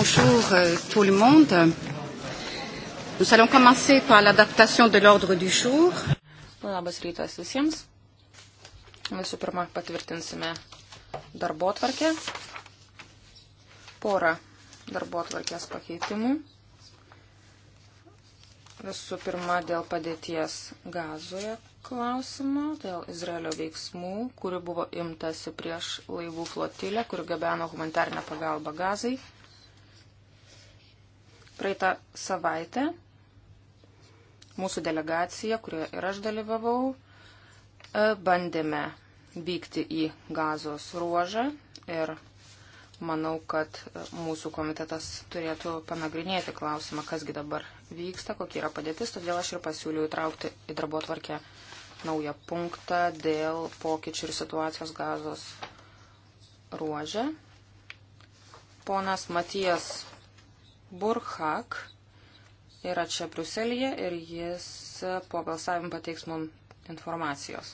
Bonjour euh, tout le monde. Nous allons commencer par l'adaptation de l'ordre du jour. Labas rytas visiems. Visų pirma, patvirtinsime darbo tvarkę. Porą darbo tvarkės pakeitimų. Visų pirma, dėl padėties gazoje klausimo, dėl Izraelio veiksmų, kuri buvo imtasi prieš laivų flotilę, kuri gabeno humanitarinę pagalbą gazai. Praeitą savaitę mūsų delegacija, kurioje ir aš dalyvavau, e, bandėme vykti į gazos ruožą ir manau, kad mūsų komitetas turėtų panagrinėti klausimą, kasgi dabar vyksta, kokia yra padėtis, todėl aš ir pasiūliau įtraukti į darbo tvarkę naują punktą dėl pokyčių ir situacijos gazos ruožę. Ponas Matijas Burhak yra čia Bruselėje ir jis po balsavimo pateiks mum informacijos.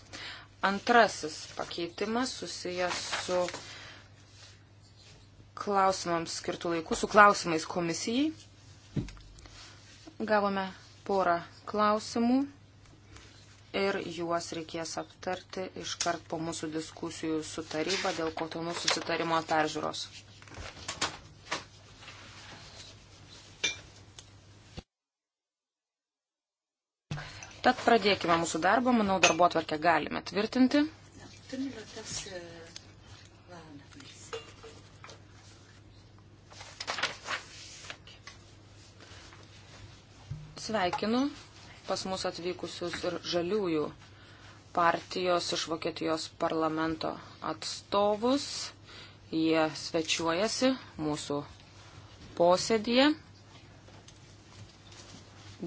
Antrasis pakeitimas susijęs su klausimams skirtų laikų, su klausimais komisijai. Gavome porą klausimų ir juos reikės aptarti iškart po mūsų diskusijų su taryba dėl kotonų susitarimo peržiūros. Tad pradėkime mūsų darbą. Manau, darbo atvarkę galime tvirtinti. Sveikinu pas mus atvykusius ir žaliųjų partijos iš Vokietijos parlamento atstovus. Jie svečiuojasi mūsų posėdėje.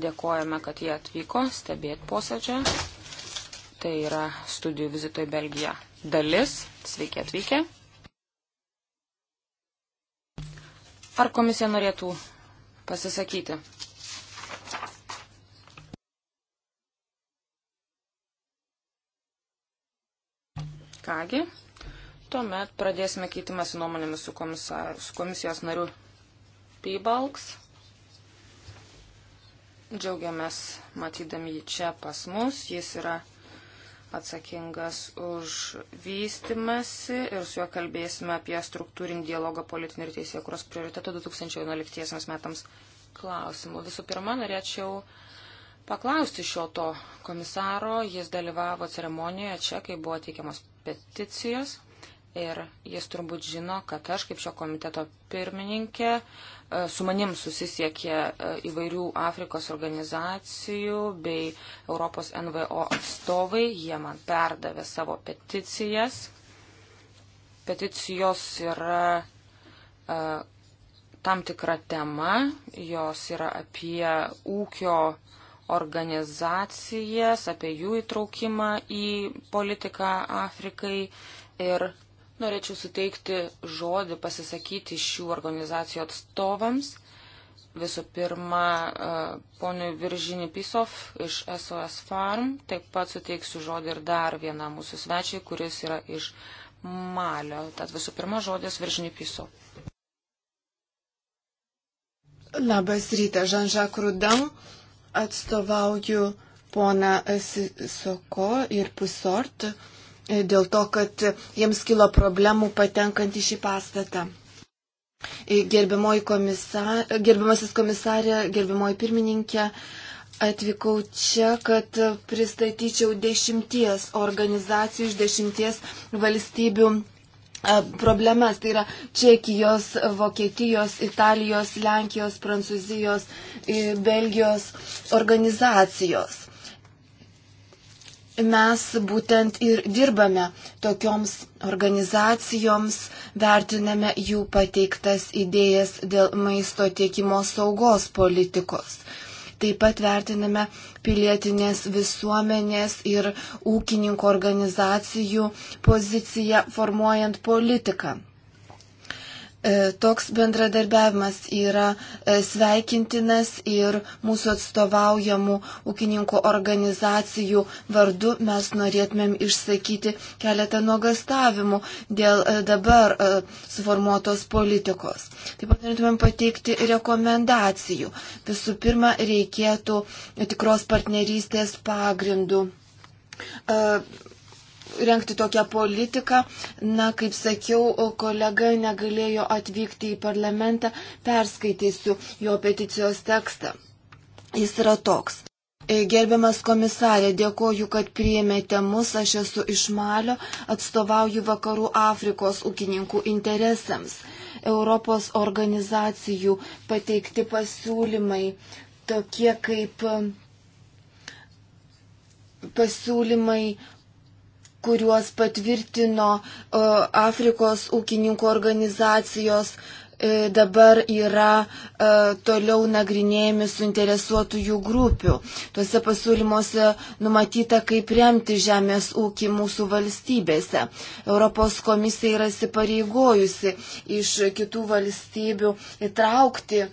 Dėkojame, kad jie atvyko stebėti posėdžią. Tai yra studijų vizito į Belgiją dalis. Sveiki atvykę. Ar komisija norėtų pasisakyti? Kągi, tuomet pradėsime keitimąsi nuomonėmis su, komisar, su komisijos nariu Pybalks. Džiaugiamės matydami jį čia pas mus. Jis yra atsakingas už vystimasi ir su juo kalbėsime apie struktūrinį dialogą politinį ir teisėjų, kurios prioritetų 2011 metams klausimų. Visų pirma, norėčiau paklausti šio to komisaro. Jis dalyvavo ceremonijoje čia, kai buvo teikiamas peticijos. Ir jis turbūt žino, kad aš kaip šio komiteto pirmininkė e, su manim susisiekė e, įvairių Afrikos organizacijų bei Europos NVO atstovai. Jie man perdavė savo peticijas. Peticijos yra e, tam tikra tema, jos yra apie ūkio organizacijas, apie jų įtraukimą į politiką Afrikai ir norėčiau suteikti žodį pasisakyti šių organizacijų atstovams. Visų pirma, e, ponui Viržini Pisov iš SOS Farm. Taip pat suteiksiu žodį ir dar vienam mūsų svečiai, kuris yra iš Malio. Tad visų pirma, žodis Viržini Pisov. Labas rytas, Žanža Krudam. Atstovauju poną Sisoko ir Pusort E, dėl to, kad jiems kilo problemų patenkant į šį pastatą. E, Komisar, gerbiamasis komisarė, gerbiamoji pirmininkė, atvykau čia, kad pristatyčiau dešimties organizacijų iš dešimties valstybių e, problemas. Tai yra Čekijos, Vokietijos, Italijos, Lenkijos, Prancūzijos, Belgijos organizacijos mes būtent ir dirbame tokioms organizacijoms, vertiname jų pateiktas idėjas dėl maisto tiekimo saugos politikos. Taip pat vertiname pilietinės visuomenės ir ūkininko organizacijų poziciją formuojant politiką. E, toks bendradarbiavimas yra e, sveikintinas ir mūsų atstovaujamų ūkininkų organizacijų vardu mes norėtumėm išsakyti keletą nuogastavimų dėl e, dabar suformuotos politikos. Taip pat norėtumėm pateikti rekomendacijų. Visų pirma, reikėtų tikros partnerystės pagrindų renkti tokią politiką. Na, kaip sakiau, kolega negalėjo atvykti į parlamentą, perskaitysiu jo peticijos tekstą. Jis yra toks. E, gerbiamas komisarė, dėkoju, kad priėmėte mus, aš esu iš Malio, atstovauju vakarų Afrikos ūkininkų interesams. Europos organizacijų pateikti pasiūlymai, tokie kaip e, pasiūlymai kuriuos patvirtino e, Afrikos ūkininkų organizacijos, e, dabar yra e, toliau nagrinėjami suinteresuotųjų grupių. Tuose pasiūlymuose numatyta, kaip remti žemės ūkį mūsų valstybėse. Europos komisija yra įsipareigojusi iš kitų valstybių įtraukti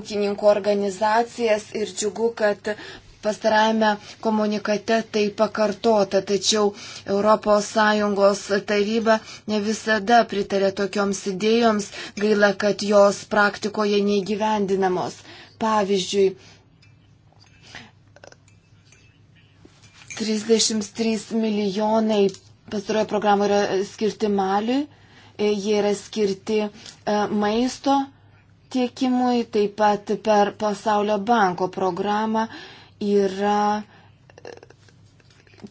ūkininkų organizacijas ir džiugu, kad pastarajame komunikate tai pakartota, tačiau ES taryba ne visada pritarė tokioms idėjoms, gaila, kad jos praktikoje neįgyvendinamos. Pavyzdžiui, 33 milijonai pastarojo programų yra skirti maliui, e, jie yra skirti e, maisto tiekimui, taip pat per pasaulio banko programą yra e,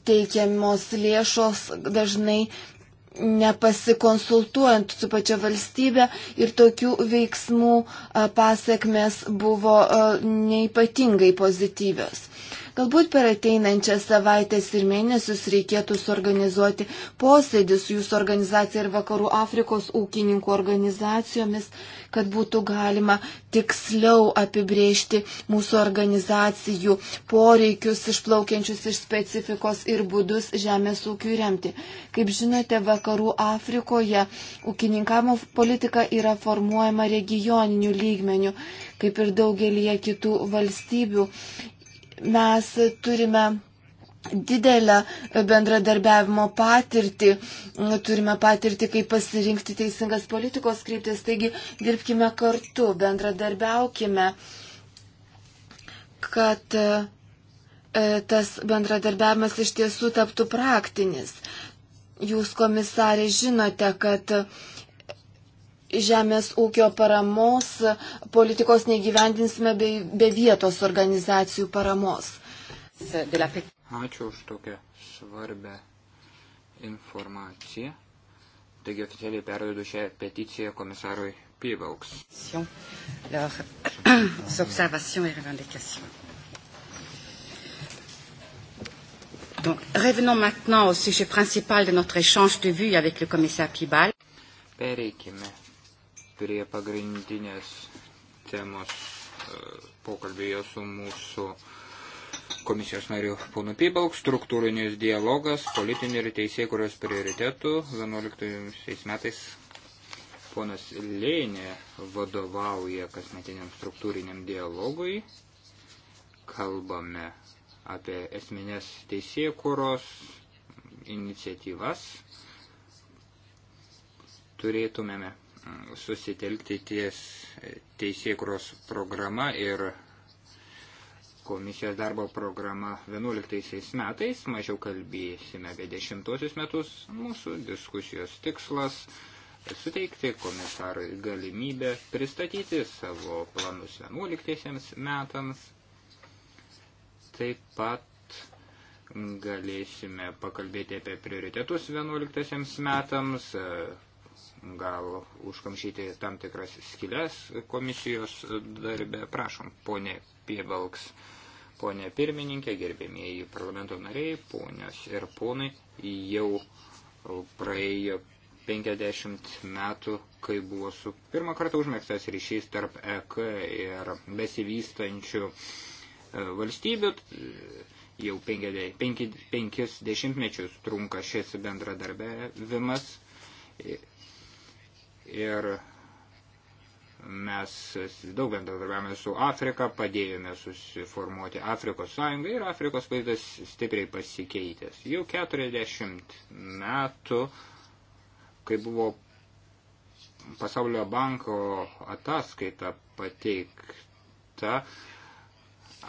teikiamos lėšos dažnai nepasikonsultuojant su pačia valstybė ir tokių veiksmų e, pasiekmes buvo e, neipatingai pozityvios. Galbūt per ateinančias savaitės ir mėnesius reikėtų suorganizuoti posėdį su jūsų organizacija ir Vakarų Afrikos ūkininkų organizacijomis, kad būtų galima tiksliau apibriežti mūsų organizacijų poreikius išplaukiančius iš specifikos ir būdus žemės ūkiui remti. Kaip žinote, Vakarų Afrikoje ūkininkamo politika yra formuojama regioniniu lygmeniu, kaip ir daugelie kitų valstybių. Mes turime didelę bendradarbiavimo patirtį, turime patirtį, kaip pasirinkti teisingas politikos kryptis, taigi dirbkime kartu, bendradarbiaukime, kad e, tas bendradarbiavimas iš tiesų taptų praktinis. Jūs, komisarė, žinote, kad uh, žemės ūkio paramos politikos negyvendinsime be, be vietos organizacijų paramos. Ačiū už tokią svarbę informaciją. Taigi oficialiai perduodu šią peticiją komisarui Pyvauks. Donc, revenons maintenant au sujet principal de notre échange de vues avec le commissaire Pibal. Pereikime prie pagrindinės temos e, pokalbėje su mūsų komisijos nariu Pūnu Pybalk, struktūrinis dialogas, politinių ir teisėjų, kurios prioritetų 11 metais ponas Lėnė vadovauja kasmetiniam struktūriniam dialogui. Kalbame apie esminės teisėkuros iniciatyvas. Turėtumėme susitelkti ties teisėkros programa ir komisijos darbo programa 11 metais, mažiau kalbėsime apie 10 metus, mūsų diskusijos tikslas suteikti komisarui galimybę pristatyti savo planus 11 metams. Taip pat galėsime pakalbėti apie prioritetus 11 metams, gal užkamšyti tam tikras skilės komisijos darbę. Prašom, ponė Piebalks, ponė pirmininkė, gerbėmėjai parlamento nariai, ponios ir ponai, jau praėjo 50 metų, kai buvo su pirmą kartą užmėgstas ryšys tarp EK ir besivystančių e, valstybių. Jau 50 mečius trunka šis bendradarbiavimas ir mes daug bendradarbiavome su Afrika, padėjome susiformuoti Afrikos sąjungą ir Afrikos vaizdas stipriai pasikeitęs. Jau 40 metų, kai buvo pasaulio banko ataskaita pateikta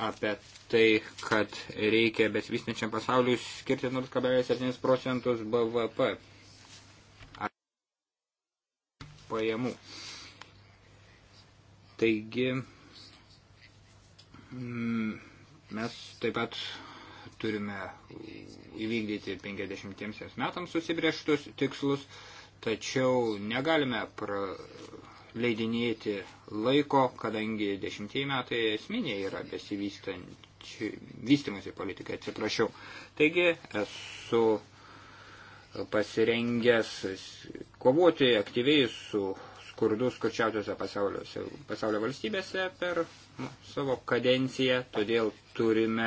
apie tai, kad reikia besvystančiam pasauliu skirti 0,7 procentus BVP pajamų. Taigi mm, mes taip pat turime įvykdyti 50 metams susibrieštus tikslus, tačiau negalime leidinėti laiko, kadangi dešimtieji metai esminė yra besivystimusi politika, atsiprašau. Taigi esu pasirengęs kovoti aktyviai su skurdu skurčiausiose pasaulio valstybėse per nu, savo kadenciją, todėl turime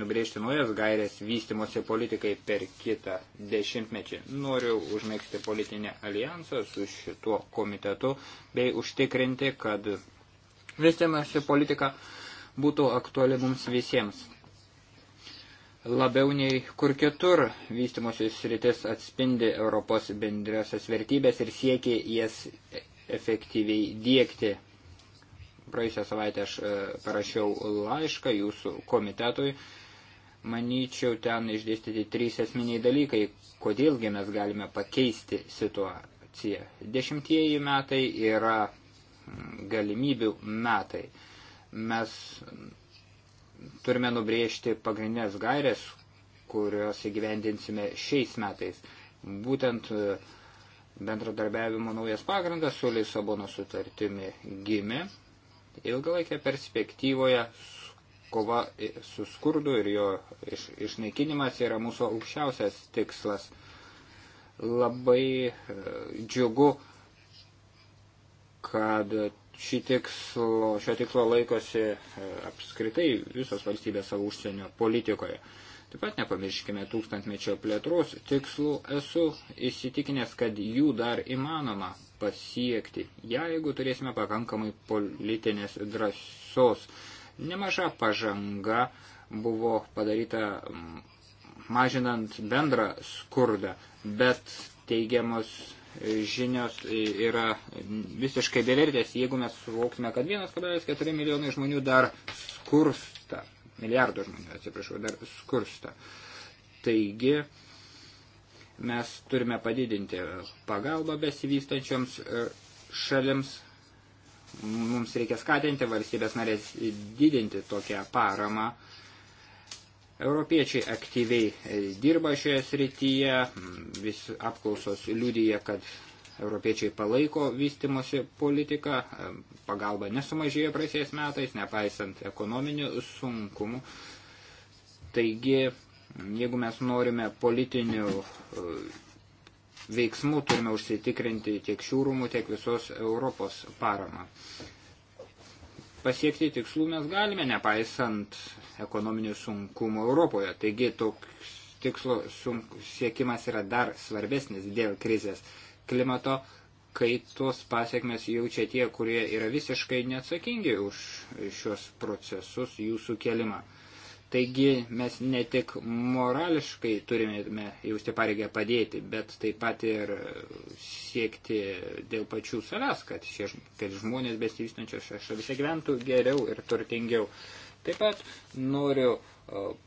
nubrėžti naujas gairės vystimosi politikai per kitą dešimtmečią. Noriu užmėgsti politinę alijansą su šituo komitetu bei užtikrinti, kad vystimosi politika būtų aktuali mums visiems labiau nei kur kitur vystimosios sritis atspindi Europos bendriosios vertybės ir siekia jas efektyviai dėkti. Praėjusią savaitę aš e, parašiau laišką jūsų komitetui. Manyčiau, ten išdėstyti trys esminiai dalykai, kodėlgi mes galime pakeisti situaciją. Dešimtieji metai yra mm, galimybių metai. Mes turime nubriežti pagrindinės gairės, kurios įgyvendinsime šiais metais. Būtent e, bendradarbiavimo naujas pagrindas su Lisabono sutartimi gimė. Ilgalaikė perspektyvoje kova su skurdu ir jo iš, išnaikinimas yra mūsų aukščiausias tikslas. Labai e, džiugu, kad šį tikslo, šio tikslo laikosi e, apskritai visos valstybės savo užsienio politikoje. Taip pat nepamirškime tūkstantmečio plėtros tikslų. Esu įsitikinęs, kad jų dar įmanoma pasiekti, jeigu turėsime pakankamai politinės drąsos. Nemaža pažanga buvo padaryta mažinant bendrą skurdą, bet teigiamos žinios yra visiškai bevertės, jeigu mes suvoksime, kad 1,4 milijonai žmonių dar skursta, milijardo žmonių, atsiprašau, dar skursta. Taigi, mes turime padidinti pagalbą besivystančioms e, šalims, mums reikia skatinti valstybės narės didinti tokią paramą Europiečiai aktyviai e, dirba šioje srityje, vis apklausos liudyja, kad europiečiai palaiko vystimosi politiką, e, pagalba nesumažėjo praeisiais metais, nepaisant ekonominių sunkumų. Taigi, jeigu mes norime politinių e, veiksmų, turime užsitikrinti tiek šių rūmų, tiek visos Europos paramą. Pasiekti tikslų mes galime, nepaisant ekonominių sunkumų Europoje. Taigi toks tikslo siekimas yra dar svarbesnis dėl krizės klimato kaitos pasiekmes jaučia tie, kurie yra visiškai neatsakingi už šios procesus, jų sukelimą. Taigi mes ne tik morališkai turime jausti pareigą padėti, bet taip pat ir siekti dėl pačių savęs, kad, šie, kad žmonės besivystančiose šalise gyventų geriau ir turtingiau. Taip pat noriu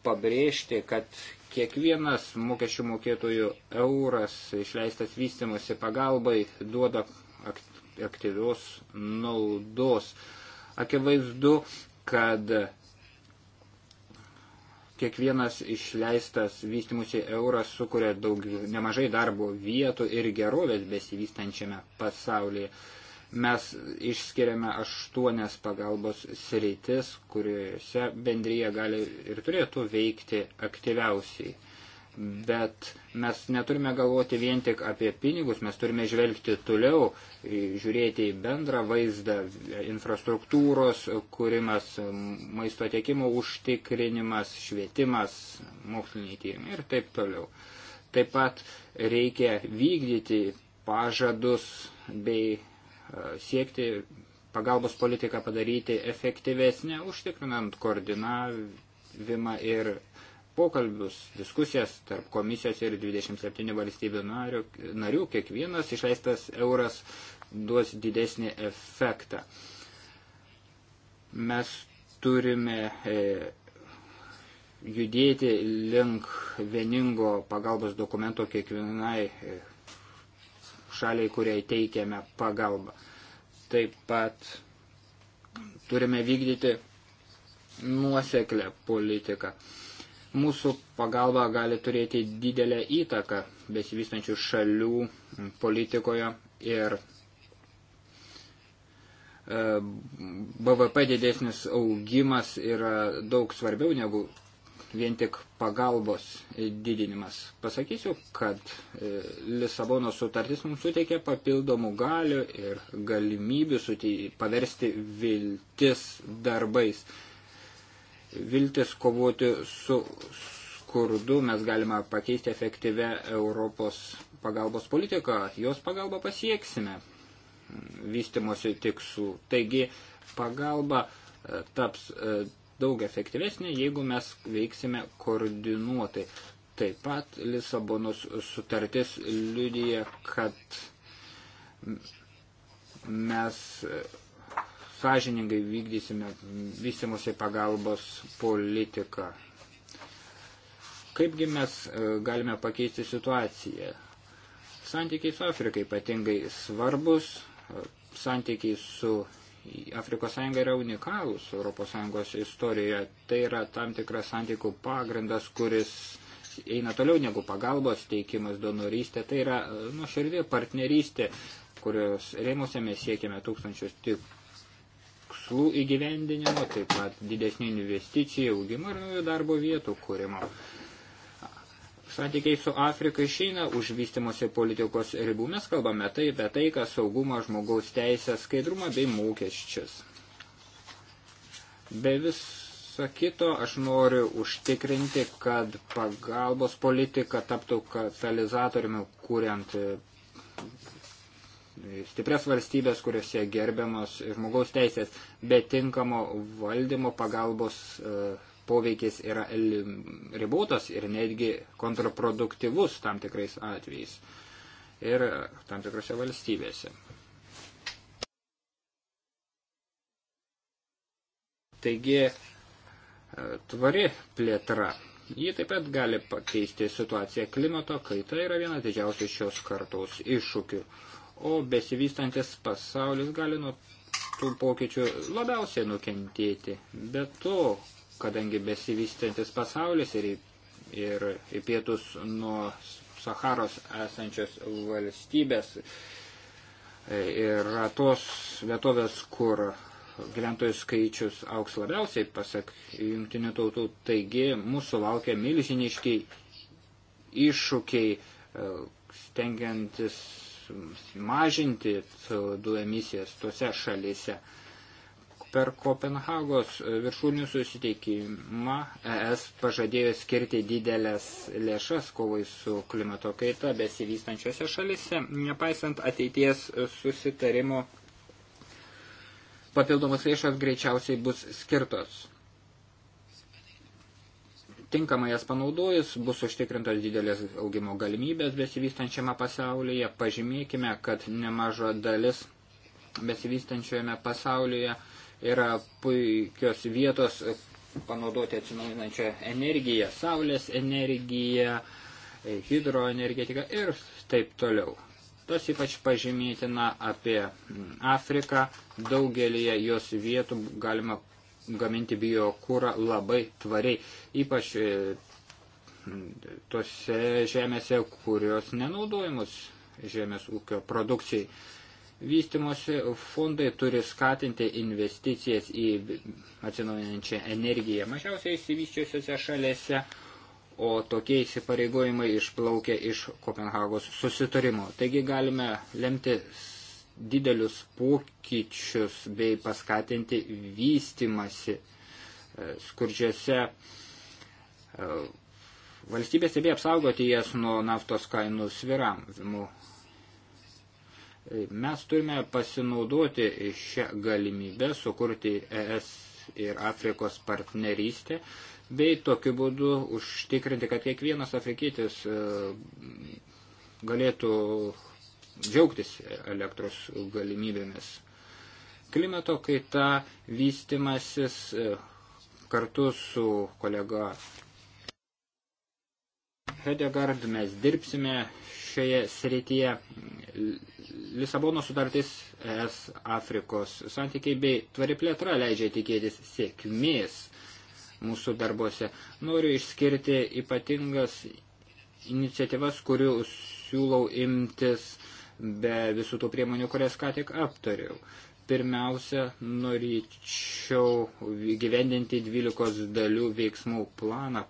pabrėžti, kad kiekvienas mokesčių mokėtojų euras išleistas vystimosi pagalbai duoda aktyvios naudos. Akivaizdu, kad Kiekvienas išleistas vystimusi euras sukuria daug, nemažai darbo vietų ir gerovės besivystančiame pasaulyje. Mes išskiriame aštuonias pagalbos sritis, kuriuose bendryje gali ir turėtų veikti aktyviausiai bet mes neturime galvoti vien tik apie pinigus, mes turime žvelgti toliau, žiūrėti į bendrą vaizdą, infrastruktūros kūrimas, maisto tiekimo užtikrinimas, švietimas, moksliniai tyrimai ir taip toliau. Taip pat reikia vykdyti pažadus bei e, siekti pagalbos politiką padaryti efektyvesnę, užtikrinant koordinavimą ir pokalbius, diskusijas tarp komisijos ir 27 valstybių narių, narių kiekvienas išleistas euras duos didesnį efektą. Mes turime e, judėti link vieningo pagalbos dokumento kiekvienai e, šaliai, kuriai teikiame pagalbą. Taip pat turime vykdyti nuoseklę politiką. Mūsų pagalba gali turėti didelę įtaką besivystančių šalių politikoje ir e, BVP didesnis augimas yra daug svarbiau negu vien tik pagalbos didinimas. Pasakysiu, kad e, Lisabono sutartis mums suteikia papildomų galių ir galimybių paversti viltis darbais viltis kovoti su skurdu mes galime pakeisti efektyvę Europos pagalbos politiką, jos pagalba pasieksime vystimosi tikslų. Taigi pagalba e, taps e, daug efektyvesnė, jeigu mes veiksime koordinuotai. Taip pat Lisabonos sutartis liudyje, kad mes e, sąžiningai vykdysime vystimusiai pagalbos politiką. Kaipgi mes e, galime pakeisti situaciją? Santykiai su Afrika ypatingai svarbus, e, santykiai su Afrikos Sąjunga yra unikalus Europos Sąjungos istorijoje. Tai yra tam tikras santykių pagrindas, kuris eina toliau negu pagalbos teikimas, donorystė. Tai yra e, nuoširdė partnerystė, kurios rėmose mes siekime tūkstančius tik tikslų įgyvendinimo, taip pat didesnių investicijų, augimo ir darbo vietų kūrimo. Santykiai su Afrika išeina už vystimosi politikos ribų. Mes kalbame tai apie tai, kas saugumą, žmogaus teisę, skaidrumą bei mokesčius. Be viso kito aš noriu užtikrinti, kad pagalbos politika taptų katalizatoriumi, kuriant stiprias valstybės, kuriuose gerbiamos žmogaus teisės, bet tinkamo valdymo pagalbos e, poveikis yra ribotas ir netgi kontraproduktyvus tam tikrais atvejais ir tam tikrose valstybėse. Taigi, e, tvari plėtra. Ji taip pat gali pakeisti situaciją klimato kaita yra viena didžiausių šios kartos iššūkių o besivystantis pasaulis gali nuo tų pokyčių labiausiai nukentėti. Be to, kadangi besivystantis pasaulis ir, ir į pietus nuo Saharos esančios valstybės e, yra tos vietovės, kur gyventojų skaičius auks labiausiai, pasak jungtinių tautų, taigi mūsų laukia milžiniški iššūkiai, e, stengiantis mažinti CO2 emisijas tose šalyse. Per Kopenhagos viršūnių susitikimą ES pažadėjo skirti didelės lėšas kovai su klimato kaita besivystančiose šalise, nepaisant ateities susitarimo, papildomas lėšas greičiausiai bus skirtos tinkamai jas panaudojus, bus užtikrintos didelės augimo galimybės besivystančiame pasaulyje. Pažymėkime, kad nemaža dalis besivystančiame pasaulyje yra puikios vietos panaudoti atsinaujinančią energiją, saulės energiją, hidroenergetiką ir taip toliau. Tas ypač pažymėtina apie Afriką. Daugelį jos vietų galima gaminti biokūrą labai tvariai, ypač e, tose žemėse, kurios nenaudojimus žemės ūkio produkcijai. Vystimosi fondai turi skatinti investicijas į atsinaujinančią energiją mažiausiai įsivyščiusiuose šalėse, o tokie įsipareigojimai išplaukia iš Kopenhagos susitarimo. Taigi galime lemti didelius pokyčius bei paskatinti vystimasi e, skurdžiose e, valstybėse bei apsaugoti jas nuo naftos kainų sviravimų. E, mes turime pasinaudoti šią galimybę sukurti ES ir Afrikos partnerystę, bei tokiu būdu užtikrinti, kad kiekvienas afrikietis galėtų džiaugtis elektros galimybėmis. Klimato kaita vystimasis kartu su kolega Hedegard mes dirbsime šioje srityje. Lisabono sutartis ES Afrikos santykiai bei tvari plėtra leidžia tikėtis sėkmės mūsų darbuose. Noriu išskirti ypatingas iniciatyvas, kurių siūlau imtis be visų tų priemonių, kurias ką tik aptariau. Pirmiausia, norėčiau gyvendinti 12 dalių veiksmų planą,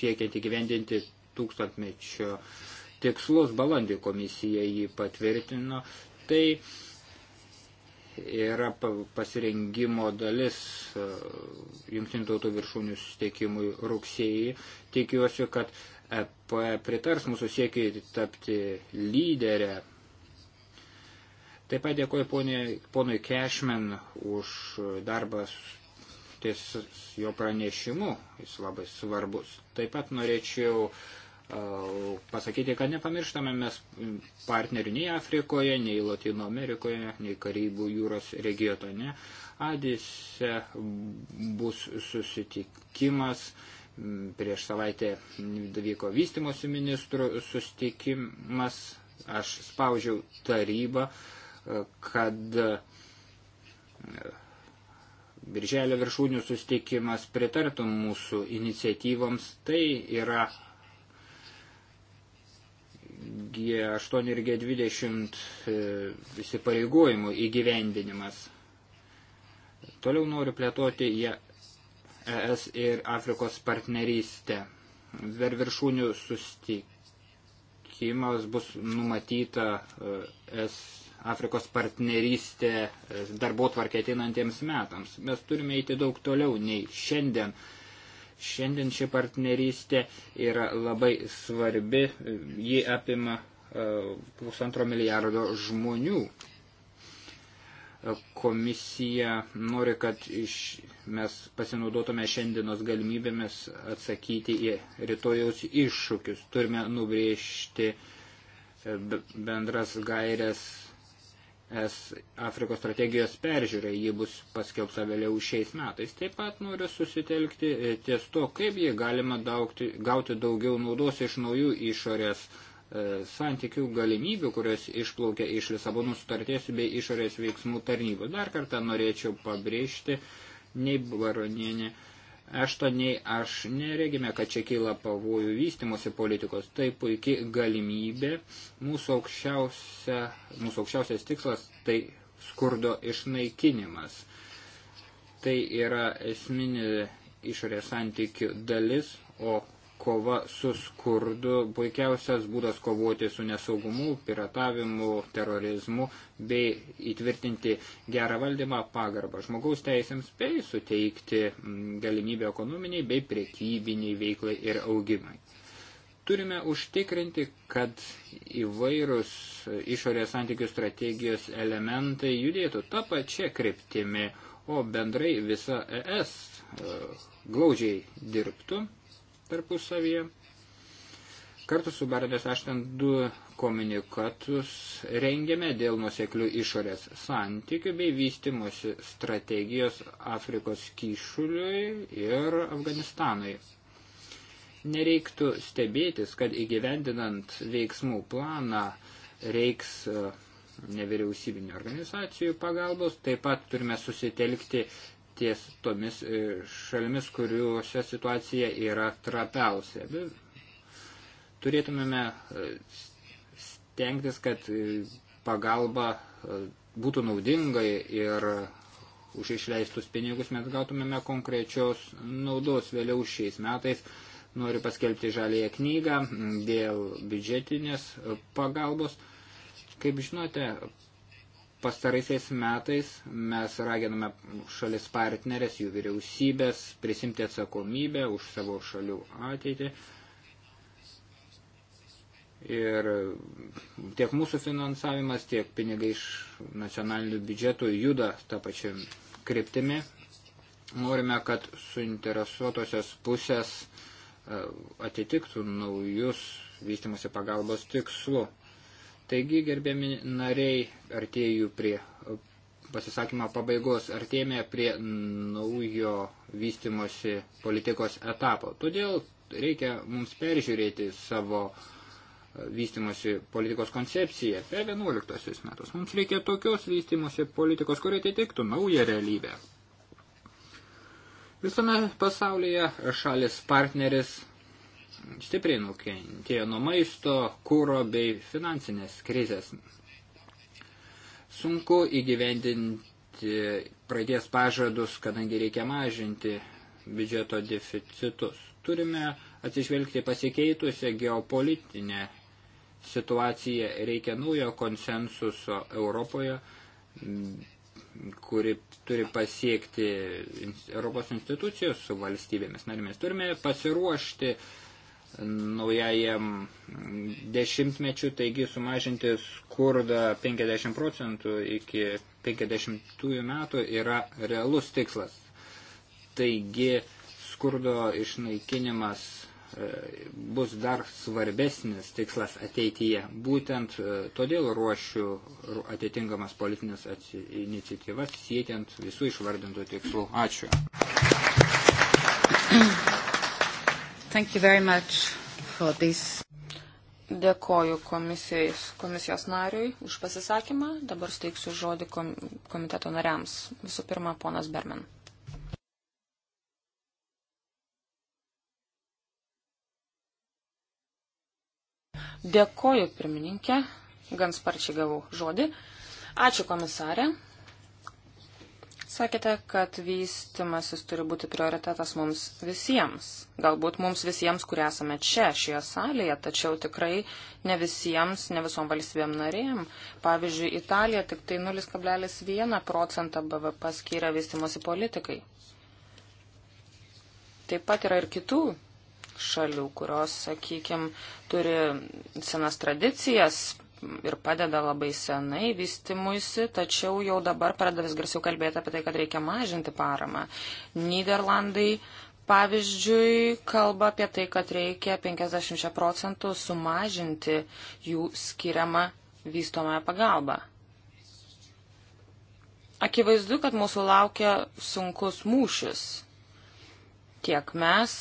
siekiant įgyvendinti tūkstantmečio tikslus. Balandį komisija jį patvirtino. Tai yra pasirengimo dalis e, jungtinių tautų viršūnių susitikimui rugsėjai. Tikiuosi, kad EP e pritars mūsų siekiai tapti lyderę Taip pat dėkoju ponui Cashman už darbą ties jo pranešimu, jis labai svarbus. Taip pat norėčiau pasakyti, kad nepamirštame mes partnerių nei Afrikoje, nei Latino Amerikoje, nei Karybų jūros regione. Adise bus susitikimas. Prieš savaitę vyko vystimosi ministrų susitikimas. Aš spaudžiau tarybą. Uh, kad e, Birželio viršūnių sustikimas pritartų mūsų iniciatyvoms, tai yra G8 ir G20 e, įsipareigojimų įgyvendinimas. Toliau noriu plėtoti ES ir Afrikos partnerystę. Ver viršūnių sustikimas bus numatyta e, S Afrikos partnerystę e, darbo tvarkė ateinantiems metams. Mes turime eiti daug toliau nei šiandien. Šiandien ši partnerystė yra labai svarbi, e, ji apima e, pusantro milijardo žmonių. Komisija nori, kad iš, mes pasinaudotume šiandienos galimybėmis atsakyti į rytojaus iššūkius. Turime nubrėžti bendras gairias es Afrikos strategijos peržiūrai, ji bus paskelbta vėliau šiais metais. Taip pat noriu susitelkti e, ties to, kaip jie galima daugti, gauti daugiau naudos iš naujų išorės e, santykių galimybių, kurios išplaukia iš Lisabonų sutarties bei išorės veiksmų tarnybų. Dar kartą norėčiau pabrėžti, nei baronienė. Ne Eštoniai aš neregime, kad čia kyla pavojų vystimosi politikos. Tai puikiai galimybė. Mūsų, aukščiausia, mūsų aukščiausias tikslas tai skurdo išnaikinimas. Tai yra esminė išorės santykių dalis, o kova su skurdu puikiausias būdas kovoti su nesaugumu, piratavimu, terorizmu bei įtvirtinti gerą valdymą, pagarbą žmogaus teisėms bei suteikti mm, galimybę ekonominiai bei priekybiniai veiklai ir augimai. Turime užtikrinti, kad įvairūs išorės santykių strategijos elementai judėtų tą pačią kryptimį, o bendrai visa ES e, glaudžiai dirbtų tarpusavyje. Kartu su Baradės Ašten du komunikatus rengėme dėl nuseklių išorės santykių bei vystimosi strategijos Afrikos kyšuliui ir Afganistanui. Nereiktų stebėtis, kad įgyvendinant veiksmų planą reiks e, nevyriausybinio organizacijų pagalbos, taip pat turime susitelkti ties tomis e, šalimis, kuriuose situacija yra trapiausia. Turėtumėme e, stengtis, kad e, pagalba būtų naudinga ir už išleistus pinigus mes gautumėme konkrečios naudos vėliau šiais metais. Noriu paskelbti žalėje knygą dėl biudžetinės pagalbos. Kaip žinote, Pastaraisiais metais mes raginame šalis partnerės, jų vyriausybės prisimti atsakomybę už savo šalių ateitį. Ir tiek mūsų finansavimas, tiek pinigai iš nacionalinių biudžetų juda tą pačią kryptimį. Norime, kad suinteresuotosios pusės e, atitiktų naujus vystimosi pagalbos tikslu. Taigi, gerbiami nariai, artėjau prie e, pasisakymo pabaigos, artėjame prie naujo vystimosi politikos etapo. Todėl reikia mums peržiūrėti savo e, vystimosi politikos koncepciją per 11 metus. Mums reikia tokios vystimosi politikos, kuri atitiktų naują realybę. Visame pasaulyje šalis partneris stipriai nukentėjo nuo maisto, kūro bei finansinės krizės. Sunku įgyvendinti pradės pažadus, kadangi reikia mažinti biudžeto deficitus. Turime atsižvelgti pasikeitusią geopolitinę situaciją, reikia naujo konsensuso Europoje, kuri turi pasiekti Europos institucijos su valstybėmis narėmis. Turime pasiruošti uh, naujajam dešimtmečiu, taigi sumažinti skurdą 50 procentų iki 50 metų yra realus tikslas. Taigi skurdo išnaikinimas e, bus dar svarbesnis tikslas ateityje. Būtent e, todėl ruošiu atitinkamas politinės iniciatyvas siekiant visų išvardintų tikslų. Ačiū. Thank you very much for this. Dėkoju komisijos, komisijos nariui už pasisakymą. Dabar steiksiu žodį kom, komiteto nariams. Visų pirma, ponas Berman. Dėkoju, pirmininkė. Gan sparčiai gavau žodį. Ačiū komisarė Sakėte, kad vystimasis turi būti prioritetas mums visiems. Galbūt mums visiems, kurie esame čia, šioje salėje, tačiau tikrai ne visiems, ne visom valstybėm narėm. Pavyzdžiui, Italija tik tai 0,1 procentą BVP skiria vystimosi politikai. Taip pat yra ir kitų šalių, kurios, sakykime, turi senas tradicijas ir padeda labai senai vystimuisi, tačiau jau dabar pradeda vis garsiau kalbėti apie tai, kad reikia mažinti paramą. Niderlandai, pavyzdžiui, kalba apie tai, kad reikia 50 procentų sumažinti jų skiriamą vystomąją pagalbą. Akivaizdu, kad mūsų laukia sunkus mūšis. Tiek mes,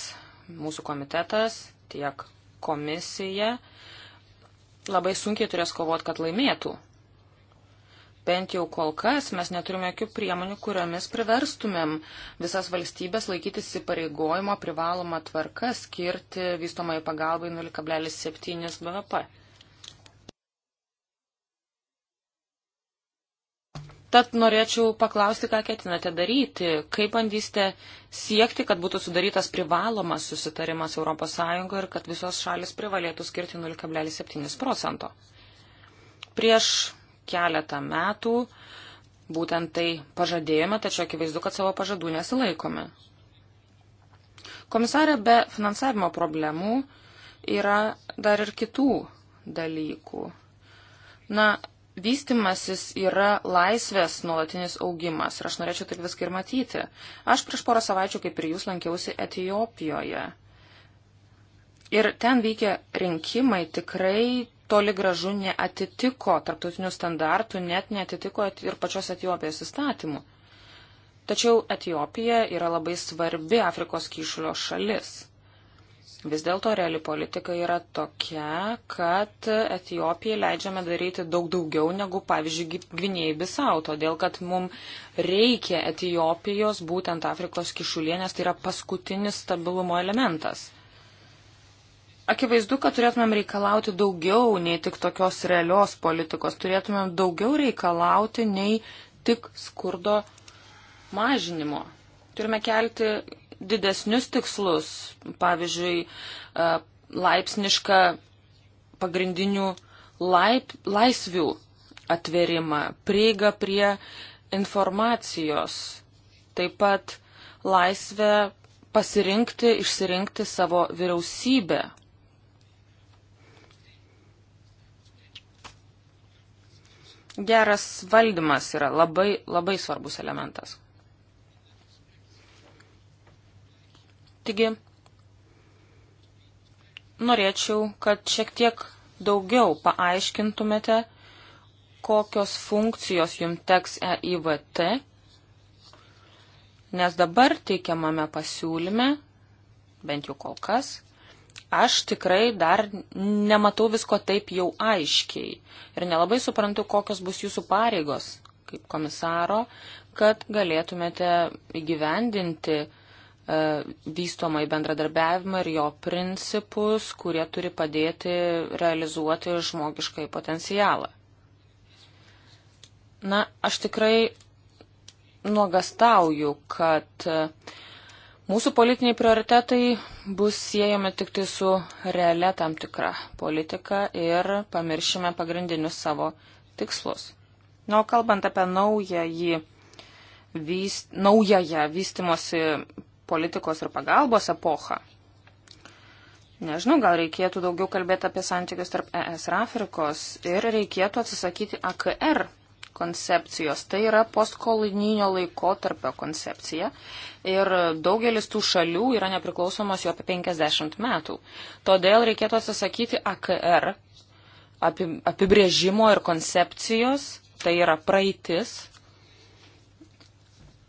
mūsų komitetas, tiek komisija labai sunkiai turės kovoti, kad laimėtų. Bent jau kol kas mes neturime jokių priemonių, kuriomis priverstumėm visas valstybės laikytis įpareigojimo privaloma tvarka skirti vystomai pagalbai 0,7 BVP. Tad norėčiau paklausti, ką ketinate daryti, kaip bandysite siekti, kad būtų sudarytas privalomas susitarimas ES ir kad visos šalis privalėtų skirti 0,7 procento. Prieš keletą metų būtent tai pažadėjome, tačiau akivaizdu, kad savo pažadų nesilaikome. Komisarė, be finansavimo problemų yra dar ir kitų dalykų. Na, vystimasis yra laisvės nuolatinis augimas ir aš norėčiau taip viską ir matyti. Aš prieš porą savaičių, kaip ir jūs, lankiausi Etijopijoje. Ir ten vykę rinkimai tikrai toli gražu neatitiko tarptautinių standartų, net neatitiko ir pačios Etijopijos įstatymų. Tačiau Etijopija yra labai svarbi Afrikos kyšulio šalis. Vis dėlto reali politika yra tokia, kad Etijopijai leidžiame daryti daug daugiau negu, pavyzdžiui, Gvinėjai Bisau, todėl kad mums reikia Etijopijos, būtent Afrikos kišulienės, tai yra paskutinis stabilumo elementas. Akivaizdu, kad turėtumėm reikalauti daugiau nei tik tokios realios politikos, turėtumėm daugiau reikalauti nei tik skurdo mažinimo turime kelti didesnius tikslus, pavyzdžiui, e, laipsnišką pagrindinių laip, laisvių atverimą, prieigą prie informacijos, taip pat laisvę pasirinkti, išsirinkti savo vyriausybę. Geras valdymas yra labai, labai svarbus elementas. Taigi norėčiau, kad šiek tiek daugiau paaiškintumėte, kokios funkcijos jums teks EIVT, nes dabar teikiamame pasiūlyme, bent jau kol kas, aš tikrai dar nematau visko taip jau aiškiai ir nelabai suprantu, kokios bus jūsų pareigos kaip komisaro, kad galėtumėte įgyvendinti E, vystomai bendradarbiavimą ir jo principus, kurie turi padėti realizuoti žmogiškai potencialą. Na, aš tikrai nuogastauju, kad e, mūsų politiniai prioritetai bus siejami tik tai su realia tam tikra politika ir pamiršime pagrindinius savo tikslus. Na, o kalbant apie naująjį vyst, naująją vystimosi politikos ir pagalbos epochą. Nežinau, gal reikėtų daugiau kalbėti apie santykius tarp ES ir Afrikos ir reikėtų atsisakyti AKR koncepcijos. Tai yra postkolonijinio laikotarpio koncepcija ir daugelis tų šalių yra nepriklausomos jau apie 50 metų. Todėl reikėtų atsisakyti AKR apibrėžimo ir koncepcijos, tai yra praeitis,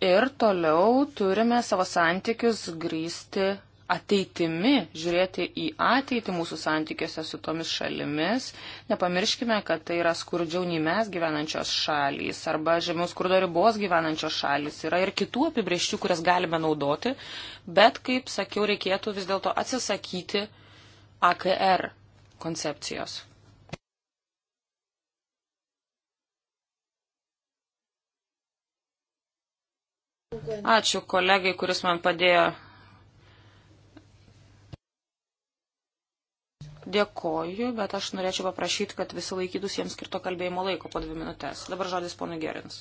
ir toliau turime savo santykius grįsti ateitimi, žiūrėti į ateitį mūsų santykiuose su tomis šalimis. Nepamirškime, kad tai yra skurdžiau nei mes gyvenančios šalys arba žemiau skurdo ribos gyvenančios šalys. Yra ir kitų apibrieščių, kurias galime naudoti, bet, kaip sakiau, reikėtų vis dėlto atsisakyti AKR koncepcijos. Ačiū kolegai, kuris man padėjo. Dėkoju, bet aš norėčiau paprašyti, kad visi laikytus jiems skirto kalbėjimo laiko po dvi minutės. Dabar žodis ponui Gerins.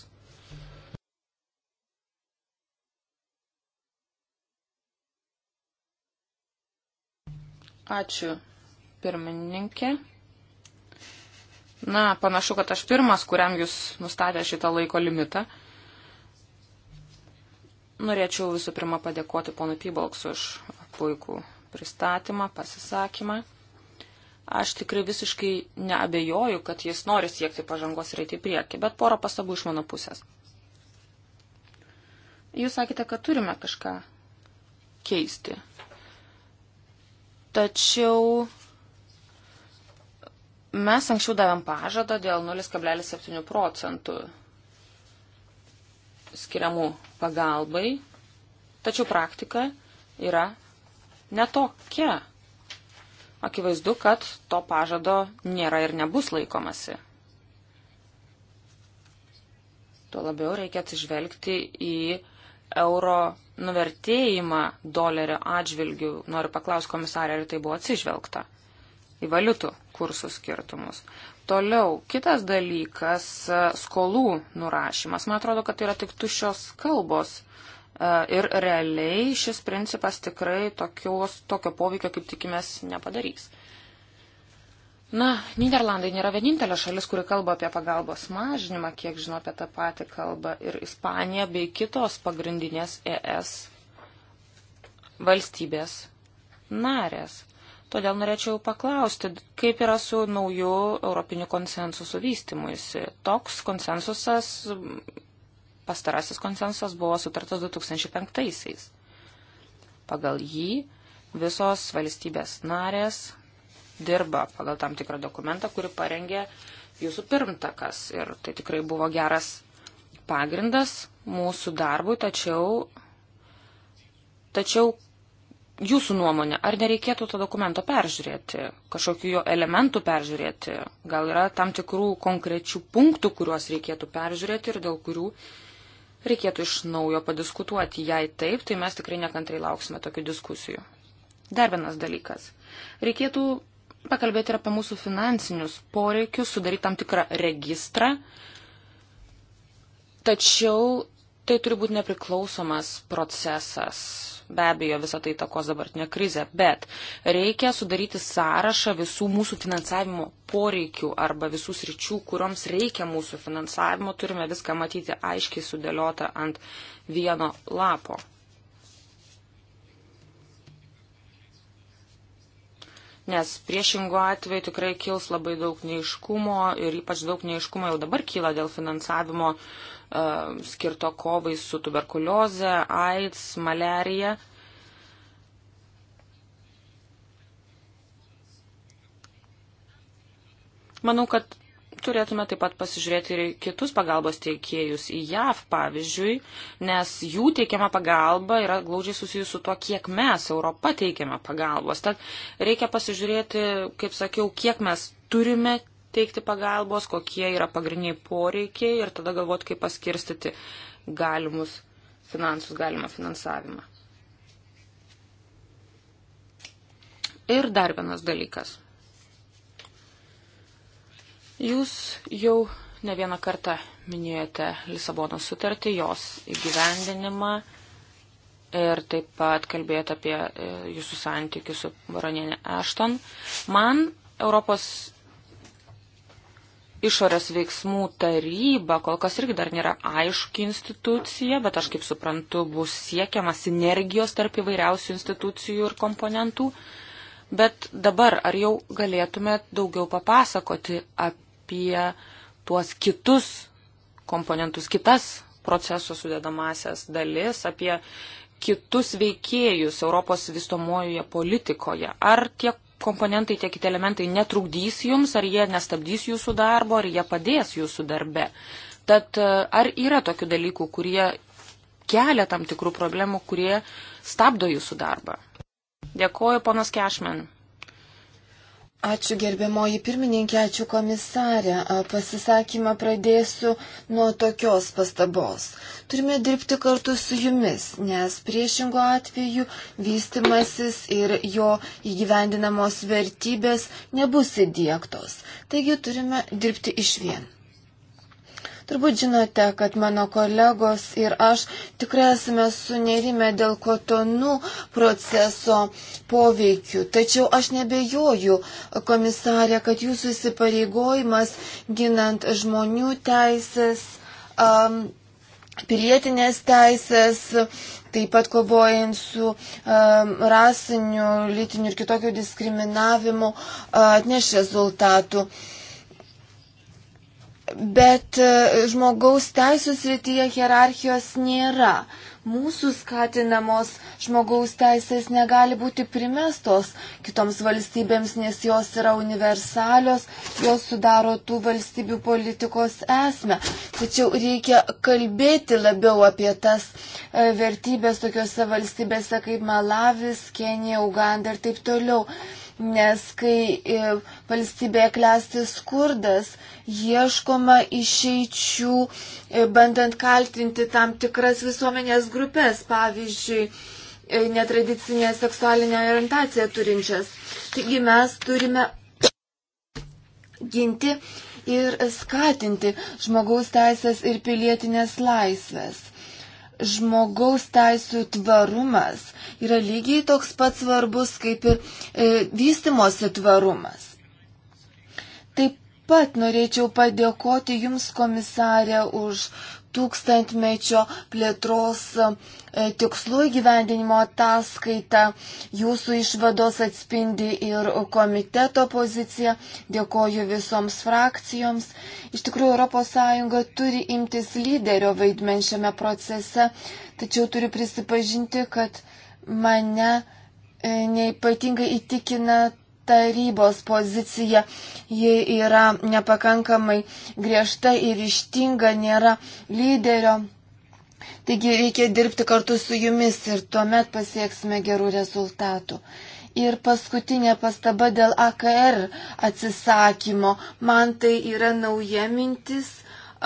Ačiū, pirmininkė. Na, panašu, kad aš pirmas, kuriam jūs nustatė šitą laiko limitą. Norėčiau visų pirma padėkoti ponui Pybalks už puikų pristatymą, pasisakymą. Aš tikrai visiškai neabejoju, kad jis nori siekti pažangos ir eiti į priekį, bet porą pastabų iš mano pusės. Jūs sakėte, kad turime kažką keisti. Tačiau mes anksčiau davėm pažadą dėl 0,7 procentų skiriamų pagalbai, tačiau praktika yra netokia. Akivaizdu, kad to pažado nėra ir nebus laikomasi. Tuo labiau reikia atsižvelgti į euro nuvertėjimą dolerio atžvilgių. Noriu paklausti komisarė, ar tai buvo atsižvelgta į valiutų kursų skirtumus. Toliau, kitas dalykas e, - skolų nurašymas. Man atrodo, kad tai yra tik tuščios kalbos. E, ir realiai šis principas tikrai tokios, tokio poveikio, kaip tikimės, nepadarys. Na, Niderlandai nėra vienintelė šalis, kuri kalba apie pagalbos mažinimą, kiek žinau apie tą patį kalbą ir Ispanija bei kitos pagrindinės ES valstybės narės. Todėl norėčiau paklausti, kaip yra su nauju europiniu konsensusu vystimuisi. Toks konsensusas, pastarasis konsensusas buvo sutartas 2005-aisiais. Pagal jį visos valstybės narės dirba pagal tam tikrą dokumentą, kurį parengė jūsų pirmtakas. Ir tai tikrai buvo geras pagrindas mūsų darbui, tačiau, tačiau jūsų nuomonė, ar nereikėtų to dokumento peržiūrėti, kažkokiu jo elementų peržiūrėti? Gal yra tam tikrų konkrečių punktų, kuriuos reikėtų peržiūrėti ir dėl kurių reikėtų iš naujo padiskutuoti? Jei taip, tai mes tikrai nekantrai lauksime tokių diskusijų. Dar vienas dalykas. Reikėtų pakalbėti ir apie mūsų finansinius poreikius, sudaryti tam tikrą registrą. Tačiau tai turi būti nepriklausomas procesas be abejo visą tai takos dabartinė krizė, bet reikia sudaryti sąrašą visų mūsų finansavimo poreikių arba visų sričių, kurioms reikia mūsų finansavimo, turime viską matyti aiškiai sudėliota ant vieno lapo. nes priešingų atveju tikrai kils labai daug neiškumo ir ypač daug neiškumo jau dabar kyla dėl finansavimo Um, skirto kovai su tuberkulioze, AIDS, malerija. Manau, kad turėtume taip pat pasižiūrėti ir kitus pagalbos teikėjus į JAV, pavyzdžiui, nes jų teikiama pagalba yra glaudžiai susijusi su tuo, kiek mes Europą teikiame pagalbos. Tad reikia pasižiūrėti, kaip sakiau, kiek mes turime teikti pagalbos, kokie yra pagrindiniai poreikiai ir tada galvoti, kaip paskirstyti galimus finansus, galimą finansavimą. Ir dar vienas dalykas. Jūs jau ne vieną kartą minėjote Lisabono sutartį, jos įgyvendinimą ir taip pat kalbėjote apie e, jūsų santykius su baronienė Ashton. Man Europos išorės veiksmų taryba kol kas irgi dar nėra aiški institucija, bet aš kaip suprantu, bus siekiama sinergijos tarp įvairiausių institucijų ir komponentų. Bet dabar ar jau galėtumėt daugiau papasakoti apie tuos kitus komponentus, kitas proceso sudėdamasias dalis, apie kitus veikėjus Europos vystomojoje politikoje. Ar tie komponentai, tie kiti elementai netrukdys jums, ar jie nestabdys jūsų darbo, ar jie padės jūsų darbe. Tad e, ar yra tokių dalykų, kurie kelia tam tikrų problemų, kurie stabdo jūsų darbą? Dėkuoju, ponas Kešmen. Ačiū gerbiamoji pirmininkė, ačiū komisarė. Pasisakymą pradėsiu nuo tokios pastabos. Turime dirbti kartu su jumis, nes priešingo atveju vystimasis ir jo įgyvendinamos vertybės nebus įdėktos. Taigi turime dirbti iš vien. Turbūt žinote, kad mano kolegos ir aš tikrai esame sunerime dėl kotonų proceso poveikių. Tačiau aš nebejoju, komisarė, kad jūsų įsipareigojimas ginant žmonių teisės. Um, pilietinės teisės, taip pat kovojant su um, rasiniu, lytiniu ir kitokiu diskriminavimu uh, atneš rezultatų. Uh, bet e, žmogaus teisų srityje hierarchijos nėra. Mūsų skatinamos žmogaus teisės negali būti primestos kitoms valstybėms, nes jos yra universalios, jos sudaro tų valstybių politikos esmę. Tačiau reikia kalbėti labiau apie tas e, vertybės tokiuose valstybėse kaip Malavis, Kenija, Uganda ir taip toliau. Nes kai e, valstybėje klesti skurdas ieškoma išeičių, e, bandant kaltinti tam tikras visuomenės grupės, pavyzdžiui, e, netradicinę seksualinę orientaciją turinčias. Taigi mes turime ginti ir skatinti žmogaus teisės ir pilietinės laisvės. Žmogaus teisų tvarumas yra lygiai toks pats svarbus kaip ir e, vystimosi tvarumas pat norėčiau padėkoti Jums, komisarė, už tūkstantmečio plėtros e, tikslų įgyvendinimo ataskaita. Jūsų išvados atspindi ir komiteto poziciją. Dėkoju visoms frakcijoms. Iš tikrųjų, ES turi imtis lyderio vaidmen šiame procese, tačiau turiu prisipažinti, kad mane e, neipatingai įtikina tarybos pozicija. Ji yra nepakankamai griežta ir ištinga, nėra lyderio. Taigi reikia dirbti kartu su jumis ir tuomet pasieksime gerų rezultatų. Ir paskutinė pastaba dėl AKR atsisakymo. Man tai yra nauja mintis.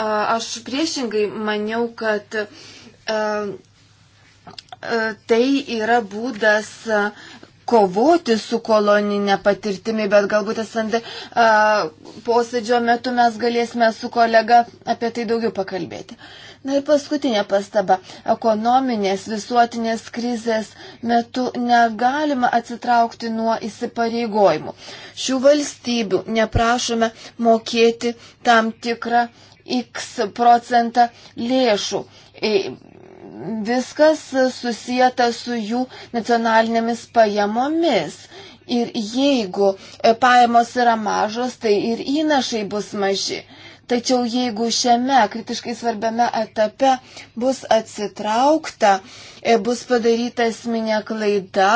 Aš priešingai maniau, kad tai yra būdas kovoti su koloninė patirtimi, bet galbūt esant posėdžio metu mes galėsime su kolega apie tai daugiau pakalbėti. Na ir paskutinė pastaba. Ekonominės visuotinės krizės metu negalima atsitraukti nuo įsipareigojimų. Šių valstybių neprašome mokėti tam tikrą X procentą lėšų e, viskas susijęta su jų nacionalinėmis pajamomis. Ir jeigu e, pajamos yra mažos, tai ir įnašai bus maži. Tačiau jeigu šiame kritiškai svarbiame etape bus atsitraukta, e, bus padaryta esminė klaida,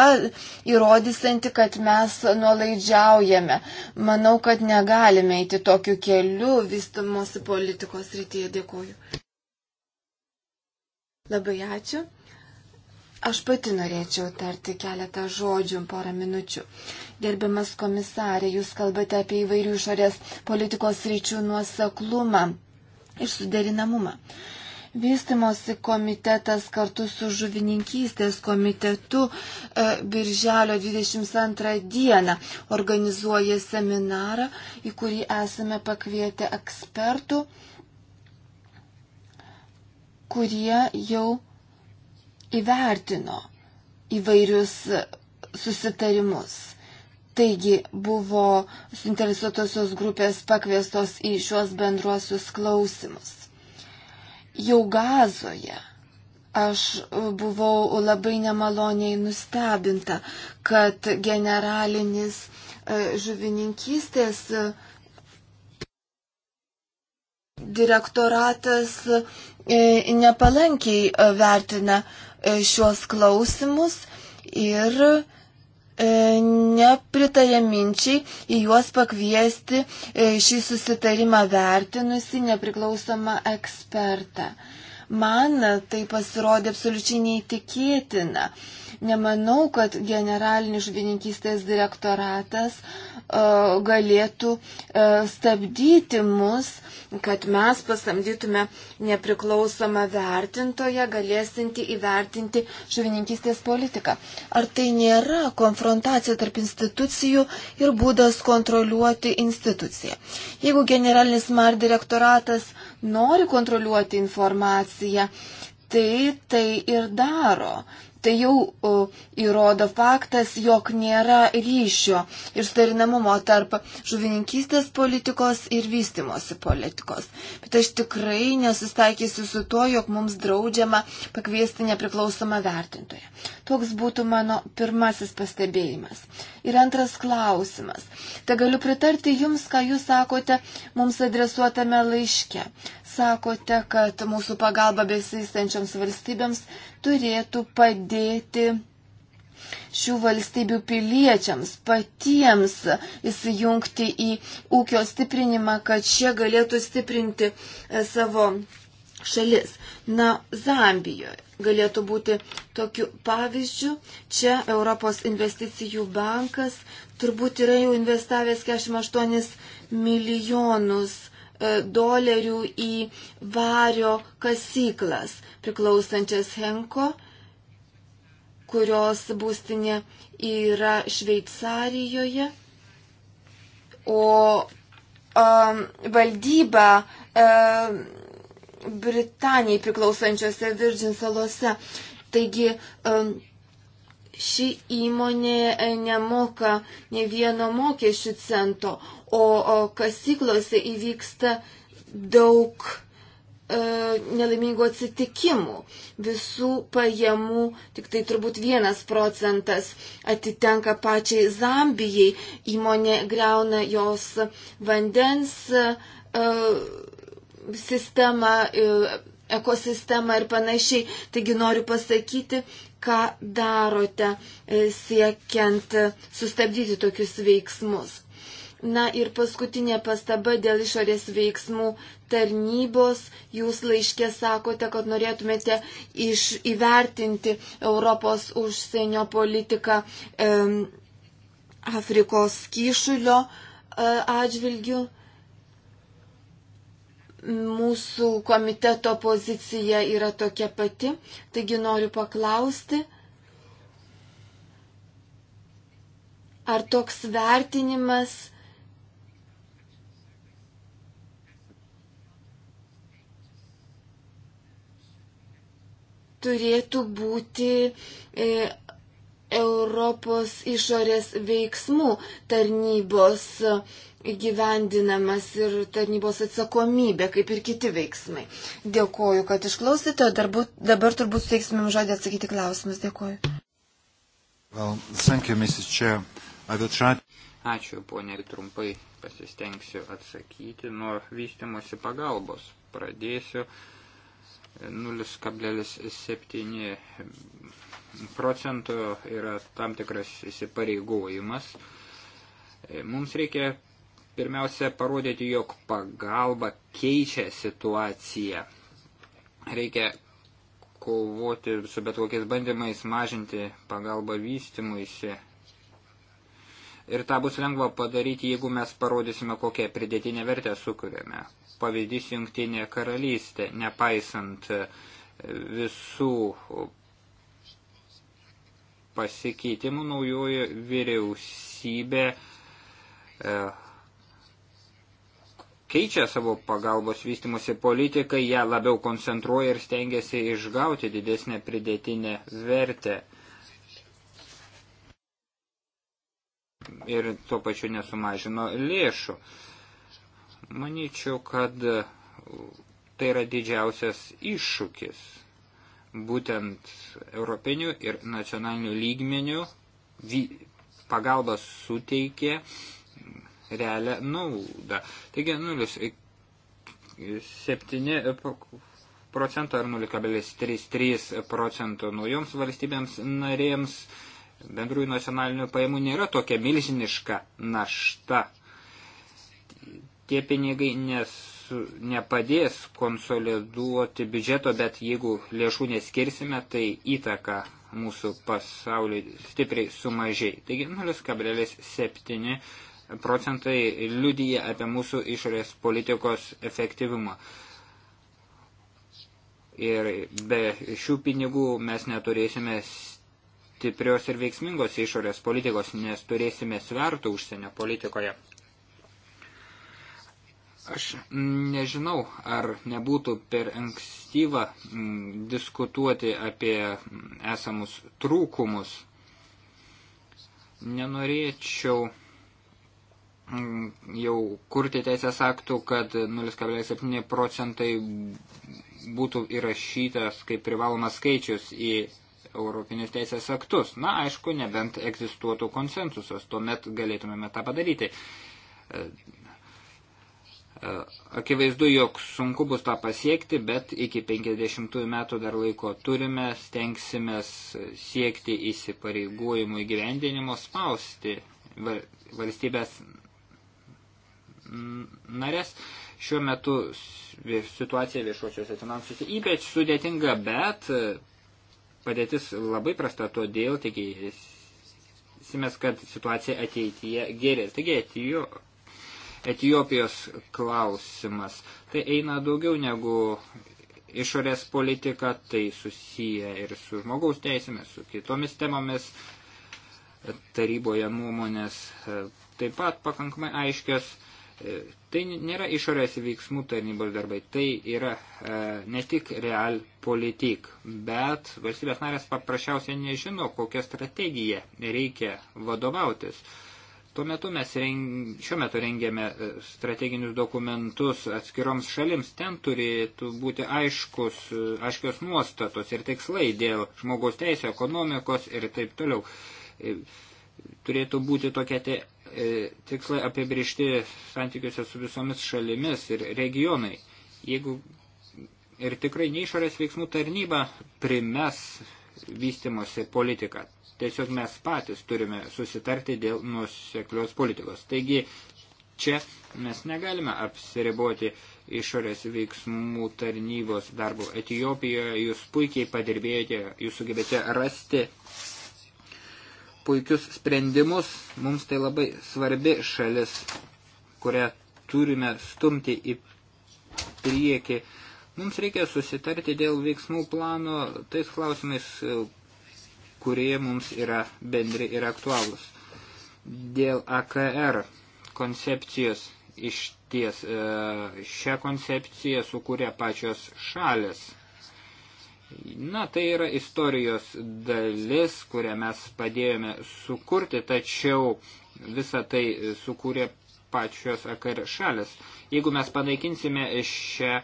įrodysanti, kad mes nuolaidžiaujame. Manau, kad negalime eiti tokiu keliu vystumosi politikos rytyje. Dėkuoju. Labai ačiū. Aš pati norėčiau tarti keletą žodžių, porą minučių. Gerbiamas komisarė, jūs kalbate apie įvairių išorės politikos ryčių nuoseklumą ir suderinamumą. Vystimosi komitetas kartu su žuvininkystės komitetu e, Birželio 22 dieną organizuoja seminarą, į kurį esame pakvietę ekspertų kurie jau įvertino įvairius susitarimus. Taigi buvo suinteresuotosios grupės pakviestos į šiuos bendruosius klausimus. Jau gazoje aš buvau labai nemaloniai nustebinta, kad generalinis e, žuvininkystės uh, Direktoratas e, nepalankiai e, vertina e, šiuos klausimus ir nepritarė minčiai į juos pakviesti šį susitarimą vertinusi nepriklausomą ekspertą. Man tai pasirodė absoliučiai neįtikėtina. Nemanau, kad generalinis žuvininkystės direktoratas galėtų stabdyti mus kad mes pasamdytume nepriklausomą vertintoją, galėsinti įvertinti žuvininkystės politiką. Ar tai nėra konfrontacija tarp institucijų ir būdas kontroliuoti instituciją? Jeigu generalinis MAR direktoratas nori kontroliuoti informaciją, tai tai ir daro. Tai jau įrodo faktas, jog nėra ryšio ir sudarinamumo tarp žuvininkystės politikos ir vystimosi politikos. Bet aš tikrai nesusitaikysiu su to, jog mums draudžiama pakviesti nepriklausomą vertintoją. Toks būtų mano pirmasis pastebėjimas. Ir antras klausimas. Te galiu pritarti jums, ką jūs sakote mums adresuotame laiške sakote, kad mūsų pagalba besistančiams valstybėms turėtų padėti šių valstybių piliečiams patiems įsijungti į ūkio stiprinimą, kad šie galėtų stiprinti e, savo šalis. Na, Zambijoje galėtų būti tokiu pavyzdžiu. Čia Europos investicijų bankas turbūt yra jau investavęs 48 milijonus E, dolerių į vario kasyklas priklausančias Henko, kurios būstinė yra Šveicarijoje, o um, valdyba um, Britanijai priklausančiose Virgin salose. Taigi um, ši įmonė e, nemoka ne vieno mokesčių cento, o, o kasyklose įvyksta daug e, nelaimingų atsitikimų. Visų pajamų tik tai turbūt vienas procentas atitenka pačiai Zambijai. Įmonė greuna jos vandens e, sistemą. E, ekosistemą ir panašiai. Taigi noriu pasakyti, ką darote e, siekiant sustabdyti tokius veiksmus. Na ir paskutinė pastaba dėl išorės veiksmų tarnybos. Jūs laiškė sakote, kad norėtumėte iš, įvertinti Europos užsienio politiką e, Afrikos kyšulio e, atžvilgių mūsų komiteto pozicija yra tokia pati, taigi noriu paklausti, ar toks vertinimas turėtų būti e, Europos išorės veiksmų tarnybos įgyvendinamas ir tarnybos atsakomybė, kaip ir kiti veiksmai. Dėkoju, kad išklausėte, darbūt, dabar turbūt suteiksimėm žodį atsakyti klausimus. Dėkoju. Well, you, Ačiū, ponė, trumpai pasistengsiu atsakyti nuo vystimosi pagalbos. Pradėsiu 0,7 procentų yra tam tikras įsipareigojimas. Mums reikia pirmiausia parodyti, jog pagalba keičia situaciją. Reikia kovoti su bet kokiais bandymais mažinti pagalbą vystimuisi. Ir tą bus lengva padaryti, jeigu mes parodysime, kokią pridėtinę vertę sukūrėme. Pavyzdys jungtinė karalystė, nepaisant e, visų pasikeitimų naujoji vyriausybė e, keičia savo pagalbos vystimosi politikai, ją labiau koncentruoja ir stengiasi išgauti didesnę pridėtinę vertę. Ir tuo pačiu nesumažino lėšų. Manyčiau, kad tai yra didžiausias iššūkis. Būtent europinių ir nacionalinių lygmenių pagalbas suteikė realią naudą. Taigi 0,7 procento ar 0,33 procento naujoms valstybėms narėms bendrųjų nacionalinių pajamų nėra tokia milžiniška našta. Tie pinigai nes, nepadės konsoliduoti biudžeto, bet jeigu lėšų neskirsime, tai įtaka mūsų pasauliui stipriai sumažiai. Taigi 0,7 procentai liudyja apie mūsų išorės politikos efektyvumą. Ir be šių pinigų mes neturėsime stiprios ir veiksmingos išorės politikos, nes turėsime svertų užsienio politikoje. Aš nežinau, ar nebūtų per ankstyva m, mm, diskutuoti apie esamus trūkumus. Nenorėčiau Mm, jau kurti teisės aktų, kad 0,7 procentai būtų įrašytas kaip privalomas skaičius į europinius teisės aktus. Na, aišku, nebent egzistuotų konsensusas, tuomet galėtumėme tą padaryti. E, e, akivaizdu, jog sunku bus tą pasiekti, bet iki 50 metų dar laiko turime, stengsimės siekti įsipareigojimų įgyvendinimo, spausti valstybės narės. Šiuo metu situacija viešuosiuose finansuose ypač sudėtinga, bet e, padėtis labai prasta, todėl tikėsimės, kad situacija ateityje gerės. Taigi atėjo Etijopijos klausimas. Tai eina daugiau negu išorės politika, tai susiję ir su žmogaus teisėmis, su kitomis temomis, taryboje nuomonės e, taip pat pakankamai aiškios. E, tai nėra išorės veiksmų tarnybos darbai, tai yra e, ne tik real politik, bet valstybės narės paprasčiausiai nežino, kokią strategiją reikia vadovautis. Tuo metu mes reng, šiuo metu rengiame e, strateginius dokumentus atskiroms šalims, ten turėtų būti aiškus, e, aiškios nuostatos ir tikslai dėl žmogaus teisų, ekonomikos ir taip toliau. Turėtų būti tokia te E, tikslai apibriešti santykiuose su visomis šalimis ir regionai. Jeigu ir tikrai neišorės veiksmų tarnyba primes vystimosi politiką. Tiesiog mes patys turime susitarti dėl nuseklios politikos. Taigi čia mes negalime apsiriboti išorės veiksmų tarnybos darbų. Etijopijoje jūs puikiai padirbėjote, jūs sugebėte rasti puikius sprendimus. Mums tai labai svarbi šalis, kurią turime stumti į priekį. Mums reikia susitarti dėl veiksmų plano tais klausimais, kurie mums yra bendri ir aktualūs. Dėl AKR koncepcijos iš ties e, šią koncepciją sukūrė pačios šalis Na, tai yra istorijos dalis, kurią mes padėjome sukurti, tačiau visą tai sukūrė pačios AKR šalis. Jeigu mes panaikinsime šią e,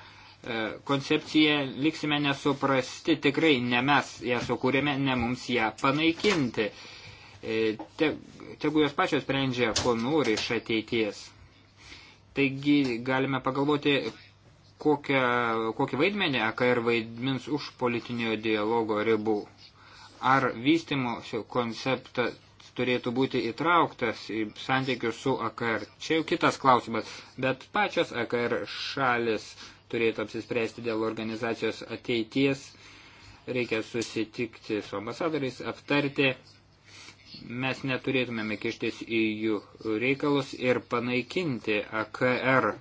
koncepciją, liksime nesuprasti, tikrai ne mes ją sukūrėme, ne mums ją panaikinti. E, te, tegu jos pačios sprendžia, ko nori iš ateities. Taigi galime pagalvoti, kokią, kokį vaidmenį AKR vaidmins už politinio dialogo ribų. Ar vystimo konceptas turėtų būti įtrauktas į santykius su AKR? Čia jau kitas klausimas, bet pačios AKR šalis turėtų apsispręsti dėl organizacijos ateities, reikia susitikti su ambasadoriais, aptarti, mes neturėtumėme kištis į jų reikalus ir panaikinti AKR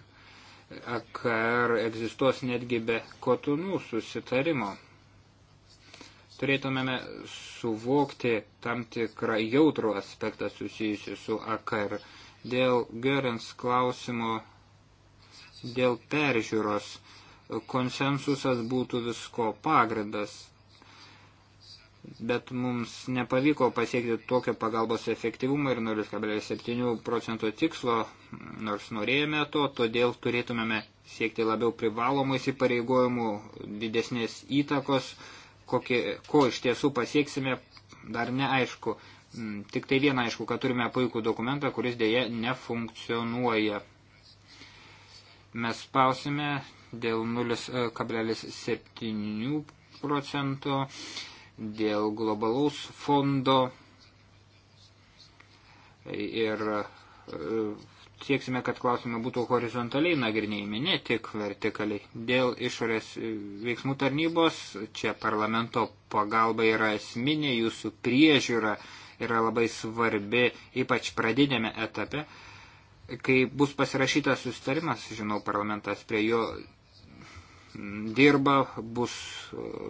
AKR egzistuos netgi be kotonų susitarimo. Turėtumėme suvokti tam tikrą jautrų aspektą susijusiu su AKR. Dėl Görens klausimo, dėl peržiūros, konsensusas būtų visko pagrindas bet mums nepavyko pasiekti tokio pagalbos efektyvumo ir 0,7 procento tikslo, nors norėjome to, todėl turėtumėme siekti labiau privalomų įsipareigojimų, didesnės įtakos, kokie, ko iš tiesų pasieksime, dar neaišku. Mm, tik tai viena aišku, kad turime puikų dokumentą, kuris dėje nefunkcionuoja. Mes spausime dėl 0,7 procento dėl globalaus fondo ir e, sieksime, kad klausimai būtų horizontaliai nagrinėjami, ne tik vertikaliai. Dėl išorės veiksmų tarnybos čia parlamento pagalba yra esminė, jūsų priežiūra yra labai svarbi, ypač pradinėme etape. Kai bus pasirašytas sustarimas, žinau, parlamentas prie jo dirba, bus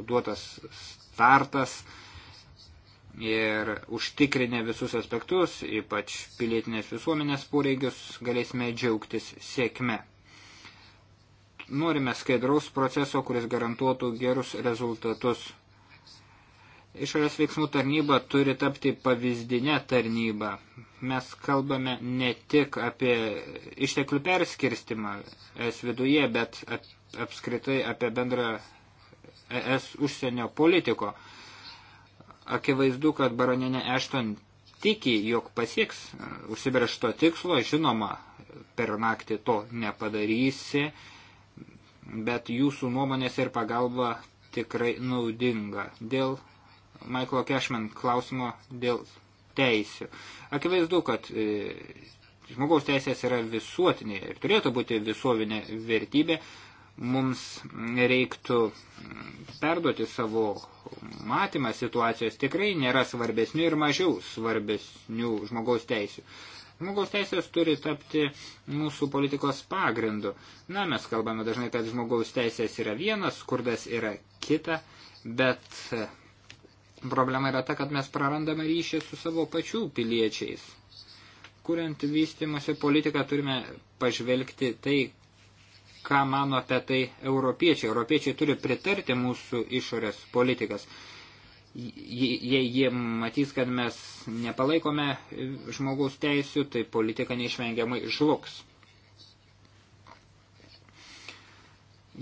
duotas startas ir užtikrinę visus aspektus, ypač pilietinės visuomenės poreigius, galėsime džiaugtis sėkme. Norime skaidraus proceso, kuris garantuotų gerus rezultatus. Išorės veiksmų tarnyba turi tapti pavyzdinę tarnybą. Mes kalbame ne tik apie išteklių perskirstimą es viduje, bet apskritai apie bendrą ES užsienio politiko. Akivaizdu, kad baroninė Ešton tiki, jog pasieks e, užsibrėžto tikslo, žinoma, per naktį to nepadarysi, bet jūsų nuomonės ir pagalba tikrai naudinga. Dėl Michaelo Cashman klausimo dėl teisių. Akivaizdu, kad e, žmogaus teisės yra visuotinė ir turėtų būti visuovinė vertybė, mums reiktų perduoti savo matymą situacijos, tikrai nėra svarbesnių ir mažiau svarbesnių žmogaus teisių. Žmogaus teisės turi tapti mūsų politikos pagrindu. Na, mes kalbame dažnai, kad žmogaus teisės yra vienas, skurdas yra kita, bet problema yra ta, kad mes prarandame ryšį su savo pačių piliečiais. Kuriant vystimosi politiką turime pažvelgti tai, ką mano apie tai europiečiai. Europiečiai turi pritarti mūsų išorės politikas. Jei jie matys, kad mes nepalaikome žmogaus teisių, tai politika neišvengiamai žlugs.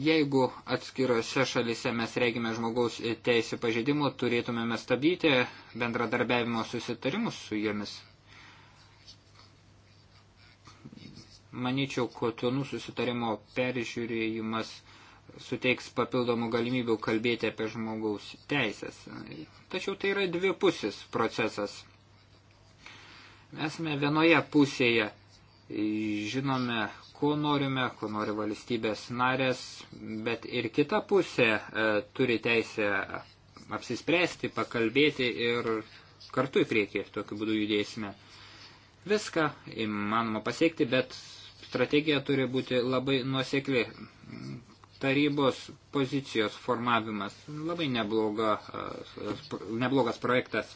Jeigu atskirose šalise mes reikime žmogaus teisų pažeidimų, turėtumėme stabdyti bendradarbiavimo susitarimus su jomis. Maničiau, kotonų susitarimo peržiūrėjimas suteiks papildomų galimybių kalbėti apie žmogaus teisės. Tačiau tai yra dvipusis procesas. Esame vienoje pusėje, žinome, ko norime, ko nori valstybės narės, bet ir kita pusė e, turi teisę apsispręsti, pakalbėti ir kartu į priekį tokiu būdu judėsime. Viską įmanoma pasiekti, bet strategija turi būti labai nuosekli. Tarybos pozicijos formavimas labai nebloga, e, neblogas projektas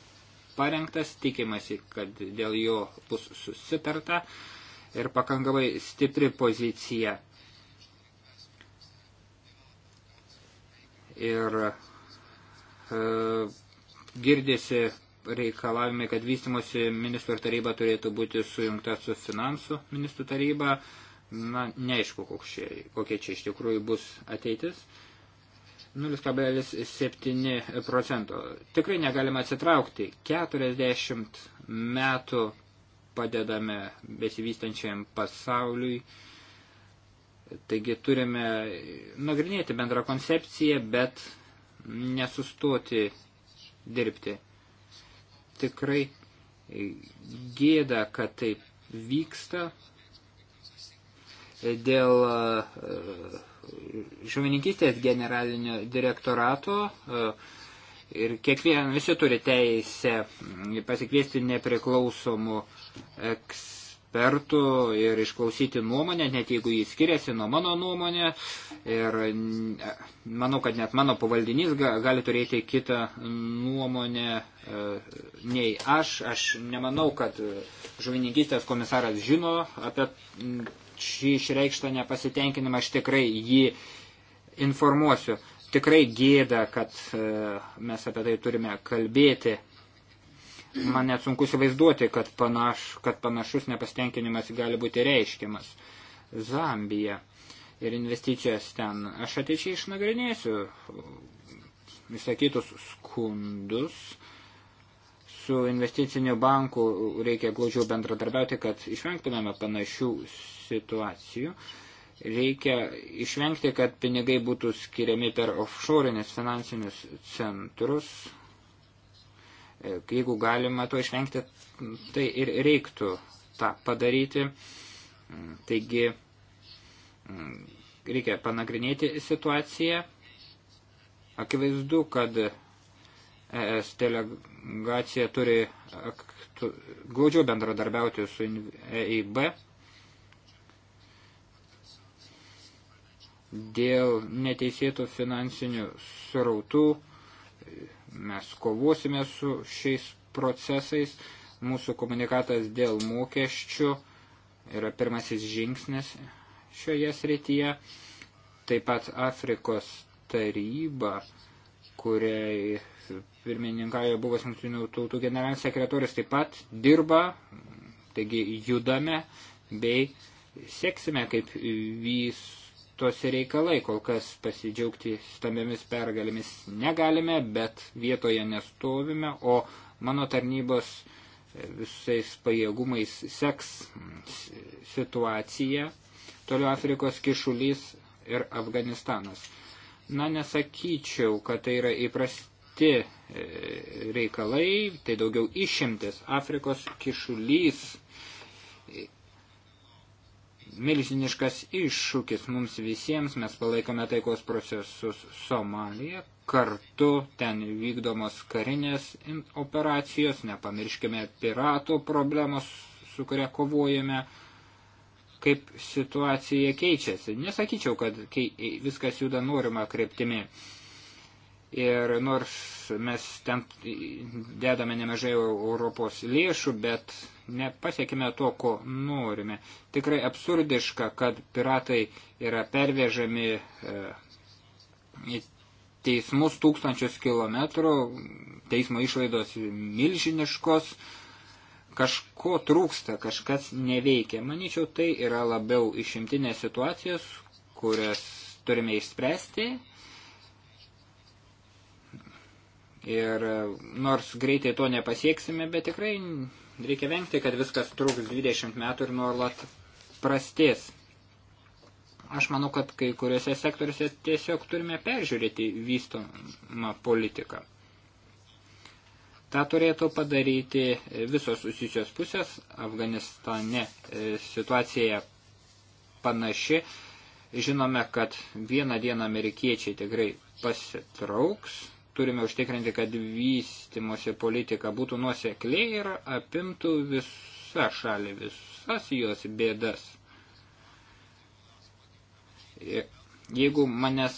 parengtas, tikimasi, kad dėl jo bus susitarta ir pakankamai stipri pozicija. Ir e, girdėsi reikalavimai, kad vystimosi ministro taryba turėtų būti sujungta su finansų ministrų taryba. Na, neaišku, kokie, kokie čia iš tikrųjų bus ateitis. 0,7 procento. Tikrai negalime atsitraukti. 40 metų padedame besivystančiam pasauliui. Taigi turime nagrinėti bendrą koncepciją, bet nesustoti dirbti tikrai gėda, kad taip vyksta. Dėl e, žuvininkystės generalinio direktorato e, ir kiekvien visi turi teisę pasikviesti nepriklausomų eks ekspertų ir išklausyti nuomonę, net jeigu jis skiriasi nuo mano nuomonė. Ir manau, kad net mano pavaldinys gali turėti kitą nuomonę e, nei aš. Aš nemanau, kad žuvininkystės komisaras žino apie šį išreikštą nepasitenkinimą. Aš tikrai jį informuosiu. Tikrai gėda, kad e, mes apie tai turime kalbėti man net sunku įsivaizduoti, kad, panaš, kad panašus nepastenkinimas gali būti reiškiamas. Zambija ir investicijas ten. Aš ateičiai išnagrinėsiu visakytus skundus. Su investiciniu banku reikia glaudžiau bendradarbiauti, kad išvengtumėme panašių situacijų. Reikia išvengti, kad pinigai būtų skiriami per offshorinius finansinius centrus, Jeigu galima to išvengti, tai ir reiktų tą padaryti. Taigi reikia panagrinėti situaciją. Akivaizdu, kad ES delegacija turi aktu, glaudžiau bendradarbiauti su EIB dėl neteisėtų finansinių srautų Mes kovosime su šiais procesais. Mūsų komunikatas dėl mokesčių yra pirmasis žingsnis šioje srityje. Taip pat Afrikos taryba, kuriai pirmininkavo buvęs jungtinių tautų generalinis sekretorius, taip pat dirba, taigi judame bei seksime, kaip vis tuose reikalai. Kol kas pasidžiaugti stambiomis pergalėmis negalime, bet vietoje nestovime, o mano tarnybos e, visais pajėgumais seks mm, situaciją. Toliau Afrikos kišulys ir Afganistanas. Na, nesakyčiau, kad tai yra įprasti e, reikalai, tai daugiau išimtis. Afrikos kišulys milžiniškas iššūkis mums visiems. Mes palaikome taikos procesus Somalija, kartu ten vykdomos karinės operacijos, nepamirškime piratų problemos, su kuria kovojame, kaip situacija keičiasi. Nesakyčiau, kad kei, viskas juda norima kryptimi. Ir nors mes ten dedame nemažai Europos lėšų, bet nepasiekime to, ko norime. Tikrai absurdiška, kad piratai yra pervežami e, į teismus tūkstančius kilometrų, teismo išlaidos milžiniškos, kažko trūksta, kažkas neveikia. Manyčiau, tai yra labiau išimtinės situacijos, kurias turime išspręsti. Ir nors greitai to nepasieksime, bet tikrai Reikia vengti, kad viskas truks 20 metų ir nuolat prastės. Aš manau, kad kai kuriuose sektoriuose tiesiog turime peržiūrėti vystomą politiką. Ta turėtų padaryti visos susijusios pusės. Afganistane e, situacija panaši. Žinome, kad vieną dieną amerikiečiai tikrai pasitrauks turime užtikrinti, kad vystimosi politika būtų nuosekliai ir apimtų visą šalį, visas jos bėdas. Jeigu manęs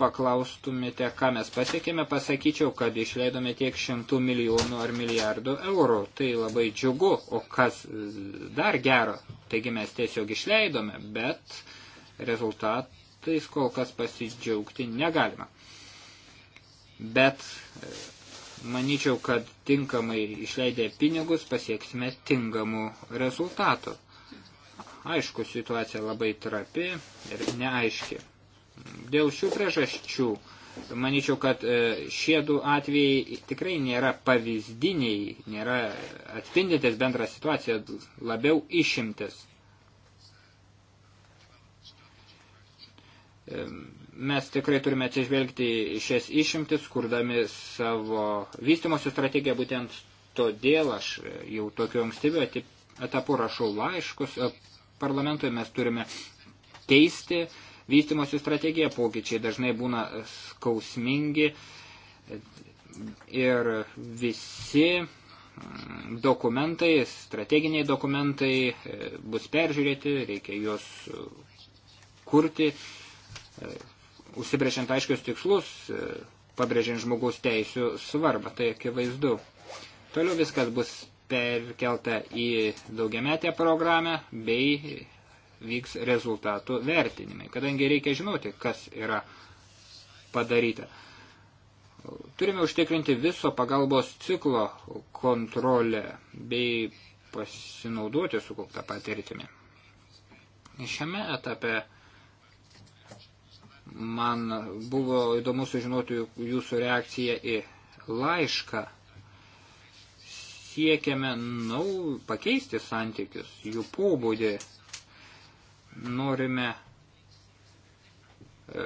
paklaustumėte, ką mes pasiekėme, pasakyčiau, kad išleidome tiek šimtų milijonų ar milijardų eurų. Tai labai džiugu, o kas dar gero. Taigi mes tiesiog išleidome, bet rezultatais kol kas pasidžiaugti negalima bet e, manyčiau, kad tinkamai išleidę pinigus pasieksime tingamų rezultatų. Aišku, situacija labai trapi ir neaiški. Dėl šių priežasčių, manyčiau, kad e, šie du atvejai tikrai nėra pavyzdiniai, nėra atspindintis bendrą situaciją, labiau išimtis Mes tikrai turime atsižvelgti šias išimtis, kurdami savo vystimosi strategiją. Būtent todėl aš jau tokiu ankstyviu etapu rašau laiškus e, parlamentui. Mes turime keisti vystimosi strategiją. Pokyčiai dažnai būna skausmingi ir visi mm, dokumentai, strateginiai dokumentai e, bus peržiūrėti, reikia juos kurti, e, užsibrėžiant aiškius tikslus, e, pabrėžiant žmogaus teisių svarbą, tai akivaizdu. Toliau viskas bus perkelta į daugiametę programą bei vyks rezultatų vertinimai, kadangi reikia žinoti, kas yra padaryta. Turime užtikrinti viso pagalbos ciklo kontrolę bei pasinaudoti sukauptą patirtimį. Šiame etape Man buvo įdomu sužinoti jūsų reakciją į laišką. Siekiame nau pakeisti santykius, jų pobūdį. Norime e,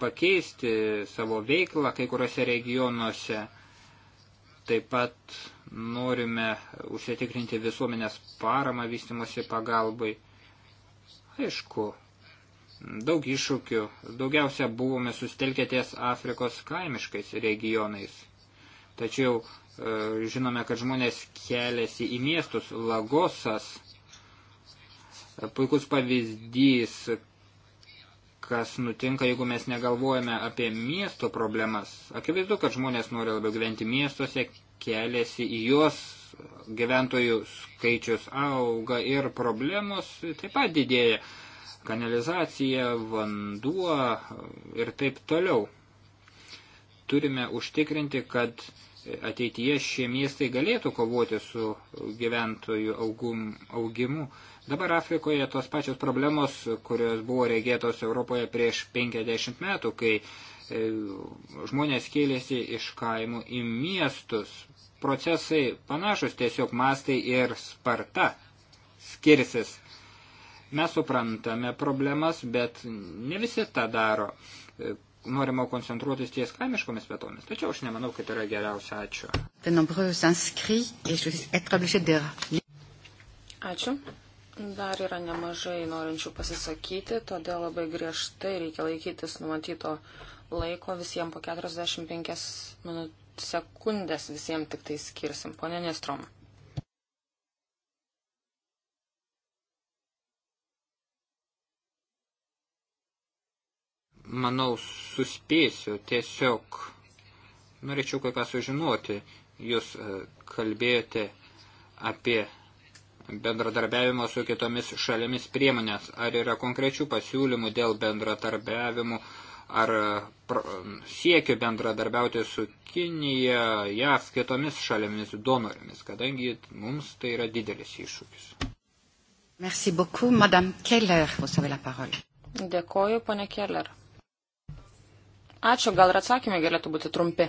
pakeisti savo veiklą kai kuriuose regionuose. Taip pat norime užsitikrinti visuomenės paramą vystimosi pagalbai. Aišku, daug iššūkių. Daugiausia buvome sustelkę ties Afrikos kaimiškais regionais. Tačiau e, žinome, kad žmonės keliasi į miestus. Lagosas e, puikus pavyzdys, kas nutinka, jeigu mes negalvojame apie miesto problemas. Akivaizdu, kad žmonės nori labiau gyventi miestuose, keliasi į juos, gyventojų skaičius auga ir problemos taip pat didėja kanalizacija, vanduo ir taip toliau. Turime užtikrinti, kad ateityje šie miestai galėtų kovoti su gyventojų augum, augimu. Dabar Afrikoje tos pačios problemos, kurios buvo regėtos Europoje prieš 50 metų, kai e, žmonės kėlėsi iš kaimų į miestus. Procesai panašus, tiesiog mastai ir sparta skirsis. Mes suprantame problemas, bet ne visi tą daro. Norima koncentruotis ties kaimiškomis vietomis. Tačiau aš nemanau, kad yra geriausia. Ačiū. Ačiū. Dar yra nemažai norinčių pasisakyti, todėl labai griežtai reikia laikytis numatyto laiko visiems po 45 minut, sekundės visiems tik tai skirsim. Pone Nestrom. manau, suspėsiu. Tiesiog norėčiau kai ką sužinoti. Jūs e, kalbėjote apie bendradarbiavimo su kitomis šalimis priemonės. Ar yra konkrečių pasiūlymų dėl bendradarbiavimų, ar e, siekiu bendradarbiauti su Kinija, JAV, kitomis šalimis donorėmis, kadangi mums tai yra didelis iššūkis. Merci beaucoup, Madame Keller, vous avez la parole. Dėkoju, ponė Keller. Ačiū, gal ir atsakymai galėtų būti trumpi.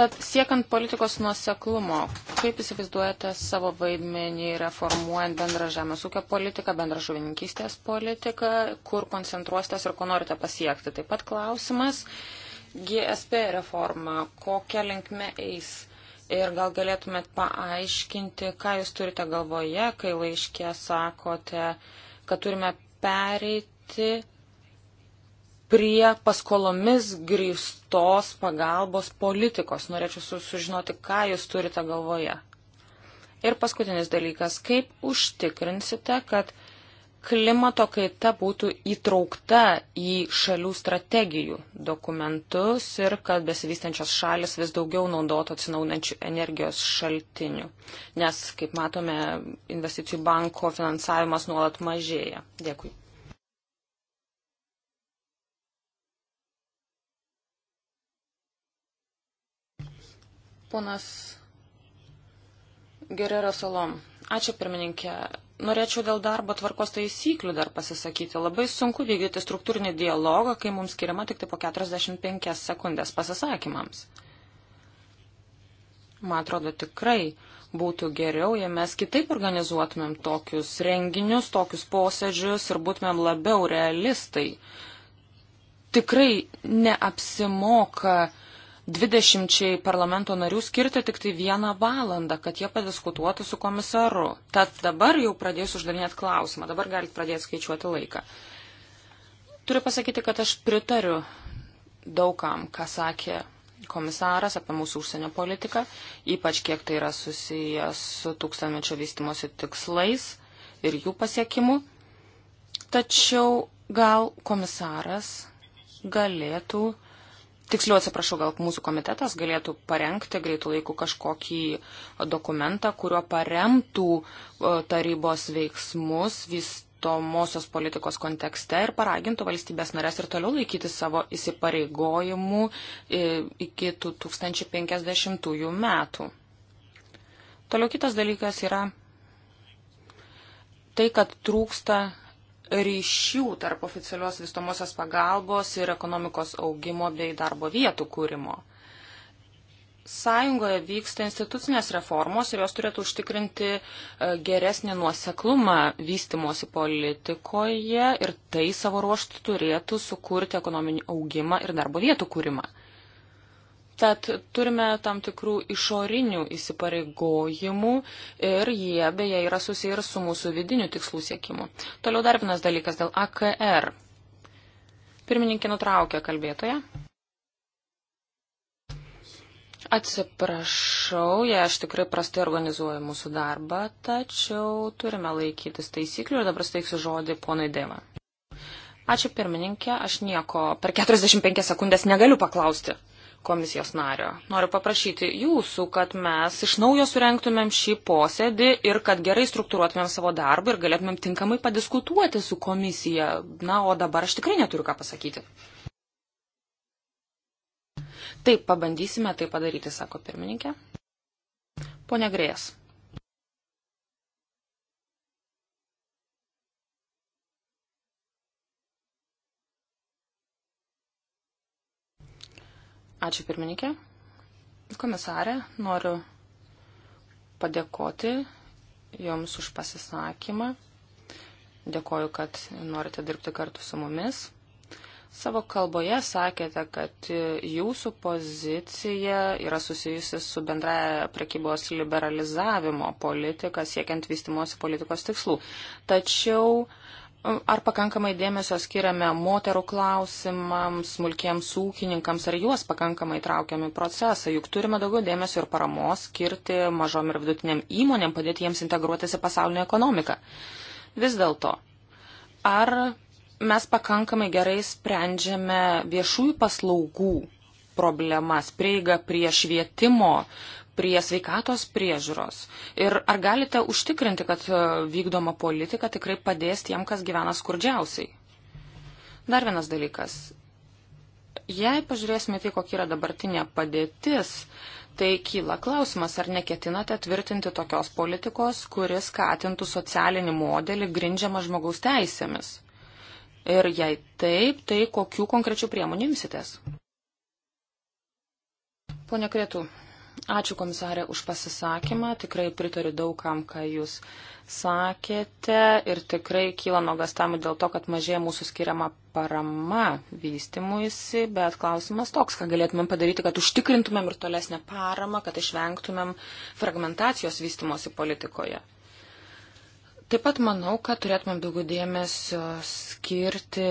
Tad siekant politikos nuoseklumo, kaip įsivaizduojate savo vaidmenį reformuojant bendrą žemės ūkio politiką, bendrą žuvininkystės politiką, kur koncentruositės ir ko norite pasiekti? Taip pat klausimas, GSP reforma, kokia linkme eis? Ir gal galėtumėt paaiškinti, ką jūs turite galvoje, kai laiškė sakote, kad turime pereiti prie paskolomis grįstos pagalbos politikos. Norėčiau su, sužinoti, ką jūs turite galvoje. Ir paskutinis dalykas, kaip užtikrinsite, kad klimato kaita būtų įtraukta į šalių strategijų dokumentus ir kad besivystančios šalis vis daugiau naudotų atsinaunančių energijos šaltinių. Nes, kaip matome, investicijų banko finansavimas nuolat mažėja. Dėkui. Ponas Gerero Salom. Ačiū pirmininkė. Norėčiau dėl darbo tvarkos taisyklių dar pasisakyti. Labai sunku vykdyti struktūrinį dialogą, kai mums skiriama tik tai po 45 sekundės pasisakymams. Man atrodo, tikrai būtų geriau, jei mes kitaip organizuotumėm tokius renginius, tokius posėdžius ir būtumėm labiau realistai. Tikrai neapsimoka 20 parlamento narių skirti tik tai vieną valandą, kad jie padiskutuotų su komisaru. Tad dabar jau pradėjus uždavinėti klausimą, dabar galite pradėti skaičiuoti laiką. Turiu pasakyti, kad aš pritariu daugam, ką sakė komisaras apie mūsų užsienio politiką, ypač kiek tai yra susijęs su tūkstantmečio vystimosi tikslais ir jų pasiekimu. Tačiau gal komisaras galėtų Tiksliau atsiprašau, gal mūsų komitetas galėtų parengti greitų laikų kažkokį dokumentą, kuriuo paremtų tarybos veiksmus vystomosios politikos kontekste ir paragintų valstybės narės ir toliau laikyti savo įsipareigojimų iki 2050 metų. Toliau kitas dalykas yra tai, kad trūksta ryšių tarp oficialios vystomosios pagalbos ir ekonomikos augimo bei darbo vietų kūrimo. Sąjungoje vyksta institucinės reformos ir jos turėtų užtikrinti e, geresnį nuoseklumą vystimosi politikoje ir tai savo ruoštų turėtų sukurti ekonominį augimą ir darbo vietų kūrimą. Tad turime tam tikrų išorinių įsipareigojimų ir jie beje yra susiję ir su mūsų vidiniu tikslų siekimu. Toliau dar vienas dalykas dėl AKR. Pirmininkė nutraukė kalbėtoją. Atsiprašau, jei aš tikrai prastai organizuoju mūsų darbą, tačiau turime laikytis taisyklių ir dabar steiksiu žodį ponai Deva. Ačiū pirmininkė, aš nieko per 45 sekundės negaliu paklausti komisijos nario. Noriu paprašyti jūsų, kad mes iš naujo surenktumėm šį posėdį ir kad gerai struktūruotumėm savo darbą ir galėtumėm tinkamai padiskutuoti su komisija. Na, o dabar aš tikrai neturiu ką pasakyti. Taip, pabandysime tai padaryti, sako pirmininkė. Pone Grės. Ačiū pirmininkė. Komisarė, noriu padėkoti Jums už pasisakymą. Dėkoju, kad norite dirbti kartu su mumis. Savo kalboje sakėte, kad jūsų pozicija yra susijusi su bendraja prekybos liberalizavimo politika, siekiant vystimosi politikos tikslų. Tačiau Ar pakankamai dėmesio skiriame moterų klausimams, smulkiems ūkininkams, ar juos pakankamai traukiami procesą, juk turime daugiau dėmesio ir paramos skirti mažom ir vidutiniam įmonėm, padėti jiems integruotis į pasaulinę ekonomiką. Vis dėlto, ar mes pakankamai gerai sprendžiame viešųjų paslaugų problemas, prieiga prie švietimo prie sveikatos priežiūros? Ir ar galite užtikrinti, kad e, vykdoma politika tikrai padės tiem, kas gyvena skurdžiausiai? Dar vienas dalykas. Jei pažiūrėsime tai, kokia yra dabartinė padėtis, tai kyla klausimas, ar neketinate tvirtinti tokios politikos, kuris skatintų socialinį modelį grindžiamą žmogaus teisėmis? Ir jei taip, tai kokių konkrečių priemonių imsitės? Pone Kretų, Ačiū komisarė už pasisakymą. Tikrai pritariu daugam, ką jūs sakėte. Ir tikrai kyla nuogastamų dėl to, kad mažėja mūsų skiriama parama vystimuisi. Bet klausimas toks, ką galėtumėm padaryti, kad užtikrintumėm ir tolesnę paramą, kad išvengtumėm fragmentacijos vystimosi politikoje. Taip pat manau, kad turėtumėm daugiau dėmesio skirti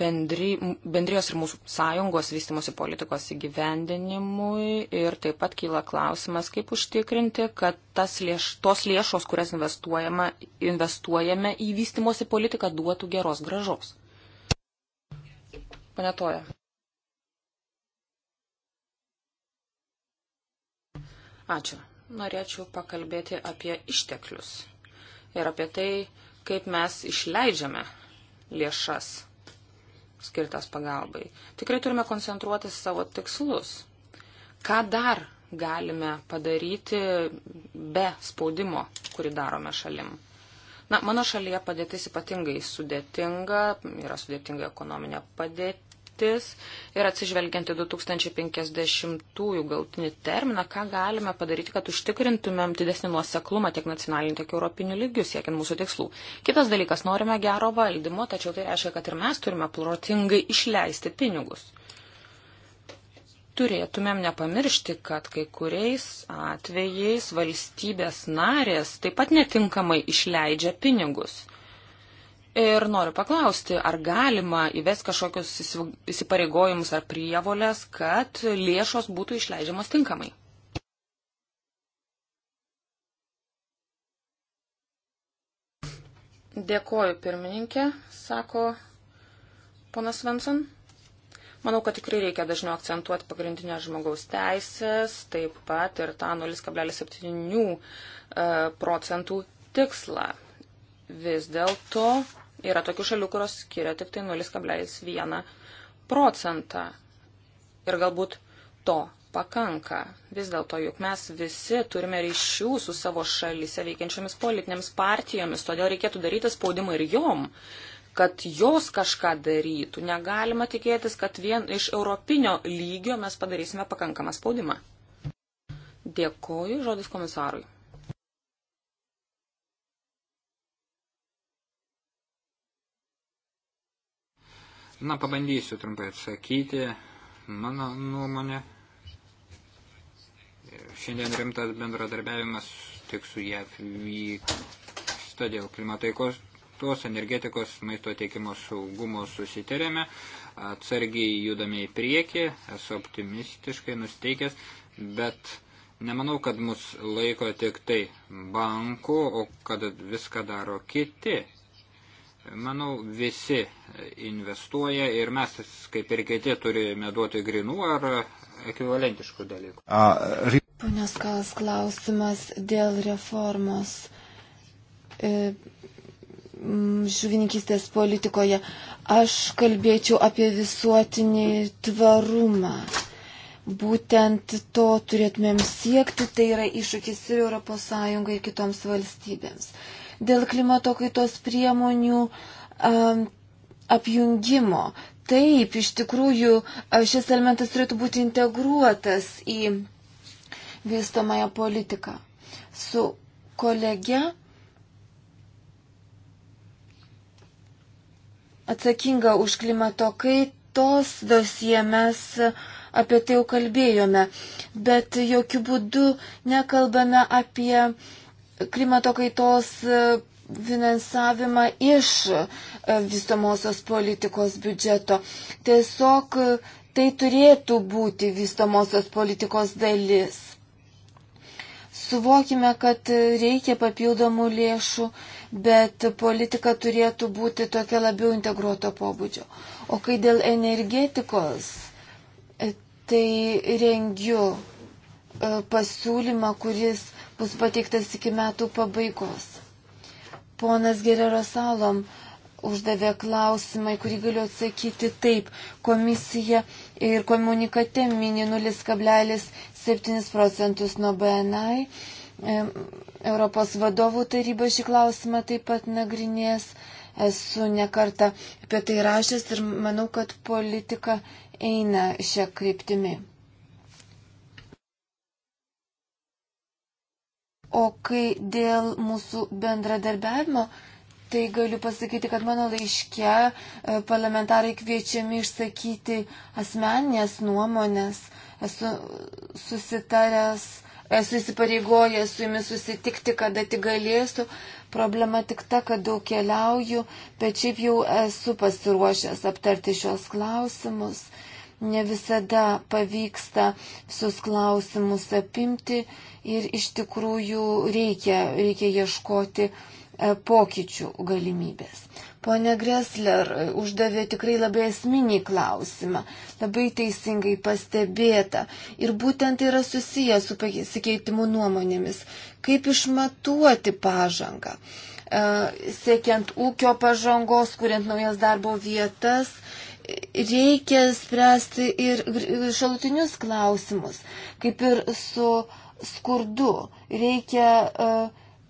bendri, bendrijos ir mūsų sąjungos vystimosi politikos įgyvendinimui ir taip pat kyla klausimas, kaip užtikrinti, kad tas lėš, tos lėšos, kurias investuojame į vystimosi politiką, duotų geros gražos. Pane Toja. Ačiū. Norėčiau pakalbėti apie išteklius ir apie tai, kaip mes išleidžiame lėšas skirtas pagalbai. Tikrai turime koncentruotis savo tikslus. Ką dar galime padaryti be spaudimo, kurį darome šalim? Na, mano šalyje padėtis ypatingai sudėtinga, yra sudėtinga ekonominė padėtis kryptis ir atsižvelgiant į 2050-ųjų galtinį terminą, ką galime padaryti, kad užtikrintumėm didesnį nuoseklumą tiek nacionaliniu, tiek europiniu lygiu siekiant mūsų tikslų. Kitas dalykas, norime gero valdymo, tačiau tai reiškia, kad ir mes turime protingai išleisti pinigus turėtumėm nepamiršti, kad kai kuriais atvejais valstybės narės taip pat netinkamai išleidžia pinigus. Ir noriu paklausti, ar galima įvesti kažkokius įsipareigojimus ar prievolės, kad lėšos būtų išleidžiamos tinkamai? Dėkoju pirmininkė, sako ponas Venson. Manau, kad tikrai reikia dažniau akcentuoti pagrindinės žmogaus teisės, taip pat ir tą 0,7 e, procentų tikslą. Vis dėlto Yra tokių šalių, kurios skiria tik tai 0,1 procentą. Ir galbūt to pakanka. Vis dėlto juk mes visi turime ryšių su savo šalyse veikiančiomis politinėms partijomis, todėl reikėtų daryti spaudimą ir jom, kad jos kažką darytų. Negalima tikėtis, kad vien iš europinio lygio mes padarysime pakankamą spaudimą. Dėkoju, žodis komisarui. Na, pabandysiu trumpai atsakyti. Mano nuomonė, šiandien rimtas bendradarbiavimas tik su JAV vyksta dėl klimataikos, tos energetikos maisto teikimo saugumo susitarėme, atsargiai judame į priekį, esu optimistiškai nusteikęs, bet nemanau, kad mus laiko tik tai bankų, o kad viską daro kiti Manau, visi investuoja ir mes, kaip ir kiti, turime duoti grinų ar ekvivalentiškų dalykų. Ponios Kalas klausimas dėl reformos e, žuvininkystės politikoje. Aš kalbėčiau apie visuotinį tvarumą. Būtent to turėtumėm siekti, tai yra iššūkis ir ES ir kitoms valstybėms dėl klimato kaitos priemonių um, apjungimo. Taip, iš tikrųjų, šis elementas turėtų būti integruotas į vystomąją politiką. Su kolege atsakinga už klimato kaitos dosie mes apie tai jau kalbėjome, bet jokių būdų nekalbame apie klimato kaitos e, finansavimą iš e, vystomosios politikos biudžeto. Tiesiog e, tai turėtų būti vystomosios politikos dalis. Suvokime, kad reikia papildomų lėšų, bet politika turėtų būti tokia labiau integruoto pobūdžio. O kai dėl energetikos, tai rengiu pasiūlymą, kuris bus pateiktas iki metų pabaigos. Ponas Gerero Salom uždavė klausimą, į kurį galiu atsakyti taip. Komisija ir komunikate mini 0,7 procentus nuo BNI. Europos vadovų taryba šį klausimą taip pat nagrinės. Esu nekarta apie tai rašęs ir manau, kad politika eina šią kryptimį. O kai dėl mūsų bendradarbiavimo, tai galiu pasakyti, kad mano laiške e, parlamentarai kviečiami išsakyti asmeninės nuomonės. Esu susitaręs, esu įsipareigojęs su jumis susitikti, kada tik galėsiu. Problema tik ta, kad daug keliauju, bet šiaip jau esu pasiruošęs aptarti šios klausimus ne visada pavyksta visus klausimus apimti ir iš tikrųjų reikia, reikia ieškoti e, pokyčių galimybės. Pone Gresler e, uždavė tikrai labai esminį klausimą, labai teisingai pastebėta. Ir būtent tai yra susijęs su pasikeitimu nuomonėmis. Kaip išmatuoti pažangą? E, siekiant ūkio pažangos, kuriant naujas darbo vietas, reikia spręsti ir šalutinius klausimus, kaip ir su skurdu. Reikia e,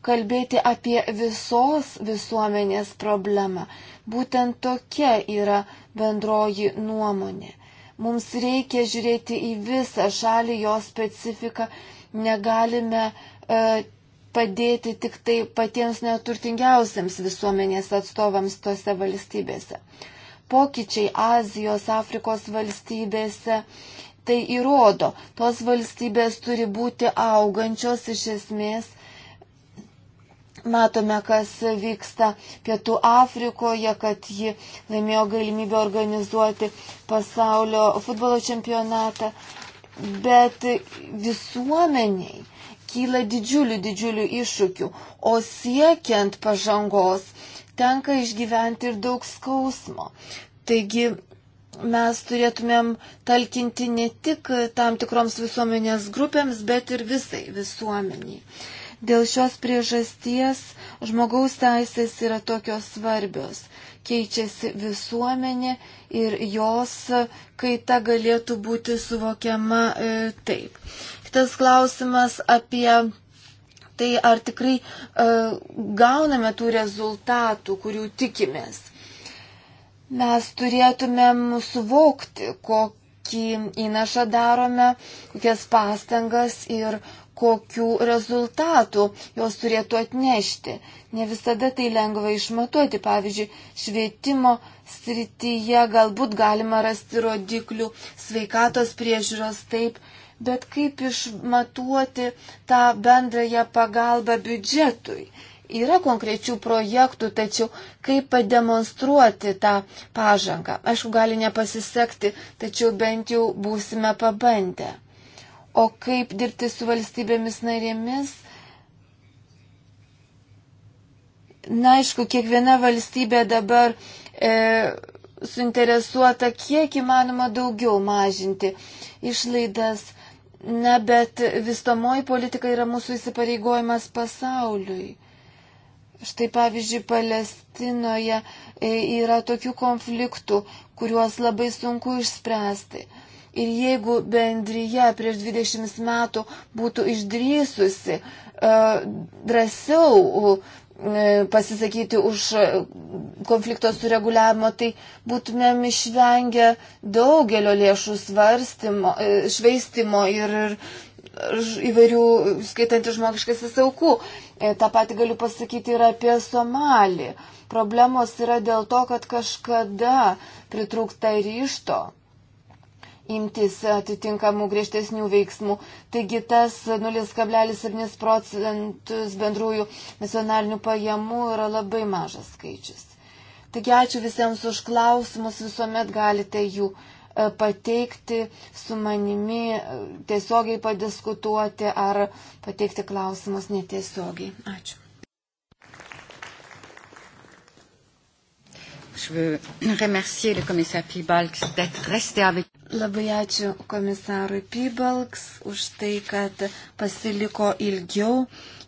kalbėti apie visos visuomenės problemą. Būtent tokia yra bendroji nuomonė. Mums reikia žiūrėti į visą šalį, jos specifiką. Negalime e, padėti tik tai patiems neturtingiausiams visuomenės atstovams tose valstybėse. E, pokyčiai Azijos, Afrikos valstybėse tai įrodo. Tos valstybės turi būti augančios iš esmės. Matome, kas vyksta Pietų Afrikoje, kad ji laimėjo galimybę organizuoti pasaulio futbolo čempionatą. Bet visuomeniai kyla didžiulių, didžiulių iššūkių, o siekiant pažangos tenka išgyventi ir daug skausmo. Taigi mes turėtumėm talkinti ne tik tam tikroms visuomenės grupėms, bet ir visai visuomeniai. Dėl šios priežasties žmogaus teisės yra tokios svarbios. Keičiasi visuomenė ir jos kaita galėtų būti suvokiama e, taip. Kitas klausimas apie tai ar tikrai uh, gauname tų rezultatų, kurių tikimės. Mes turėtumėm suvokti, kokį įnašą darome, kokias pastangas ir kokių rezultatų jos turėtų atnešti. Ne visada tai lengva išmatuoti. Pavyzdžiui, švietimo srityje galbūt galima rasti rodiklių, sveikatos priežiūros taip, bet kaip išmatuoti tą bendrąją pagalbą biudžetui. Yra konkrečių projektų, tačiau kaip pademonstruoti tą pažangą. Aišku, gali nepasisekti, tačiau bent jau būsime pabandę. O kaip dirbti su valstybėmis narėmis? Na, aišku, kiekviena valstybė dabar e, suinteresuota kiek įmanoma daugiau mažinti išlaidas Na, bet vystomoji politika yra mūsų įsipareigojimas pasauliui. Štai pavyzdžiui, Palestinoje e, yra tokių konfliktų, kuriuos labai sunku išspręsti. Ir jeigu bendryje prieš 20 metų būtų išdrysusi e, drąsiau E, pasisakyti už konflikto sureguliavimą, tai būtumėm išvengę daugelio lėšų svarstymo, e, šveistimo ir, ir įvairių skaitant žmogiškasis aukų. E, Ta pati galiu pasakyti ir apie Somalį. Problemos yra dėl to, kad kažkada pritrūksta ryšto imtis atitinkamų griežtesnių veiksmų. Taigi tas 0,7 procentus bendrųjų nacionalinių pajamų yra labai mažas skaičius. Taigi ačiū visiems už klausimus, visuomet galite jų e, pateikti su manimi, e, tiesiogiai padiskutuoti ar pateikti klausimus netiesiogiai. Ačiū. Je veux remercier le commissaire Pibalks d'être resté avec Labai ačiū komisarui Pybalks už tai, kad pasiliko ilgiau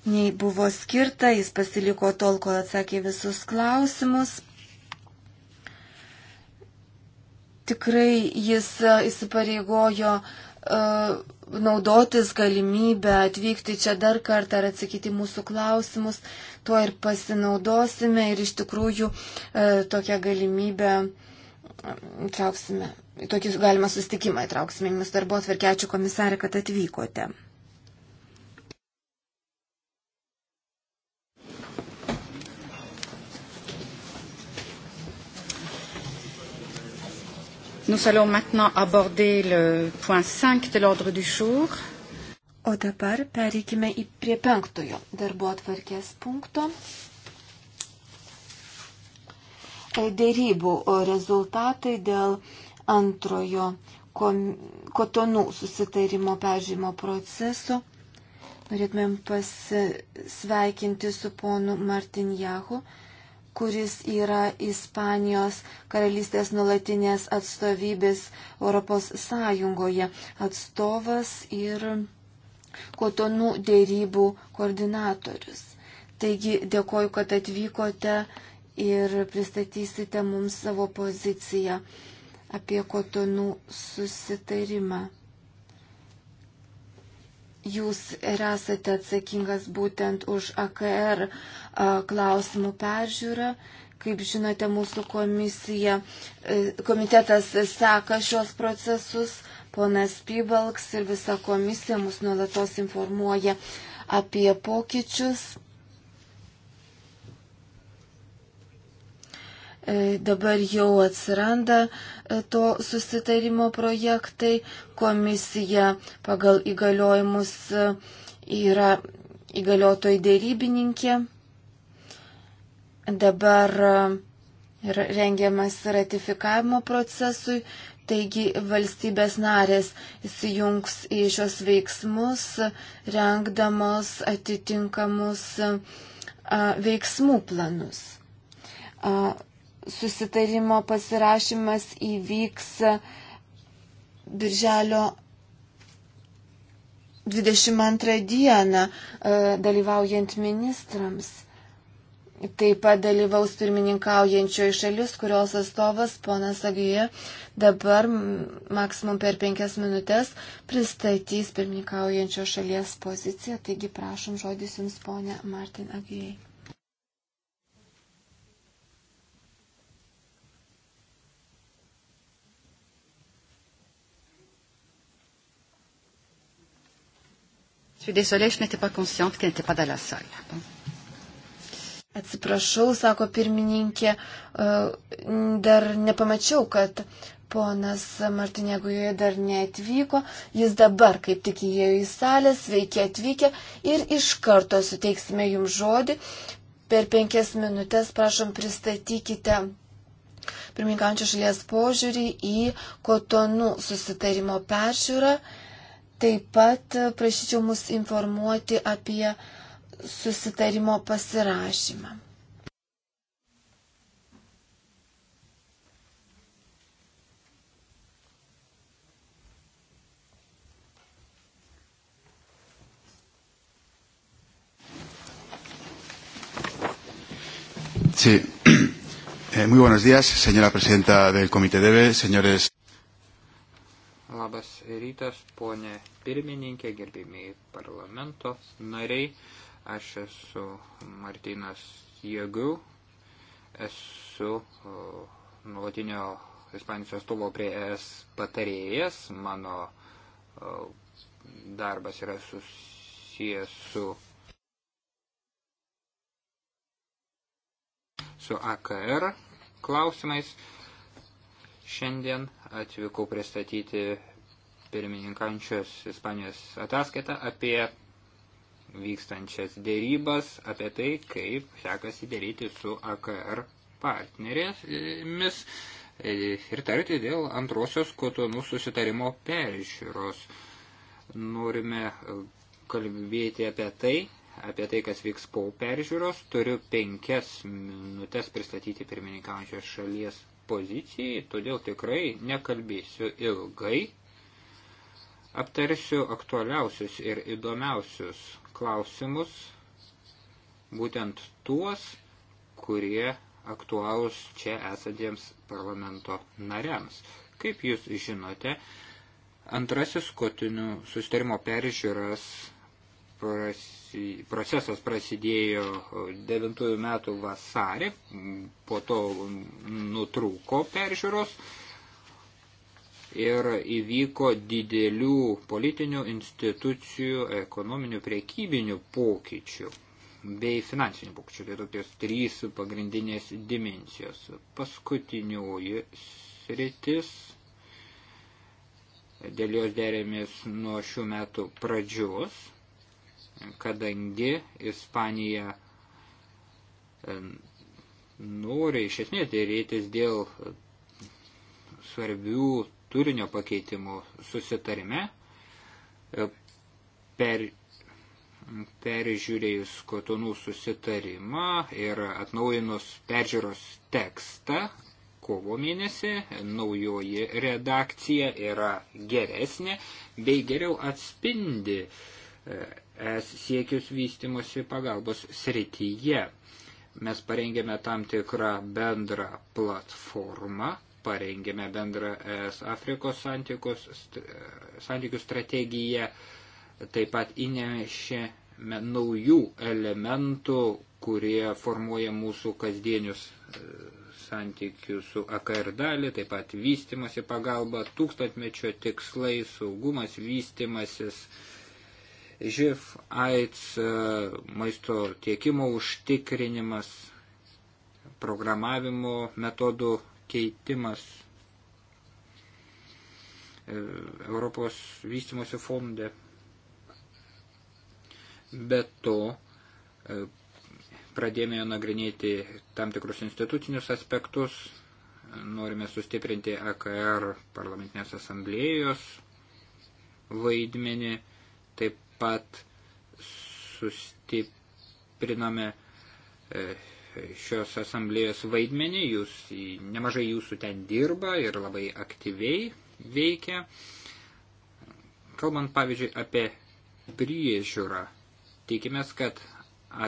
nei buvo skirta. Jis pasiliko tol, kol atsakė visus klausimus. Tikrai jis įsipareigojo uh, naudotis galimybę atvykti čia dar kartą ir atsakyti mūsų klausimus. Tuo ir pasinaudosime ir iš tikrųjų uh, tokią galimybę e, trauksime. Uh, tokį galima sustikimą įtrauksime į mūsų darbo atverkę. Ačiū komisarė, kad atvykote. Nous allons maintenant aborder le point 5 de l'ordre du jour. O dabar pereikime į prie penktojo darbo atvarkės punkto. E, dėrybų rezultatai dėl antrojo kotonų susitarimo peržymo proceso. Norėtumėm pasveikinti su ponu Martinjahu, kuris yra Ispanijos karalystės nulatinės atstovybės Europos Sąjungoje atstovas ir kotonų dėrybų koordinatorius. Taigi dėkoju, kad atvykote ir pristatysite mums savo poziciją apie kotonų susitarimą. Jūs ir esate atsakingas būtent už AKR klausimų peržiūrą. Kaip žinote, mūsų komisija, e, komitetas seka šios procesus, ponas Pybalks ir visa komisija mus nuolatos informuoja apie pokyčius E, dabar jau atsiranda e, to susitarimo projektai, komisija pagal įgaliojimus e, yra įgaliotoj dėrybininkė. Dabar yra rengiamas ratifikavimo procesui, taigi valstybės narės įsijungs į šios veiksmus, rengdamos atitinkamus veiksmų planus susitarimo pasirašymas įvyks birželio 22 dieną e, dalyvaujant ministrams. Taip pat dalyvaus pirmininkaujančioji šalis, kurios atstovas ponas Agija dabar maksimum per penkias minutės pristatys pirmininkaujančio šalies poziciją. Taigi prašom žodis Jums, ponė Martin Agijai. suis désolée, je n'étais pas consciente qu'elle n'était pas dans la salle. Bon. Atsiprašau, sako pirmininkė, e, dar nepamačiau, kad ponas Martinėgujoje dar neatvyko, jis dabar kaip tik įėjo į salę, sveiki atvykę ir iš karto suteiksime jums žodį. Per penkias minutės prašom pristatykite pirmininkančio šalies požiūrį į kotonų susitarimo peržiūrą Taip pat e, prašyčiau mus informuoti apie susitarimo pasirašymą. Sí. Eh, muy buenos días, señora presidenta del Comité DEBE, señores. Labas rytas, ponė pirmininkė, gerbėmiai parlamento nariai. Aš esu Martinas Jėgiu, esu nuolatinio Ispanijos atstovo prie ES patarėjas. Mano darbas yra susijęs su su AKR klausimais. Šiandien atvykau pristatyti pirmininkančios Ispanijos ataskaitą apie vykstančias dėrybas, apie tai, kaip sekasi dėryti su AKR partnerėmis e, ir tarti dėl antrosios kotonų susitarimo peržiūros. Norime kalbėti apie tai, apie tai, kas vyks po peržiūros. Turiu penkias minutės pristatyti pirmininkaujančios šalies pozicijai, todėl tikrai nekalbėsiu ilgai. Aptarsiu aktualiausius ir įdomiausius klausimus, būtent tuos, kurie aktualūs čia esantiems parlamento nariams. Kaip jūs žinote, antrasis skotinių sustarimo peržiūras pras prasi, procesas prasidėjo 9 metų vasarį, po to nutrūko peržiūros ir įvyko didelių politinių institucijų, ekonominių, priekybinių pokyčių bei finansinių pokyčių. Tai tokios trys pagrindinės dimensijos. Paskutinioji sritis, dėl jos dėrėmės nuo šių metų pradžios, kadangi Ispanija e, nori iš esmės dėrėtis dėl svarbių turinio pakeitimų susitarime, e, per, peržiūrėjus kotonų susitarimą ir atnaujinus peržiūros tekstą kovo mėnesį, naujoji redakcija yra geresnė bei geriau atspindi e, es siekius vystimosi pagalbos srityje. Mes parengėme tam tikrą bendrą platformą, parengėme bendrą es Afrikos santykius, santykių strategiją, taip pat įnešėme naujų elementų, kurie formuoja mūsų kasdienius e, santykių su AKR dalį, taip pat vystimosi pagalba, tūkstantmečio tikslai, saugumas, vystimasis, uh, živ, AIDS, e, maisto tiekimo užtikrinimas, programavimo metodų keitimas. E, Europos vystimosi fonde. Be to, e, pradėjome nagrinėti tam tikrus institucinius aspektus, norime sustiprinti AKR parlamentinės asamblėjos vaidmenį, taip pat sustiprinome e, šios asamblėjos vaidmenį, jūs, nemažai jūsų ten dirba ir labai aktyviai veikia. Kalbant pavyzdžiui apie priežiūrą, tikimės, kad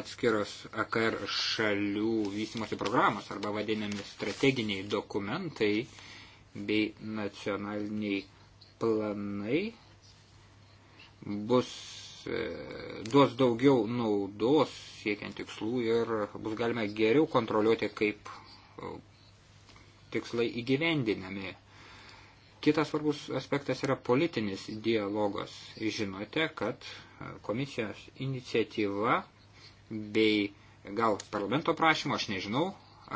atskiros AKR šalių vystimosi programos arba vadinami strateginiai dokumentai bei nacionaliniai planai bus E, duos daugiau naudos siekiant tikslų ir bus galima geriau kontroliuoti, kaip e, tikslai įgyvendinami. Kitas svarbus aspektas yra politinis dialogas. Žinote, kad e, komisijos iniciatyva bei gal parlamento prašymo, aš nežinau,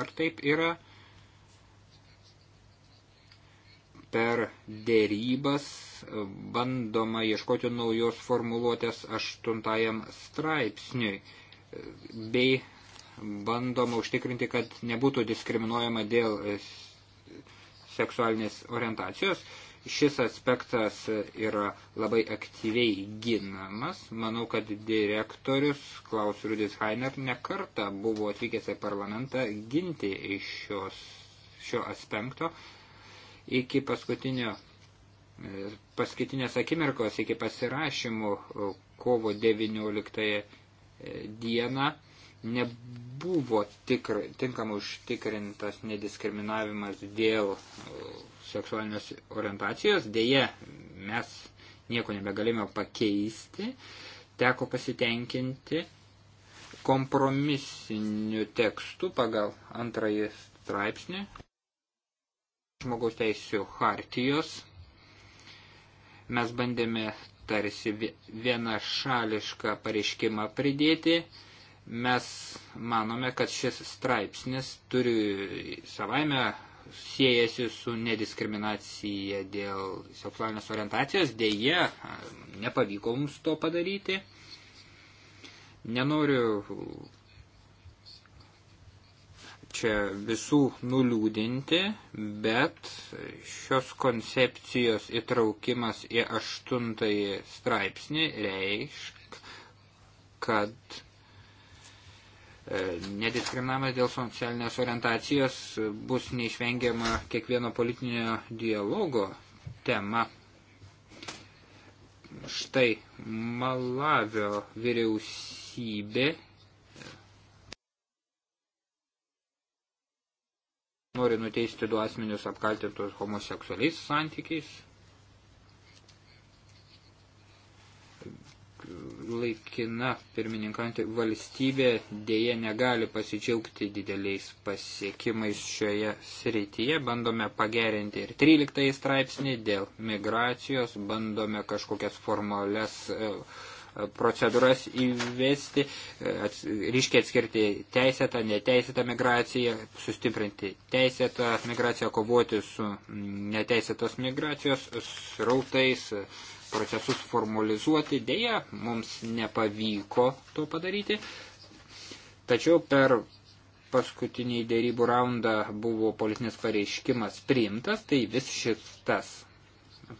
ar taip yra, per dėrybas bandoma ieškoti naujos formuluotės aštuntajam straipsniui bei bandoma užtikrinti, kad nebūtų diskriminuojama dėl seksualinės orientacijos. Šis aspektas yra labai aktyviai ginamas. Manau, kad direktorius Klaus Rudis Heiner nekarta buvo atvykęs į parlamentą ginti iš šios, šio aspekto, iki paskutinio e, paskutinės akimirkos iki pasirašymų e, kovo 19 e, dieną nebuvo tikr, tinkamai užtikrintas nediskriminavimas dėl seksualinės orientacijos. Deja, mes nieko nebegalime pakeisti, teko pasitenkinti kompromisiniu tekstu pagal antrąjį straipsnį žmogaus teisų hartijos. Mes bandėme tarsi vienašališką pareiškimą pridėti. Mes manome, kad šis straipsnis turi savaime siejasi su nediskriminacija dėl seksualinės orientacijos, dėje nepavyko mums to padaryti. Nenoriu čia visų nuliūdinti, bet šios koncepcijos įtraukimas į aštuntąjį straipsnį reišk, kad e, nediskriminavimas dėl socialinės orientacijos bus neišvengiama kiekvieno politinio dialogo tema. Štai Malavio vyriausybė nori nuteisti du asmenius apkaltintus homoseksualiais santykiais. Laikina pirmininkanti valstybė dėje negali pasidžiaugti dideliais pasiekimais šioje srityje. Bandome pagerinti ir 13 straipsnį dėl migracijos, bandome kažkokias formales uh, procedūras įvesti, e, ats, ryškiai atskirti teisėtą, neteisėtą migraciją, sustiprinti teisėtą migraciją, kovoti su neteisėtos migracijos srautais, procesus formalizuoti. Deja, mums nepavyko to padaryti. Tačiau per paskutinį dėrybų raundą buvo politinis pareiškimas priimtas, tai vis šitas.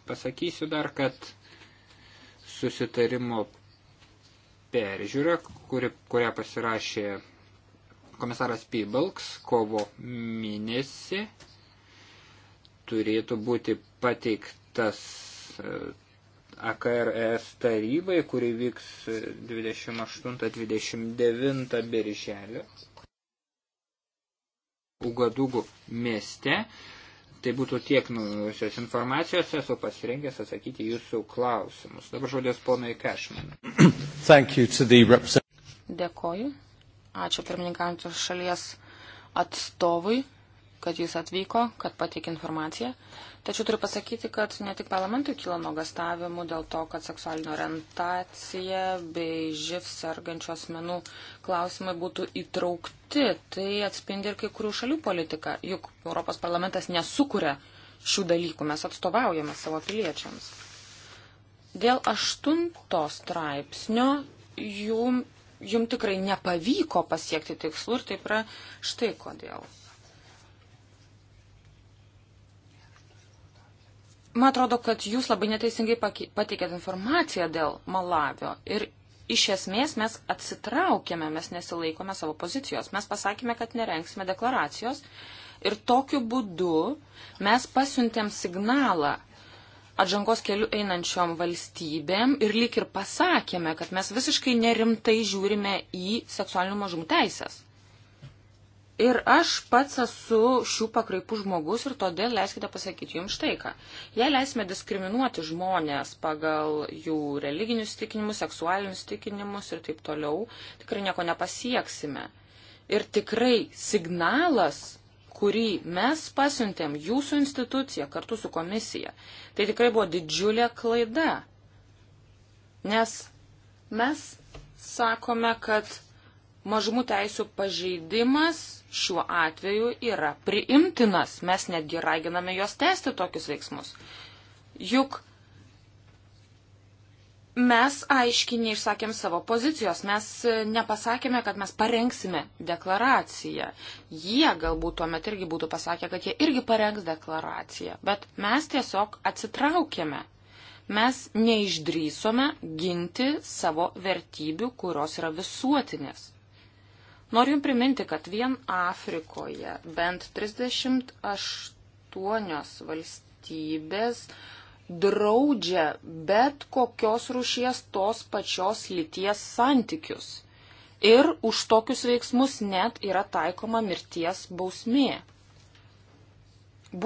Pasakysiu dar, kad susitarimo peržiūrą, kuri, kurią pasirašė komisaras Pybalks kovo mėnesį. Turėtų būti pateiktas e, AKRS tarybai, kuri vyks 28-29 e, birželio Ugadugų mieste. Tai būtų tiek nusios informacijos, esu pasirengęs atsakyti jūsų klausimus. Dabar žodės ponai Kešman. Dėkoju. Ačiū pirmininkantų šalies atstovui, kad jis atvyko, kad pateikė informaciją. Tačiau turiu pasakyti, kad ne tik parlamentui kilo nuogastavimų dėl to, kad seksualinė orientacija bei živ sergančių asmenų klausimai būtų įtraukti. Tai atspindi ir kai kurių šalių politiką. Juk Europos parlamentas nesukuria šių dalykų, mes atstovaujame savo piliečiams. Dėl aštunto straipsnio jum, jum tikrai nepavyko pasiekti tikslų ir taip yra štai kodėl. Man atrodo, kad jūs labai neteisingai pateikėt informaciją dėl Malavio ir iš esmės mes atsitraukėme, mes nesilaikome savo pozicijos, mes pasakėme, kad nerenksime deklaracijos ir tokiu būdu mes pasiuntėm signalą atžangos keliu einančiom valstybėm ir lyg ir pasakėme, kad mes visiškai nerimtai žiūrime į seksualinių mažumų teisės. Ir aš pats esu šių pakraipų žmogus ir todėl leiskite pasakyti jums štai ką. Jei leisime diskriminuoti žmonės pagal jų religinius tikinimus, seksualinius tikinimus ir taip toliau, tikrai nieko nepasieksime. Ir tikrai signalas, kurį mes pasiuntėm jūsų instituciją kartu su komisija, tai tikrai buvo didžiulė klaida. Nes mes sakome, kad mažumų teisų pažeidimas šiuo atveju yra priimtinas. Mes netgi raginame juos tęsti tokius veiksmus. Juk mes aiškiai neišsakėm savo pozicijos, mes e, nepasakėme, kad mes parengsime deklaraciją. Jie galbūt tuomet irgi būtų pasakę, kad jie irgi parengs deklaraciją, bet mes tiesiog atsitraukėme. Mes neišdrysome ginti savo vertybių, kurios yra visuotinės. Noriu Jums priminti, kad vien Afrikoje bent 38 valstybės draudžia bet kokios rušies tos pačios lyties santykius. Ir už tokius veiksmus net yra taikoma mirties bausmė.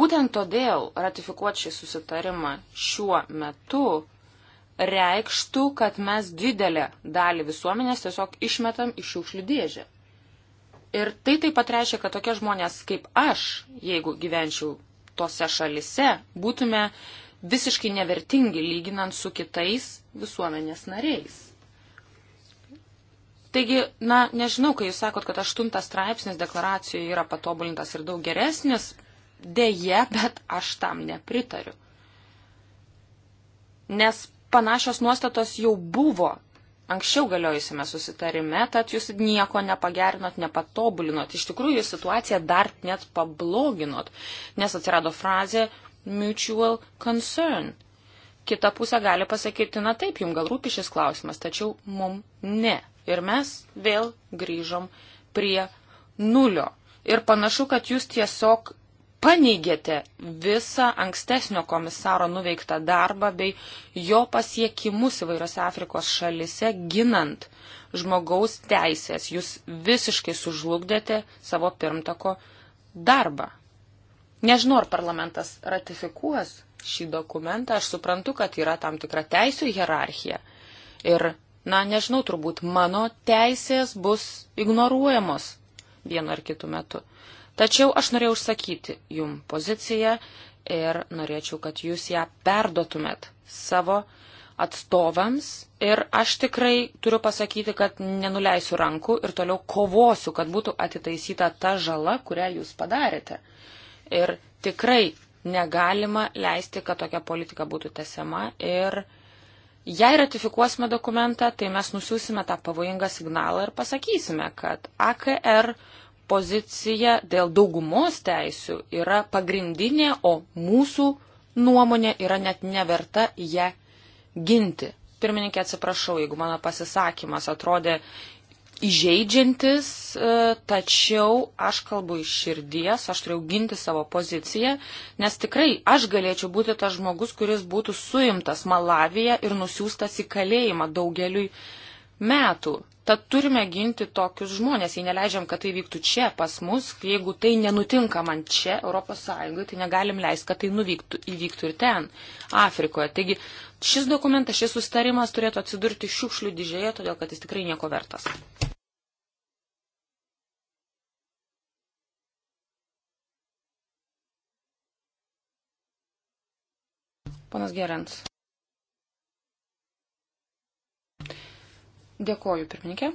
Būtent todėl ratifikuoti šį susitarimą šiuo metu reikštų, kad mes didelę dalį visuomenės tiesiog išmetam iš šiukšlių dėžę. Ir tai taip pat reiškia, kad tokie žmonės kaip aš, jeigu gyvenčiau tose šalise, būtume visiškai nevertingi lyginant su kitais visuomenės nariais. Taigi, na, nežinau, kai jūs sakot, kad aštuntas straipsnis deklaracijoje yra patobulintas ir daug geresnis, dėje, bet aš tam nepritariu. Nes panašios nuostatos jau buvo anksčiau galiojusime susitarime, tad jūs nieko nepagerinot, nepatobulinot. Iš tikrųjų, jūs situaciją dar net pabloginot, nes atsirado frazė mutual concern. Kita pusė gali pasakyti, na taip, jums gal rūpi šis klausimas, tačiau mum ne. Ir mes vėl grįžom prie nulio. Ir panašu, kad jūs tiesiog paneigėte visą ankstesnio komisaro nuveiktą darbą bei jo pasiekimus įvairiose Afrikos šalise ginant žmogaus teisės. Jūs visiškai sužlugdėte savo pirmtako darbą. Nežinau, ar parlamentas ratifikuos šį dokumentą. Aš suprantu, kad yra tam tikra teisų hierarchija. Ir, na, nežinau, turbūt mano teisės bus ignoruojamos vienu ar kitu metu. Tačiau aš norėjau užsakyti jum poziciją ir norėčiau, kad jūs ją perdotumėt savo atstovams ir aš tikrai turiu pasakyti, kad nenuleisiu rankų ir toliau kovosiu, kad būtų atitaisyta ta žala, kurią jūs padarėte. Ir tikrai negalima leisti, kad tokia politika būtų tesiama ir jei ratifikuosime dokumentą, tai mes nusiusime tą pavojingą signalą ir pasakysime, kad AKR pozicija dėl daugumos teisių yra pagrindinė, o mūsų nuomonė yra net neverta ją ginti. Pirmininkė, atsiprašau, jeigu mano pasisakymas atrodė įžeidžiantis, e, tačiau aš kalbu iš širdies, aš turėjau ginti savo poziciją, nes tikrai aš galėčiau būti tas žmogus, kuris būtų suimtas Malaviją ir nusiųstas į kalėjimą daugeliui metų. Tad turime ginti tokius žmonės, jei neleidžiam, kad tai vyktų čia pas mus, jeigu tai nenutinka man čia, ES, tai negalim leisti, kad tai nuvyktų, įvyktų ir ten, Afrikoje. Taigi šis dokumentas, šis sustarimas turėtų atsidurti šiukšlių dėžėje, todėl kad jis tikrai nieko vertas. Ponas Gerens. Dėkoju, pirmininkė.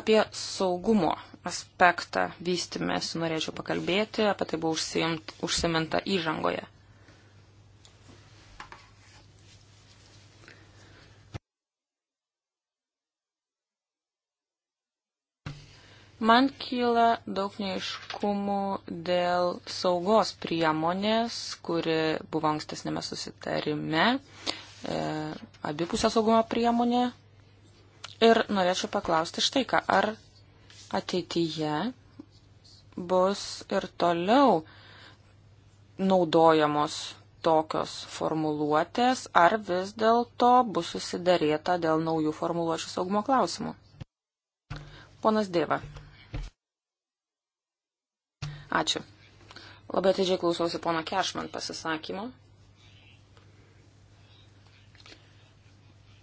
Apie saugumo aspektą vystimės norėčiau pakalbėti, apie tai buvo užsiimt, užsiminta įžangoje. Man kyla daug neiškumų dėl saugos priemonės, kuri buvo ankstesnėme susitarime, e, abipusio saugumo priemonė, Ir norėčiau paklausti štai ką, ar ateityje bus ir toliau naudojamos tokios formuluotės, ar vis dėlto bus susidarėta dėl naujų formuluočių saugumo klausimų. Ponas Dėva. Ačiū. Labai atidžiai klausiausi pono Kešman pasisakymo.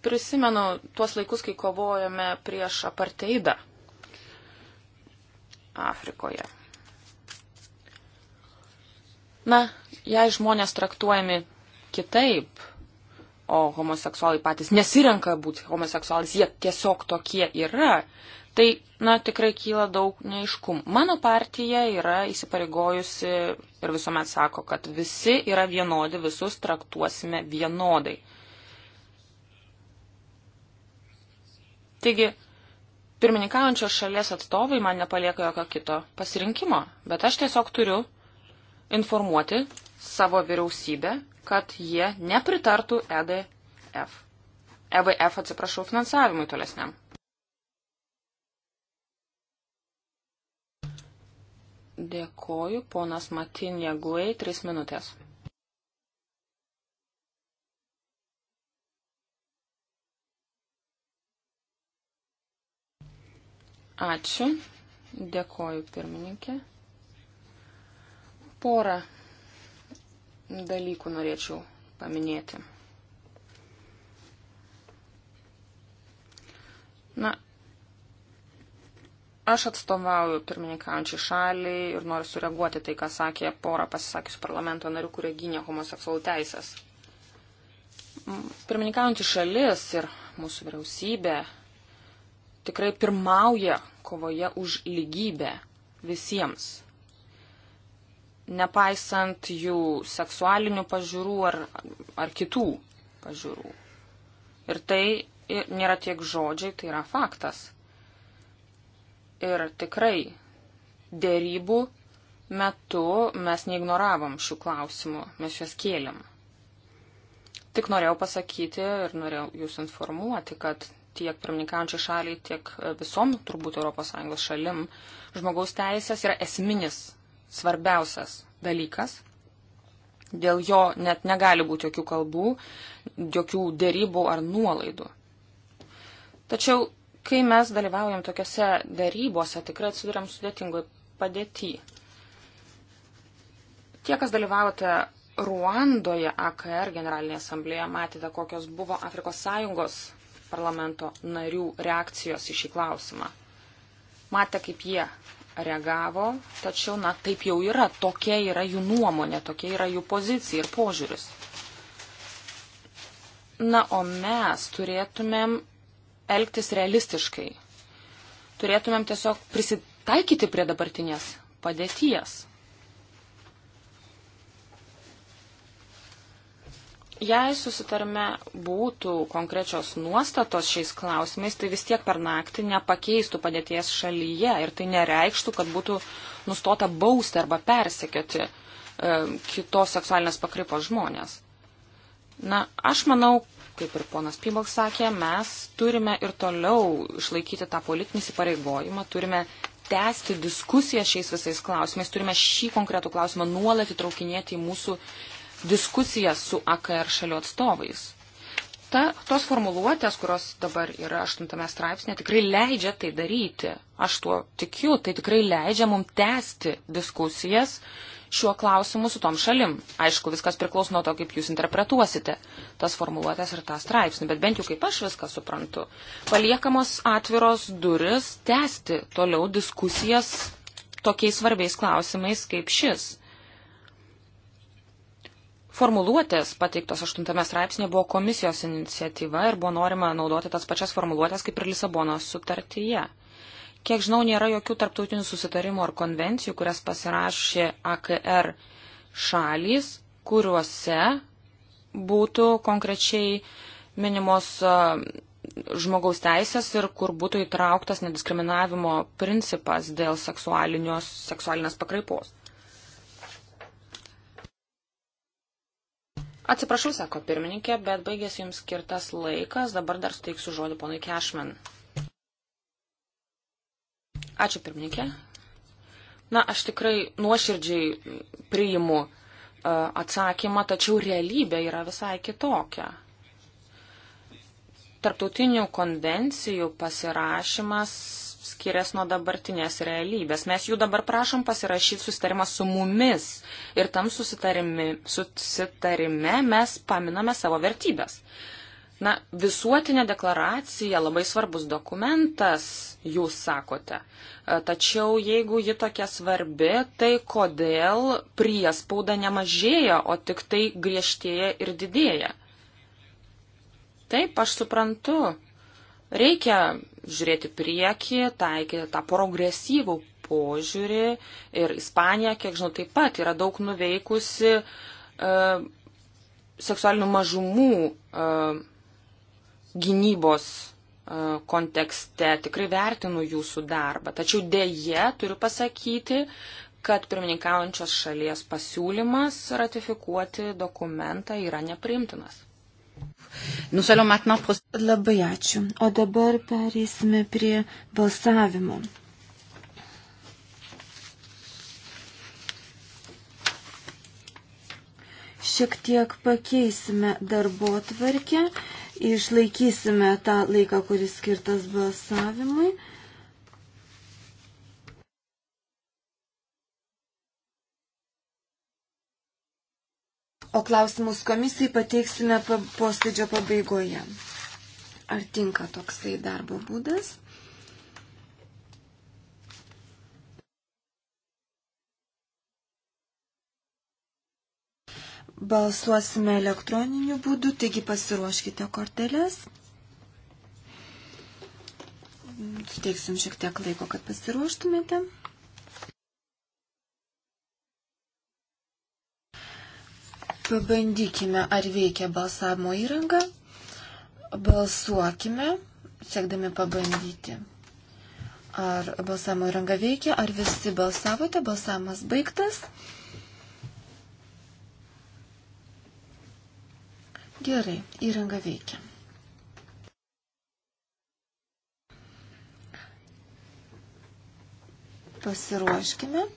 prisimenu tuos laikus, kai kovojome prieš aparteidą Afrikoje. Na, jei žmonės traktuojami kitaip, o homoseksualai patys nesirenka būti homoseksualais, jie tiesiog tokie yra, tai, na, tikrai kyla daug neiškum. Mano partija yra įsipareigojusi ir visuomet sako, kad visi yra vienodi, visus traktuosime vienodai. Taigi, pirmininkaujančios šalies atstovai man nepalieka jokio kito pasirinkimo, bet aš tiesiog turiu informuoti savo vyriausybę, kad jie nepritartų EDF. EVF, atsiprašau, finansavimui tolesniam. Dėkoju, ponas Matin Jaguai, tris minutės. Ačiū. Dėkoju, pirmininkė. Porą dalykų norėčiau paminėti. Na, aš atstovauju pirmininkaujančiai šaliai ir noriu sureaguoti tai, ką sakė pora pasisakiusių parlamento narių, kurie gynė homoseksualų teisės. Pirmininkaujančiai šalis ir mūsų vyriausybė tikrai pirmauja kovoje už lygybę visiems. Nepaisant jų seksualinių pažiūrų ar, ar kitų pažiūrų. Ir tai nėra tiek žodžiai, tai yra faktas. Ir tikrai dėrybų metu mes neignoravom šių klausimų, mes juos kėlėm. Tik norėjau pasakyti ir norėjau jūs informuoti, kad tiek pirmininkaujančiai šaliai, tiek e, visom turbūt ES šalim, žmogaus teisės yra esminis, svarbiausias dalykas. Dėl jo net negali būti jokių kalbų, jokių dėrybų ar nuolaidų. Tačiau, kai mes dalyvaujam tokiuose dėrybose, tikrai atsiduriam sudėtingoje padėtyje. Tie, kas dalyvavote Ruandoje AKR generalinėje asamblėje matėte, kokios buvo Afrikos Sąjungos parlamento narių reakcijos į šį klausimą. Matė, kaip jie reagavo, tačiau, na, taip jau yra, tokia yra jų nuomonė, tokia yra jų pozicija ir požiūris. Na, o mes turėtumėm elgtis realistiškai. Turėtumėm tiesiog prisitaikyti prie dabartinės padėties. Jei susitarme būtų konkrečios nuostatos šiais klausimais, tai vis tiek per naktį nepakeistų padėties šalyje ir tai nereikštų, kad būtų nustota bausti arba persekioti e, kitos seksualinės pakrypos žmonės. Na, aš manau, kaip ir ponas Pybok sakė, mes turime ir toliau išlaikyti tą politinį įsipareigojimą, turime tęsti diskusiją šiais visais klausimais, turime šį konkretų klausimą nuolat įtraukinėti į mūsų diskusijas su AKR šalių atstovais. Ta, tos formuluotės, kurios dabar yra aštuntame straipsnė, tikrai leidžia tai daryti. Aš tuo tikiu, tai tikrai leidžia mums tęsti diskusijas šiuo klausimu su tom šalim. Aišku, viskas priklauso nuo to, kaip jūs interpretuosite tas formuluotės ir tą straipsnį, bet bent jau kaip aš viską suprantu, paliekamos atviros duris tęsti toliau diskusijas tokiais svarbiais klausimais kaip šis formuluotės pateiktos 8 straipsnėje buvo komisijos iniciatyva ir buvo norima naudoti tas pačias formuluotės kaip ir Lisabonos sutartyje. Kiek žinau, nėra jokių tarptautinių susitarimų ar konvencijų, kurias pasirašė AKR šalys, kuriuose būtų konkrečiai minimos žmogaus teisės ir kur būtų įtrauktas nediskriminavimo principas dėl seksualinės pakraipos. Atsiprašau, sako pirmininkė, bet baigėsi jums skirtas laikas, dabar dar suteiksiu žodį ponui Cashman. Ačiū pirmininkė. Na, aš tikrai nuoširdžiai priimu e, atsakymą, tačiau realybė yra visai kitokia. Tarptautinių konvencijų pasirašymas skiriasi nuo dabartinės realybės. Mes jų dabar prašom pasirašyti susitarimą su mumis ir tam susitarimi, susitarime mes paminame savo vertybės. Na, visuotinė deklaracija labai svarbus dokumentas, jūs sakote. E, tačiau jeigu ji tokia svarbi, tai kodėl priespauda nemažėja, o tik tai griežtėja ir didėja? Taip, aš suprantu. Reikia žiūrėti priekį, taikyti tą progresyvų požiūrį. Ir Ispanija, kiek žinau, taip pat yra daug nuveikusi e, seksualinių mažumų e, gynybos e, kontekste. Tikrai vertinu jūsų darbą. Tačiau dėje turiu pasakyti, kad pirmininkaujančios šalies pasiūlymas ratifikuoti dokumentą yra neprimtinas. Labai ačiū. O dabar pereisime prie balsavimo. Šiek tiek pakeisime darbo tvarkę, išlaikysime tą laiką, kuris skirtas balsavimui. o klausimus komisijai pateiksime posėdžio pabaigoje. Ar tinka toksai darbo būdas? Balsuosime elektroniniu būdu, taigi pasiruoškite korteles. Suteiksim šiek tiek laiko, kad pasiruoštumėte. Pabandykime, ar veikia balsavimo įranga. Balsuokime, siekdami pabandyti. Ar balsavimo įranga veikia, ar visi balsavote, balsavimas baigtas. Gerai, įranga veikia. Pasiruoškime.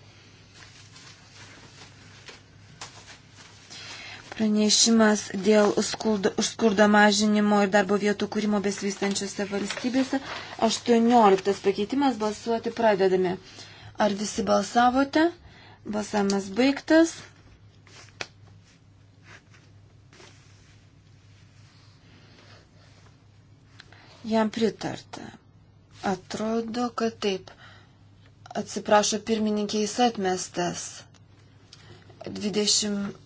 Pranešimas dėl skurdo, skurdo mažinimo ir darbo vietų kūrimo besivystančiose valstybėse. 18 pakeitimas balsuoti pradedame. Ar visi balsavote? Balsavimas baigtas. Jam pritarta. Atrodo, kad taip. Atsiprašo pirmininkiais atmestas. 20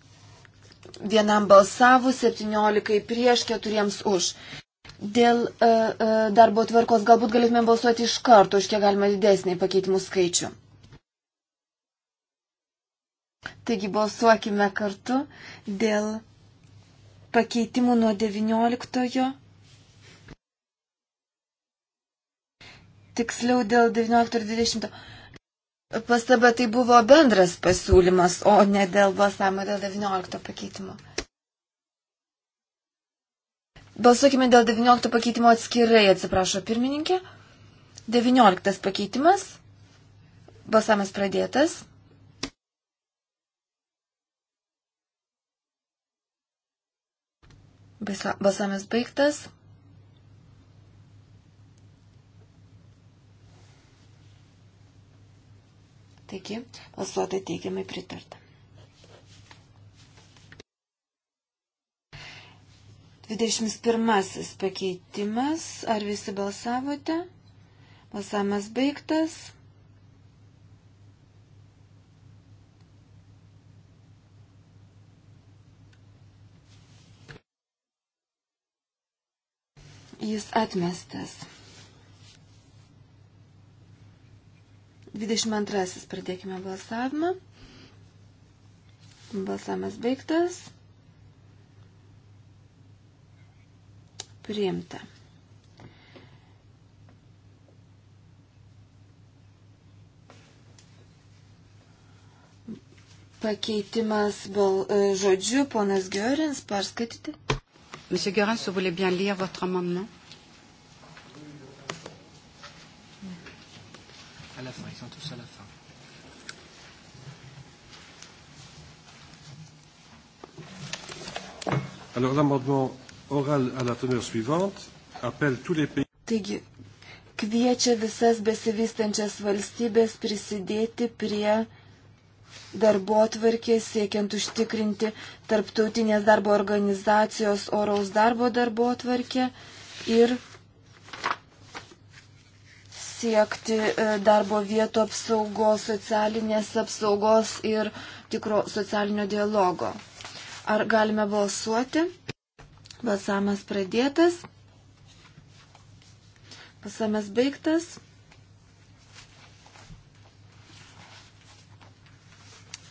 vienam balsavus, 17 prieš, 4 už. Dėl uh, uh, darbo tvarkos galbūt galėtume balsuoti iš karto, už kiek galima didesnį pakeitimų skaičių. Taigi balsuokime kartu dėl pakeitimų nuo 19. Tiksliau dėl 19 ir 20. Pastaba tai buvo bendras pasiūlymas, o ne dėl balsavimo dėl 19 pakeitimo. Balsuokime dėl 19 pakeitimo atskirai, atsiprašo pirmininkė. 19 pakeitimas. Balsavimas pradėtas. Balsavimas baigtas. Taigi, balsuota teigiamai pritarta. 21 pakeitimas. Ar visi balsavote? Balsavimas baigtas. Jis atmestas. 22. Pradėkime balsavimą. Balsavimas baigtas. Priimta. Pakeitimas bal, e, žodžiu, ponas Görins, perskaityti. Monsieur Görins, vous voulez bien lire votre amendement Alors l'amendement oral à la teneur suivante appelle tous les pays. Taigi, kviečia visas besivystančias valstybės prisidėti prie darbo atvarkės siekiant užtikrinti tarptautinės darbo organizacijos oraus darbo darbo atvarkę ir siekti e, darbo vietų apsaugos, socialinės apsaugos ir tikro socialinio dialogo. Ar galime balsuoti? Balsamas pradėtas. Balsamas baigtas.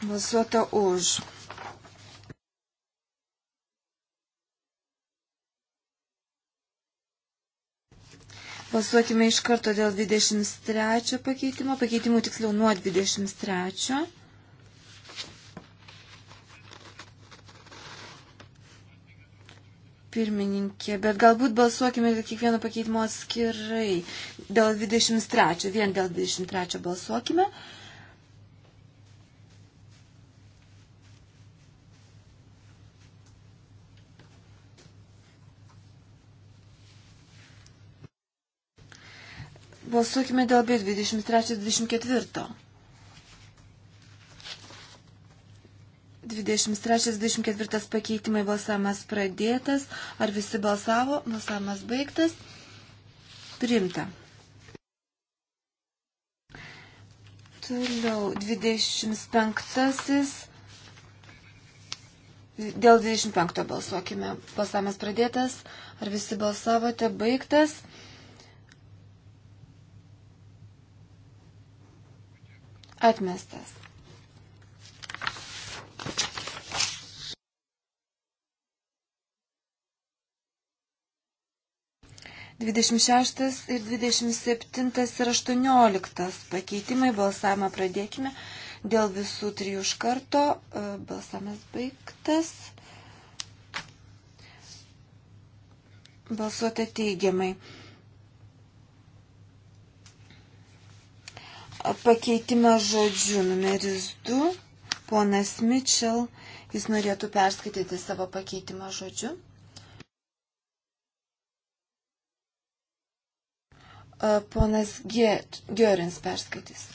Balsuota už. Balsuokime iš karto dėl 23 pakeitimo, pakeitimų tiksliau nuo 23. pirmininkė, bet galbūt balsuokime dėl kiekvieno pakeitimo atskirai. Dėl 23, vien dėl 23 balsuokime. Balsuokime dėl B23-24. 23-24 pakeitimai balsamas pradėtas. Ar visi balsavo? Balsamas baigtas. Primta. Toliau 25. Dėl 25 balsuokime. Balsamas pradėtas. Ar visi balsavote? Baigtas. Atmestas. 26 ir 27 ir 18 pakeitimai balsavimą pradėkime. Dėl visų trijų iš karto e, balsavimas baigtas. Balsuota teigiamai. Pakeitimas žodžių numeris 2. Ponas Mitchell, jis norėtų perskaityti savo pakeitimą žodžiu. ponas Görins perskaitys.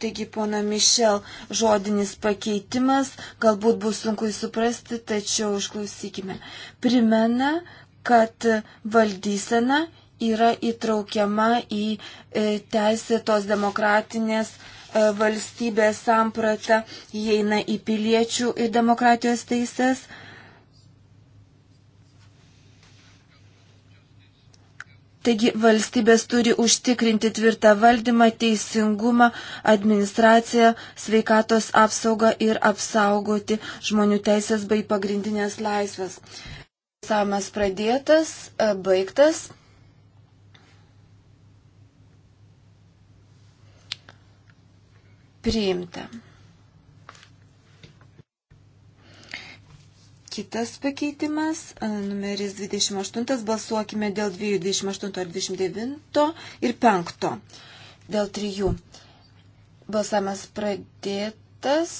Taigi, pona Mišel, žodinis pakeitimas, galbūt bus sunku įsuprasti, tačiau išklausykime. Primena, kad valdysena yra įtraukiama į e, teisėtos demokratinės e, valstybės sampratą, įeina į piliečių ir demokratijos teises Taigi valstybės turi užtikrinti tvirtą valdymą, teisingumą, administraciją, sveikatos apsaugą ir apsaugoti žmonių teisės bei pagrindinės laisvės. Samas pradėtas, e, baigtas. Priimta. Kitas pakeitimas, numeris 28, balsuokime dėl 2, 28 ar 29 ir 5. Dėl 3. Balsamas pradėtas.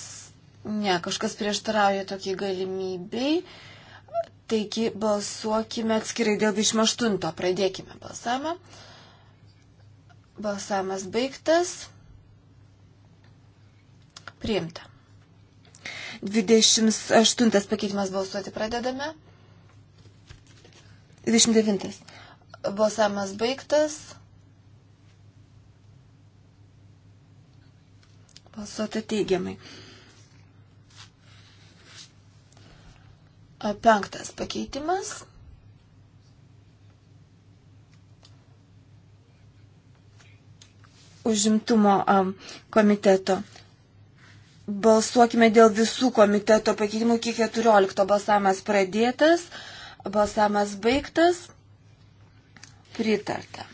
Ne, kažkas prieštarauja tokiai galimybei. Taigi balsuokime atskirai dėl 28. Pradėkime balsamą. Balsamas baigtas. Priimta. 28 pakeitimas balsuoti pradedame. 29. Balsavimas baigtas. Balsuota teigiamai. Penktas pakeitimas. Užimtumo komiteto Balsuokime dėl visų komiteto pakeitimų iki 14. Balsavimas pradėtas, balsavimas baigtas, pritarta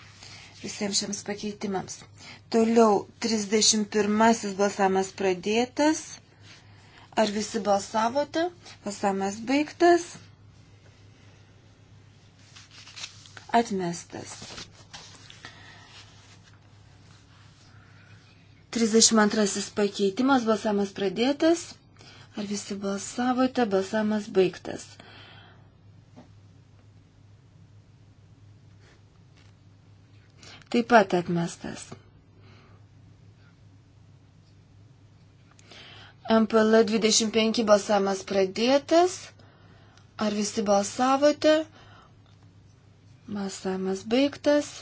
visiems šiems pakeitimams. Toliau 31 balsavimas pradėtas. Ar visi balsavote? Balsavimas baigtas. Atmestas. 32 pakeitimas, balsamas pradėtas. Ar visi balsavote, balsamas baigtas. Taip pat atmestas. MPL 25 balsamas pradėtas. Ar visi balsavote? Balsamas baigtas.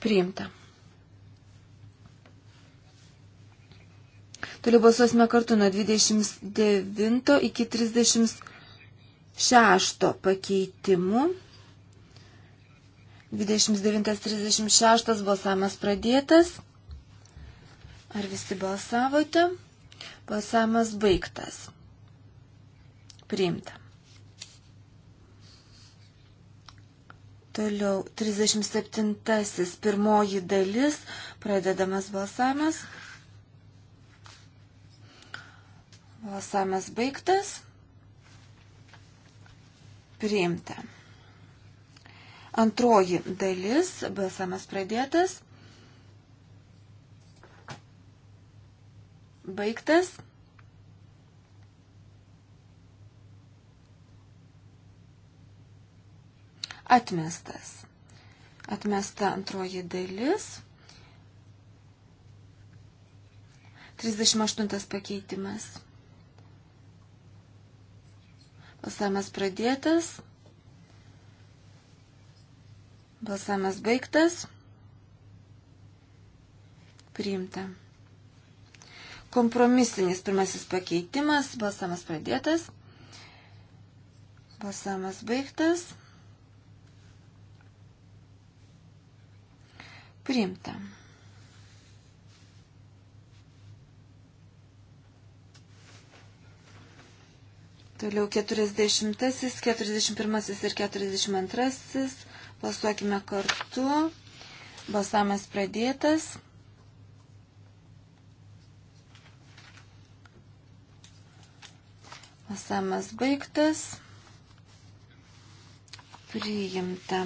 Priimta. Toliau balsuosime kartu nuo 29 iki 36 pakeitimų. 29.36 balsavimas pradėtas. Ar visi balsavote? Balsavimas baigtas. Priimta. Toliau 37. Pirmoji dalis. Pradedamas balsavimas. Balsavimas baigtas. Priimta. Antroji dalis. Balsavimas pradėtas. Baigtas. Atmestas. Atmesta antroji dalis. 38 pakeitimas. Balsavimas pradėtas. Balsavimas baigtas. Priimta. Kompromisinis pirmasis pakeitimas. Balsavimas pradėtas. Balsavimas baigtas. Priimta. Toliau 40, 41 ir 42. Balsuokime kartu. Balsamas pradėtas. Balsamas baigtas. Priimta.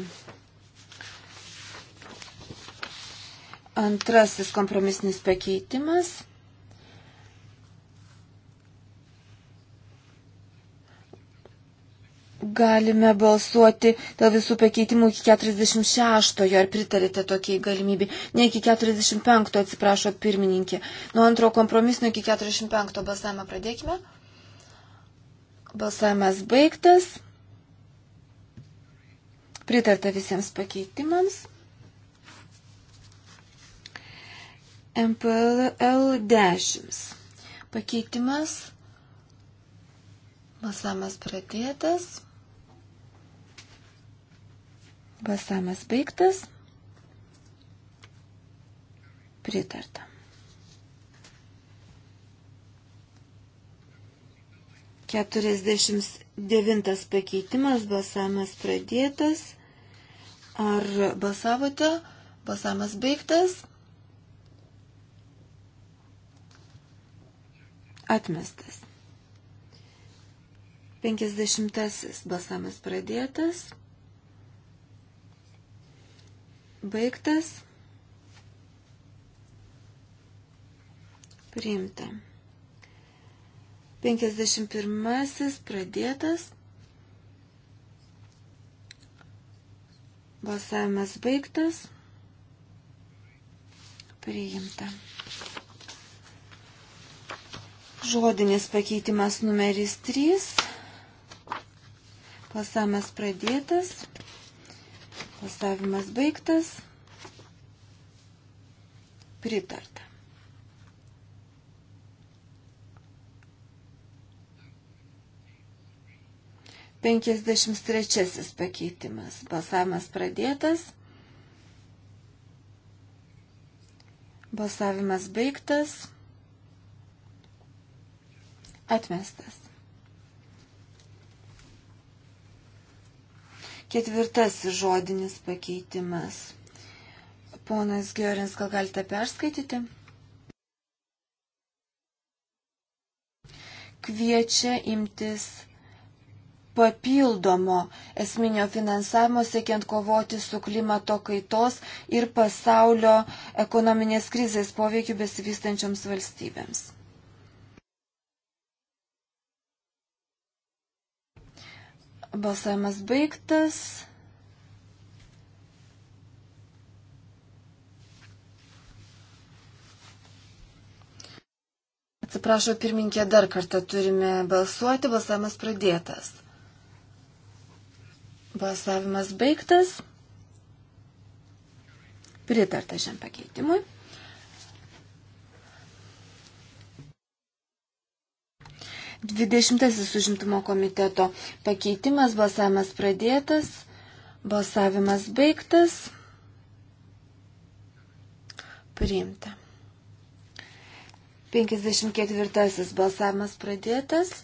Antrasis kompromisinis pakeitimas. Galime balsuoti dėl visų pakeitimų iki 46-ojo, ar pritarėte tokiai galimybė. Ne iki 45-ojo, atsiprašo pirmininkė. Nuo antro kompromisinio iki 45-ojo balsavimą pradėkime. Balsavimas baigtas. Pritarta visiems pakeitimams. MPL L10. Pakeitimas. Balsamas pradėtas. Balsamas baigtas. Pritarta. Keturiasdešimt devintas pakeitimas, balsamas pradėtas. Ar balsavote? Balsamas baigtas. Atmestas. 50. Balsamas pradėtas. Baigtas. Priimta. 51. Pradėtas. Balsavimas baigtas. Priimta. Žodinis pakeitimas numeris 3. Pasamas pradėtas. Pasavimas baigtas. Pritarta. Penkiasdešimt trečiasis pakeitimas. Balsavimas pradėtas. Balsavimas baigtas. Atmestas. Ketvirtasis žodinis pakeitimas. Ponas Gerins, gal galite perskaityti? Kviečia imtis papildomo esminio finansavimo siekiant kovoti su klimato kaitos ir pasaulio ekonominės krizės poveikiu besivystančioms valstybėms. Balsavimas baigtas. Atsiprašau, pirminkė, dar kartą turime balsuoti. Balsavimas pradėtas. Balsavimas baigtas. Pritarta šiam pakeitimui. Dvidešimtasis užimtumo komiteto pakeitimas, balsavimas pradėtas, balsavimas baigtas, priimta. 54 balsavimas pradėtas,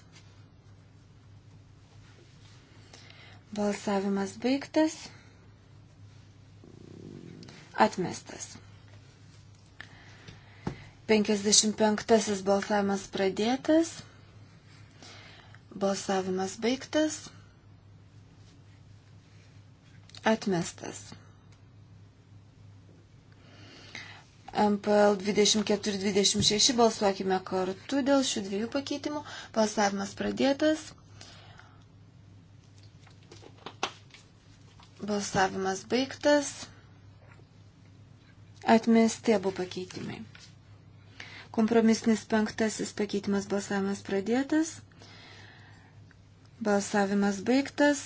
balsavimas baigtas, atmestas. 55 balsavimas pradėtas, Balsavimas baigtas. Atmestas. MPL 24-26 balsuokime kartu dėl šių dviejų pakeitimų. Balsavimas pradėtas. Balsavimas baigtas. Atmesti abu pakeitimai. Kompromisinis penktasis pakeitimas balsavimas pradėtas. Balsavimas baigtas.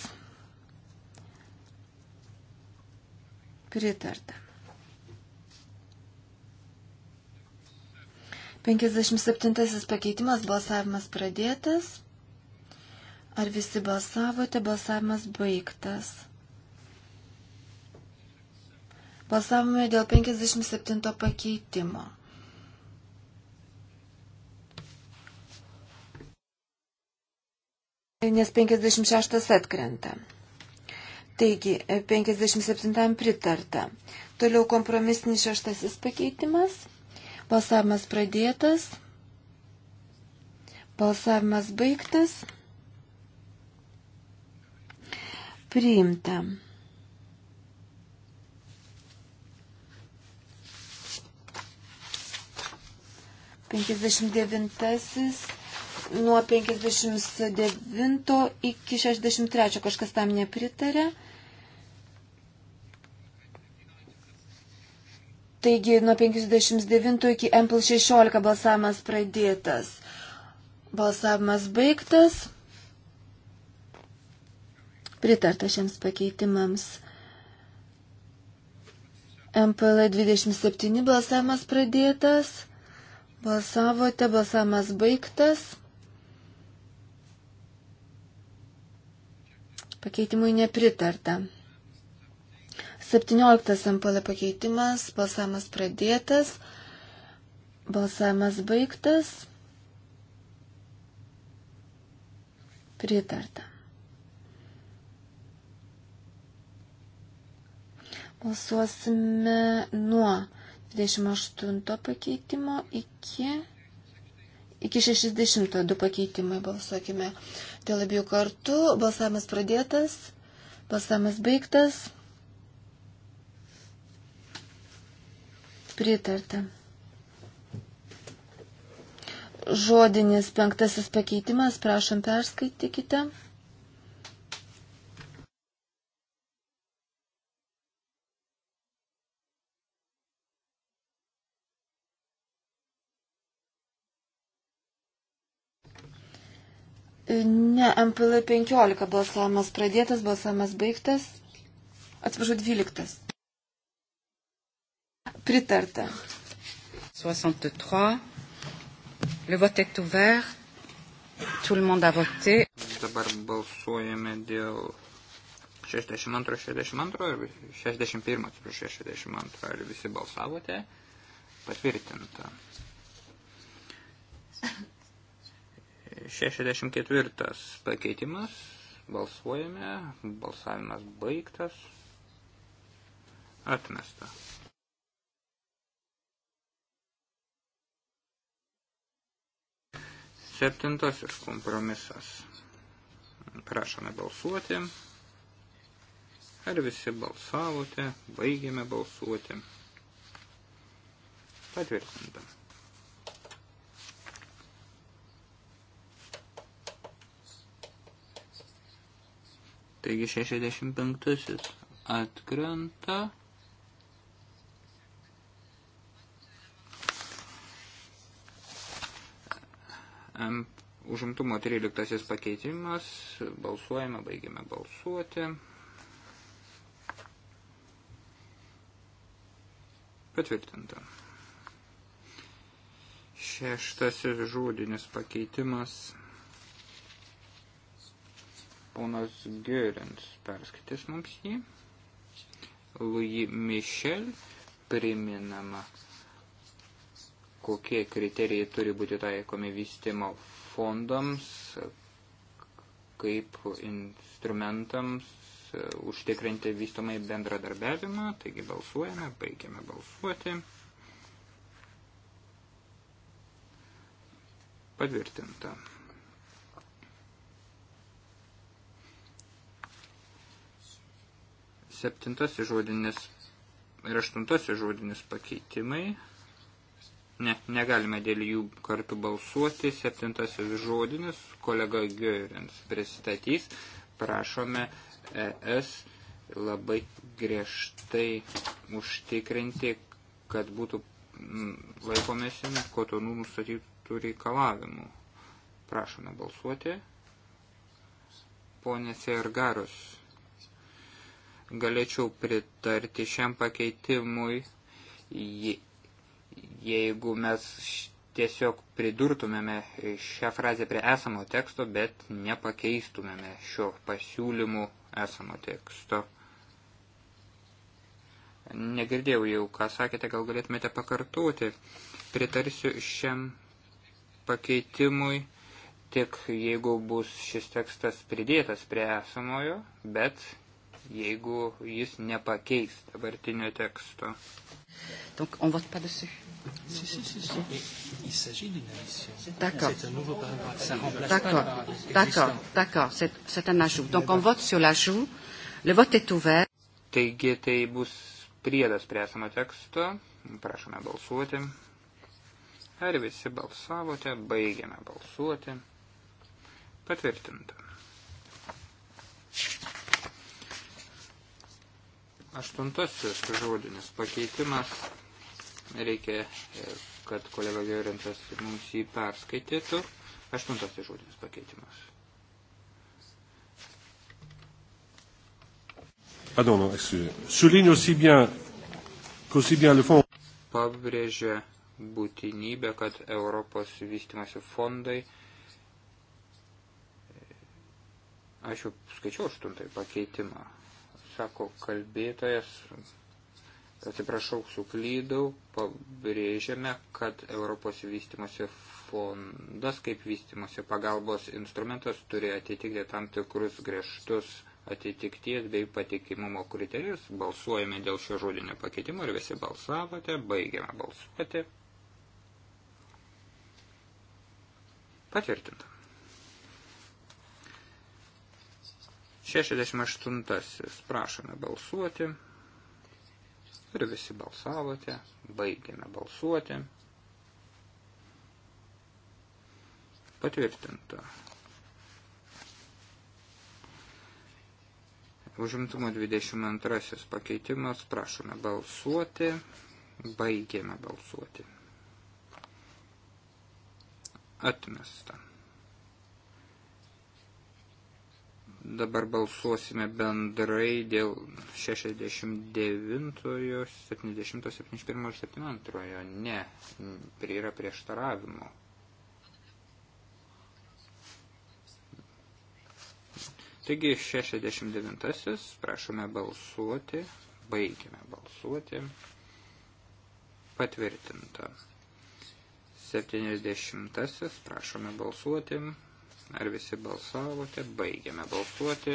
Pritarta. 57 pakeitimas balsavimas pradėtas. Ar visi balsavote? Balsavimas baigtas. Balsavome dėl 57 pakeitimo. nes 56 atkrenta. Taigi, 57 pritarta. Toliau kompromisinis šeštasis pakeitimas. Balsavimas pradėtas. Balsavimas baigtas. Priimta. Penkisdešimt devintasis nuo 59 iki 63. Kažkas tam nepritarė. Taigi nuo 59 iki MPL 16 balsavimas pradėtas. Balsavimas baigtas. Pritarta šiems pakeitimams. MPL 27 balsavimas pradėtas. Balsavote, balsavimas baigtas. Pakeitimui nepritarta. 17 ampolė pakeitimas, balsavimas pradėtas, balsavimas baigtas, pritarta. Balsuosime nuo 28 pakeitimo iki Iki 60 du pakeitimai balsuokime. Dėl abiejų kartų balsavimas pradėtas, balsavimas baigtas. Pritarta. Žodinis penktasis pakeitimas, prašom perskaitykite. Ne, MPL 15 balsavimas pradėtas, balsavimas baigtas. Atsiprašau, 12. Pritarta. 63. Le vote est ouvert. Tout le monde a voté. Dabar balsuojame dėl 62, 62 ir 61, atsiprašau, 62. Ar visi balsavote? Patvirtinta. 64 pakeitimas. Balsuojame. Balsavimas baigtas. Atmesta. Septintasis kompromisas. Prašome balsuoti. Ar visi balsavote? Baigėme balsuoti. Patvirtintam. Taigi 65 atkrenta. Užimtumo 13 pakeitimas. Balsuojame, baigiame balsuoti. Patvirtinta. Šeštasis žodinis pakeitimas. Ponas Gerins perskaitys mums jį. Louis Michel priminama, kokie kriterijai turi būti taikomi vystimo fondams, kaip instrumentams e, užtikrinti vystomai bendradarbiavimą. Taigi balsuojame, baigiame balsuoti. Patvirtinta. Septintasis žodinis ir aštuntasis žodinis pakeitimai. Ne, negalime dėl jų kartu balsuoti. Septintasis žodinis, kolega Görins pristatys, prašome ES labai griežtai užtikrinti, kad būtų mm, laikomėsi kotonų nustatytų reikalavimų. Prašome balsuoti. Pone Sergarus galėčiau pritarti šiam pakeitimui, jeigu mes tiesiog pridurtumėme šią frazę prie esamo teksto, bet nepakeistumėme šio pasiūlymų esamo teksto. Negirdėjau jau, ką sakėte, gal galėtumėte pakartoti. Pritarsiu šiam pakeitimui tik jeigu bus šis tekstas pridėtas prie esamojo, bet jeigu jis nepakeis dabartinio teksto. Donc, on vote pas dessus. Si, si, si, si. Il s'agit d'une addition. D'accord. C'est un nouveau paragraphe. Ça remplace d'accord. pas le paragraphe D'accord, d'accord. C'est, c'est un ajout. Donc, on vote sur l'ajout. Le vote est ouvert. Taigi, tai bus priedas prie esamo teksto. Prašome balsuoti. Ar visi balsavote? Baigiame balsuoti. Patvirtinta. Aštuntasis žodinis pakeitimas. Reikia, e, kad kolega Gerintas mums jį perskaitytų. Aštuntasis žodinis pakeitimas. Pardon, ah non, excusez. Souligne aussi bien qu'aussi bien le fonds. Pabrėžia būtinybę, kad Europos vystimasi fondai. E, aš jau skaičiau aštuntąjį pakeitimą sako kalbėtojas, atsiprašau, suklydau, pabrėžiame, kad Europos vystimosi fondas kaip vystimosi pagalbos instrumentas turi atitikti tam tikrus griežtus atitikties bei patikimumo kriterijus. Balsuojame dėl šio žodinio pakeitimo ir visi balsavote, baigiame balsuoti. Patvirtinta. 68. Prašome balsuoti. Ir visi balsavote. Baigėme balsuoti. Patvirtinta. Užimtumo 22 pakeitimas. Prašome balsuoti. Baigėme balsuoti. Atmesta. Dabar balsuosime bendrai dėl 69, 70, 71 ir 72. Ne, prie yra prieštaravimo. Taigi 69, prašome balsuoti, baigime balsuoti, patvirtinta. 70, prašome balsuoti, Ar visi balsavote? Baigiame balsuoti.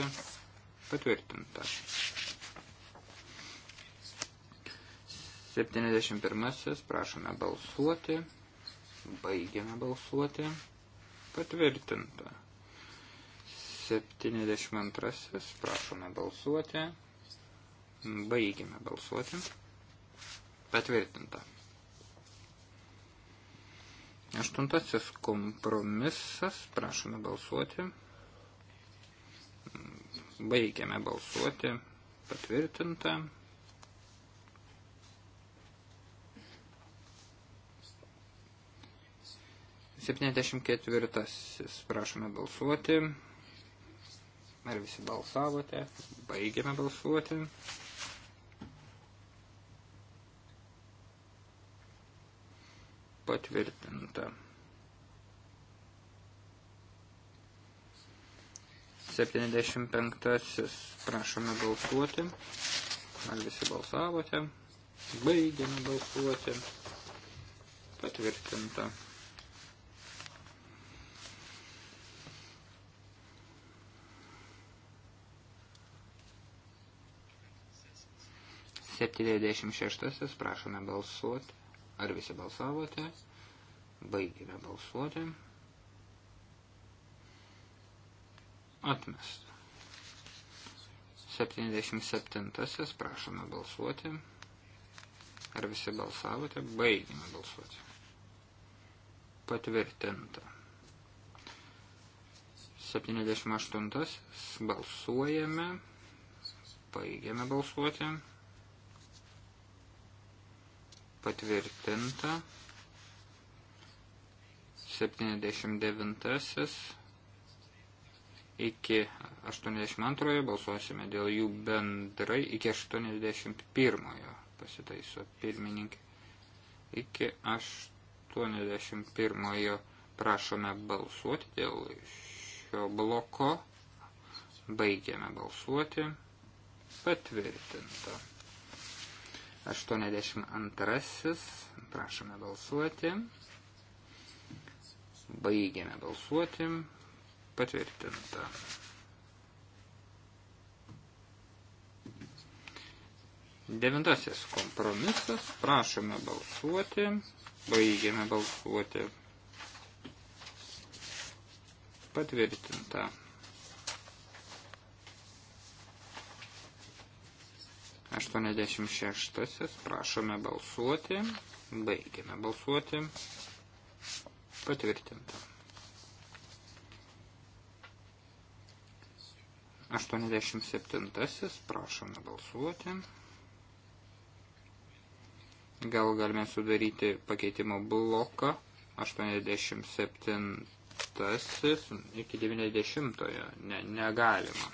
Patvirtinta. 71. Prašome balsuoti. Baigiame balsuoti. Patvirtinta. 72. Prašome balsuoti. Baigiame balsuoti. Patvirtinta. Aštuntasis kompromisas, prašome balsuoti. Baigiame balsuoti, patvirtinta. Septyniasdešimt ketvirtasis, prašome balsuoti. Ar visi balsavote? Baigiame balsuoti. patvirtinta. 75. Prašome balsuoti. Ar visi balsavote? Baigiame balsuoti. Patvirtinta. Septyniasdešimt šeštasis, prašome balsuoti. Ar visi balsavote? Baigime balsuoti. Atmest. 77. Prašome balsuoti. Ar visi balsavote? Baigime balsuoti. Patvirtinta. 78. Balsuojame. Baigiame balsuoti patvirtinta. 79 iki 82 balsuosime dėl jų bendrai iki 81 pasitaiso pirmininkė. Iki 81 prašome balsuoti dėl šio bloko. Baigiame balsuoti. Patvirtinta. 82. Prašome balsuoti. Baigėme balsuoti. Patvirtinta. Devintasis kompromisas. Prašome balsuoti. Baigėme balsuoti. Patvirtinta. 86. Prašome balsuoti. Baigiame balsuoti. Patvirtinta. 87. Prašome balsuoti. Gal galime sudaryti pakeitimo bloką 87 iki 90. Ne, negalima.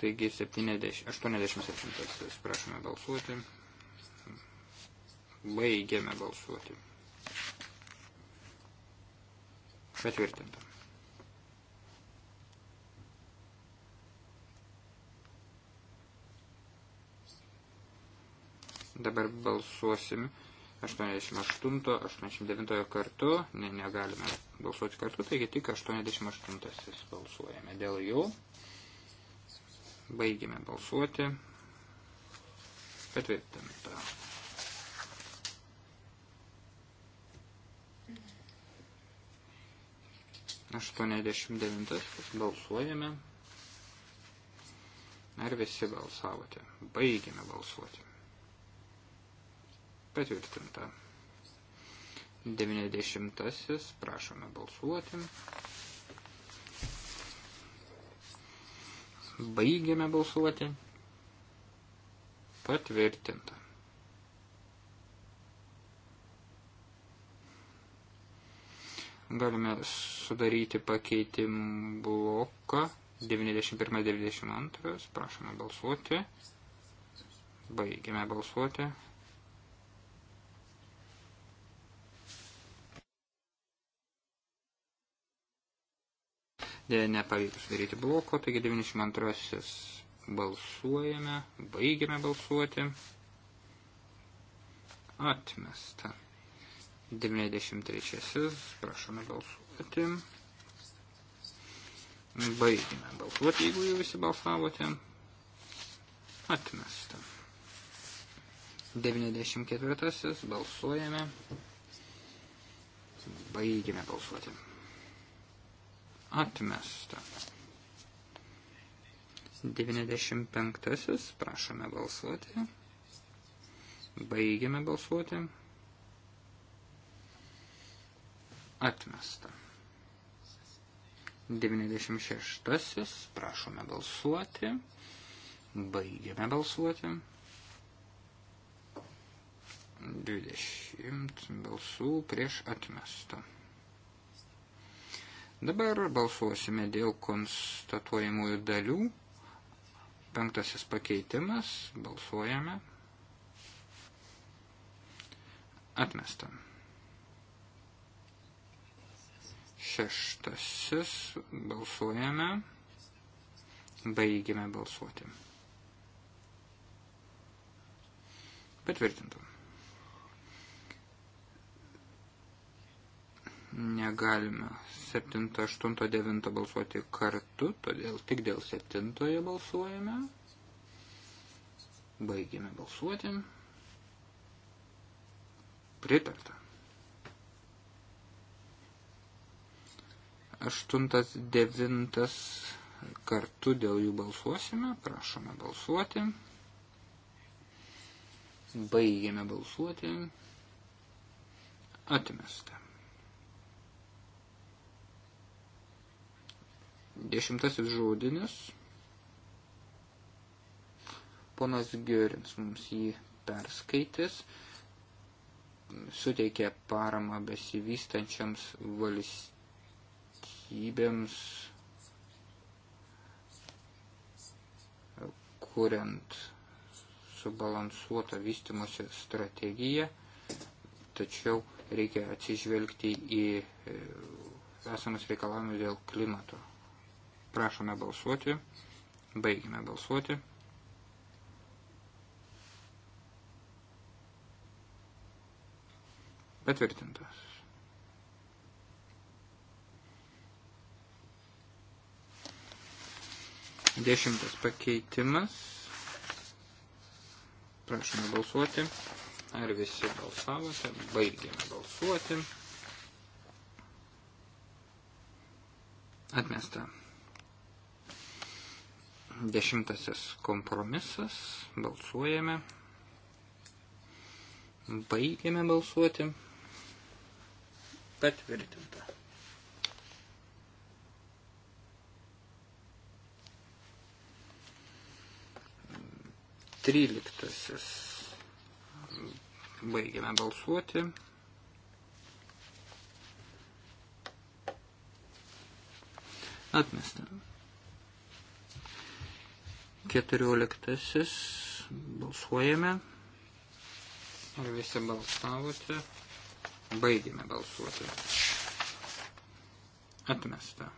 Taigi 70, 87 prašome balsuoti. Baigėme balsuoti. Patvirtinta. Dabar balsuosim 88, 89 kartu. Ne, negalime balsuoti kartu, taigi tik 88 balsuojame dėl jų. Baigėme balsuoti. Patvirtinta. Aštuoniasdešimt devintas balsuojame. Ar visi balsavote? Baigėme balsuoti. Patvirtinta. Devyniasdešimtasis prašome balsuoti. Baigėme balsuoti. Patvirtinta. Galime sudaryti pakeitimų bloką 91-92. Prašome balsuoti. Baigėme balsuoti. Dėja nepavyko sudaryti bloko, taigi 92 balsuojame, baigiame balsuoti. Atmesta. 93 prašome balsuoti. Baigime balsuoti, jeigu jau visi balsavote. Atmesta. 94 balsuojame. Baigime balsuoti atmesta. 95. Prašome balsuoti. Baigiame balsuoti. Atmesta. 96. Prašome balsuoti. Baigiame balsuoti. 20 balsų prieš atmestą. Dabar balsuosime dėl konstatuojamųjų dalių. Penktasis pakeitimas. Balsuojame. Atmesta. Šeštasis. Balsuojame. Baigime balsuoti. Patvirtintum. negalime 7, 8, 9 balsuoti kartu, todėl tik dėl 7 balsuojame. Baigėme balsuoti. Pritarta. 8, 9 kartu dėl jų balsuosime. Prašome balsuoti. Baigėme balsuoti. Atmestame. Dešimtasis žodinis. Ponas Görins mums jį perskaitys. Suteikė paramą besivystančiams valstybėms, kuriant subalansuotą vystimosi strategiją, tačiau reikia atsižvelgti į e, esamus reikalavimus dėl klimato Prašome balsuoti. Baigime balsuoti. Patvirtintas. Dešimtas pakeitimas. Prašome balsuoti. Ar visi balsavote? Baigėme balsuoti. Atmesta. Dešimtasis kompromisas. Balsuojame. Baigiame balsuoti. Patvirtinta. Tryliktasis. Baigiame balsuoti. Atmestame. Keturioliktasis. Balsuojame. Ar visi balsavote? Baigime balsuoti. Atmesta.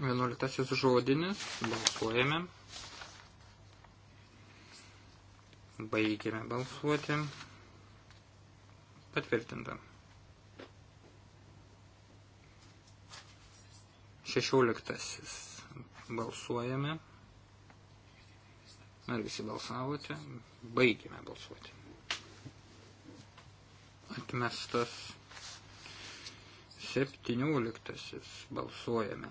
Vienuoliktasis žodinis. Balsuojame. Baigime balsuoti. Patvirtinta. 16. Balsuojame. Ar visi balsavote? Baigime balsuoti. Atmestas 17. Balsuojame.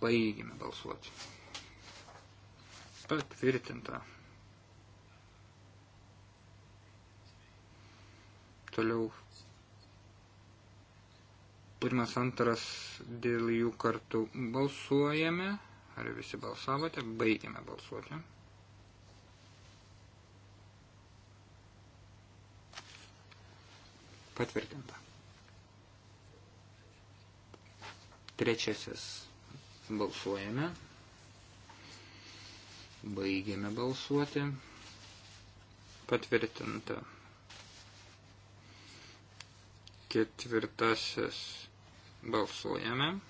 Baigime balsuoti. Patvirtinta. Toliau Pirmas, antras dėl jų kartų balsuojame. Ar visi balsavote? Baigėme balsuoti. Patvirtinta. Trečiasis balsuojame. Baigėme balsuoti. Patvirtinta. Ketvirtasis Balsuojame.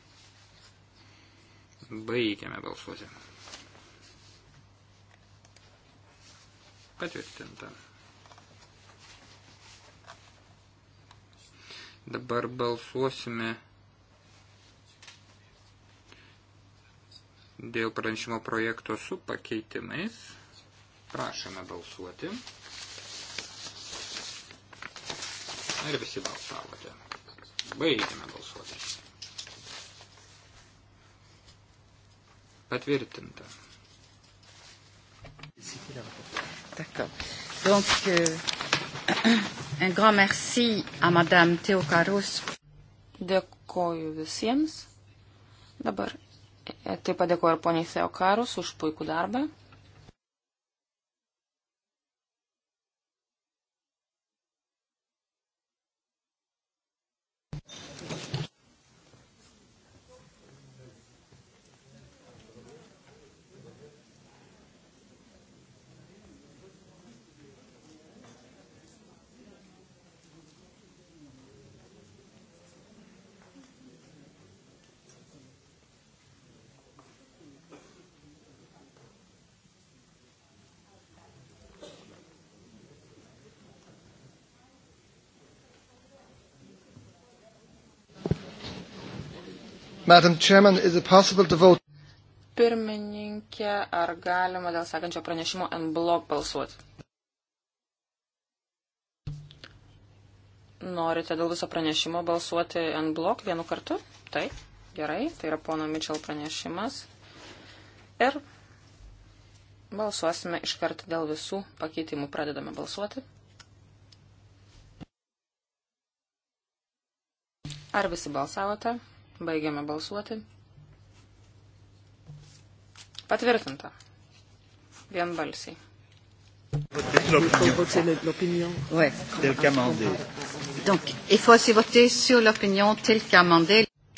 Baigiame balsuoti. Patvirtinta. Dabar balsuosime dėl pranešimo projekto su pakeitimais. Prašome balsuoti. Ir visi balsavote. Baigime balsuoti. Patvirtinta. D'accord. Donc, euh, un grand merci à Madame Teokarus. Dėkoju visiems. Dabar e, taip pat dėkoju ir poniai Teokarus už puikų darbą. Chairman, vote... Pirmininkė, ar galima dėl sekančio pranešimo NBLOG balsuoti? Norite dėl viso pranešimo balsuoti NBLOG vienu kartu? Taip, gerai, tai yra pono Mitchell pranešimas. Ir balsuosime iškart dėl visų pakeitimų. Pradedame balsuoti. Ar visi balsavote? Baigiame balsuoti. Patvirtinta. Vienbalsiai.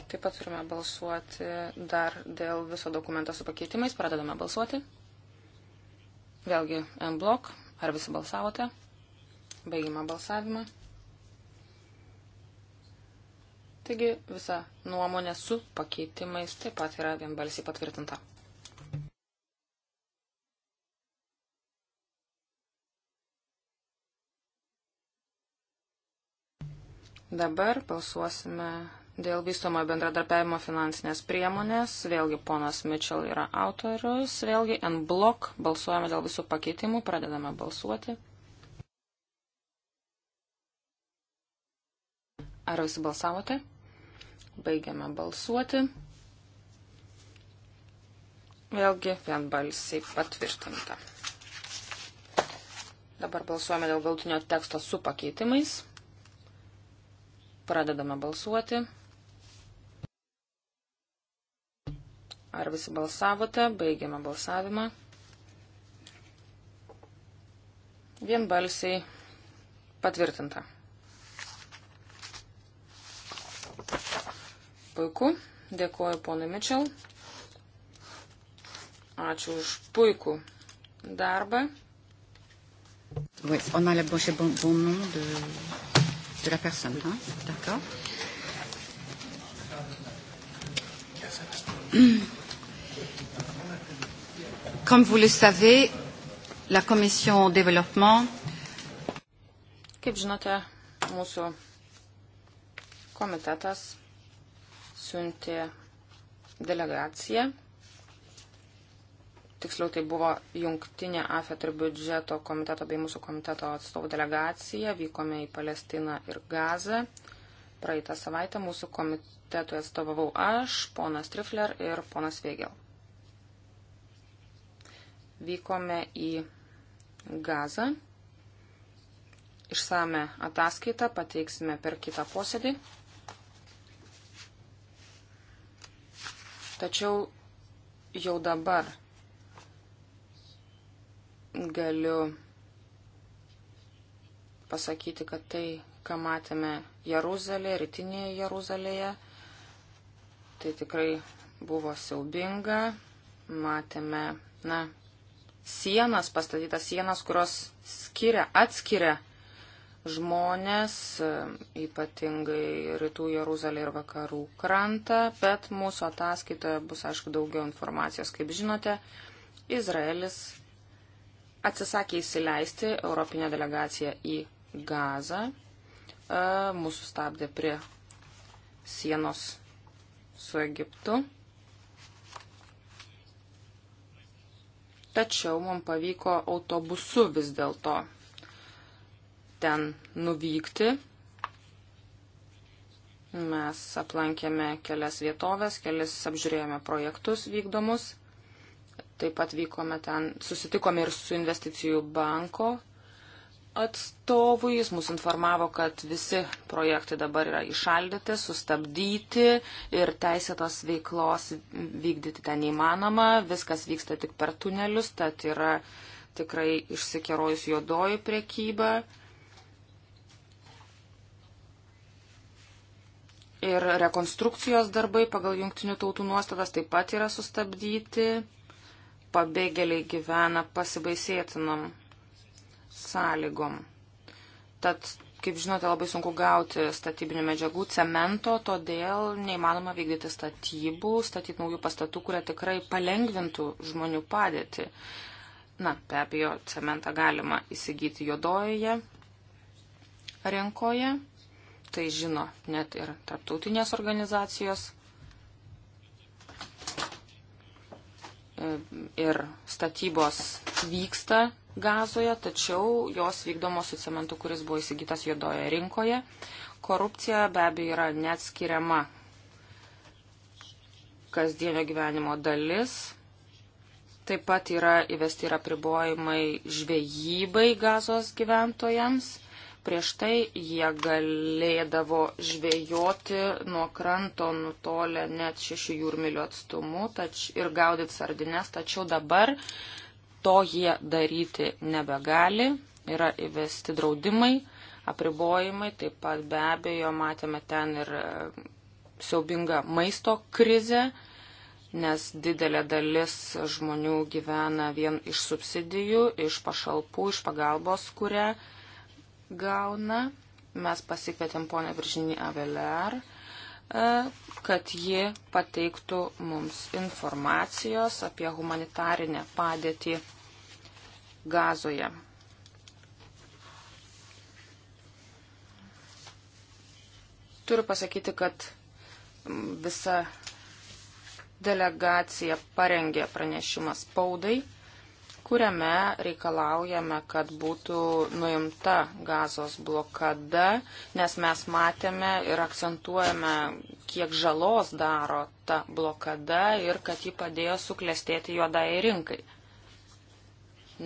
Taip pat turime balsuoti dar dėl viso dokumento su pakeitimais. Pradedame balsuoti. Vėlgi M blok. Ar visi balsavote? Baigime balsavimą. Taigi visa nuomonė su pakeitimais taip pat yra vienbalsiai patvirtinta. Dabar balsuosime dėl vystomo bendradarbiavimo finansinės priemonės. Vėlgi ponas Mitchell yra autorius. Vėlgi N blok balsuojame dėl visų pakeitimų. Pradedame balsuoti. Ar visi balsavote? Baigiame balsuoti. Vėlgi vienbalsiai patvirtinta. Dabar balsuojame dėl galtinio teksto su pakeitimais. Pradedame balsuoti. Ar visi balsavote? Baigiame balsavimą. Vienbalsiai patvirtinta. Puiku. Dėkuoju ponui Mitchell. Ačiū už puikų darbą. Oui, on a le bon, bon, bon nom de, de la personne. Hein? D'accord. Comme vous le savez, la Commission développement. Kaip žinote, mūsų komitetas atsiuntė delegaciją. Tiksliau tai buvo jungtinė AFET ir biudžeto komiteto bei mūsų komiteto atstovų delegacija. Vykome į Palestiną ir Gazą. Praeitą savaitę mūsų komitetui atstovavau aš, ponas Trifler ir ponas Vėgel. Vykome į Gazą. Išsame ataskaitą pateiksime per kitą posėdį. Tačiau jau dabar galiu pasakyti, kad tai, ką matėme Jeruzalėje, rytinėje Jeruzalėje, tai tikrai buvo siaubinga. Matėme, na, sienas, pastatytas sienas, kurios skiria, atskiria žmonės, e, ypatingai rytų Jeruzalė ir vakarų krantą, bet mūsų ataskaitoje bus, aišku, daugiau informacijos, kaip žinote. Izraelis atsisakė įsileisti Europinę delegaciją į Gazą, e, mūsų stabdė prie sienos su Egiptu. Tačiau mums pavyko autobusu vis dėlto ten nuvykti. Mes aplankėme kelias vietovės, kelis apžiūrėjome projektus vykdomus. Taip pat vykome ten, susitikome ir su investicijų banko atstovų. Jis mus informavo, kad visi projektai dabar yra išaldyti, sustabdyti ir teisėtos veiklos vykdyti ten neįmanoma. Viskas vyksta tik per tunelius, tad yra tikrai išsikerojus juodoji priekyba. ir rekonstrukcijos darbai pagal jungtinių tautų nuostatas taip pat yra sustabdyti. Pabėgėliai gyvena pasibaisėtinam sąlygom. Tad, kaip žinote, labai sunku gauti statybinių medžiagų, cemento, todėl neįmanoma vykdyti statybų, statyti naujų pastatų, kurie tikrai palengvintų žmonių padėtį. Na, be abejo, cementą galima įsigyti juodojoje rinkoje tai žino net ir tarptautinės organizacijos. Ir statybos vyksta gazoje, tačiau jos vykdomos su cementu, kuris buvo įsigytas juodoje rinkoje. Korupcija be abejo yra neatskiriama kasdienio gyvenimo dalis. Taip pat yra įvesti ir apribojimai žvejybai gazos gyventojams prieš tai jie galėdavo žvejoti nuo kranto nutolę net šešių jūrmilių atstumu tač, ir gaudyti sardines, tačiau dabar to jie daryti nebegali, yra įvesti draudimai, apribojimai, taip pat be abejo matėme ten ir e, siaubingą maisto krizę, nes didelė dalis žmonių gyvena vien iš subsidijų, iš pašalpų, iš pagalbos, kurią gauna. Mes pasikvietėm ponę Viržinį Aveler, e, kad ji pateiktų mums informacijos apie humanitarinę padėtį gazoje. Turiu pasakyti, kad visa delegacija parengė pranešimą spaudai kuriame reikalaujame, kad būtų nuimta gazos blokada, nes mes matėme ir akcentuojame, kiek žalos daro ta blokada ir kad ji padėjo suklestėti juodai rinkai.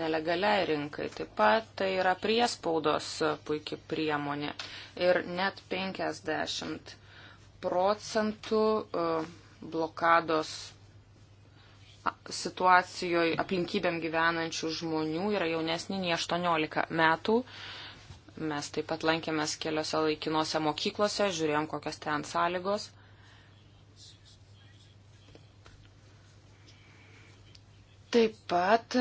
Nelegaliai rinkai. Taip pat tai yra priespaudos puikia priemonė. Ir net 50 procentų e, blokados situacijoje aplinkybėm gyvenančių žmonių yra jaunesni nei 18 metų. Mes taip pat lankėmės keliose laikinose mokyklose, žiūrėjom kokios ten sąlygos. Taip pat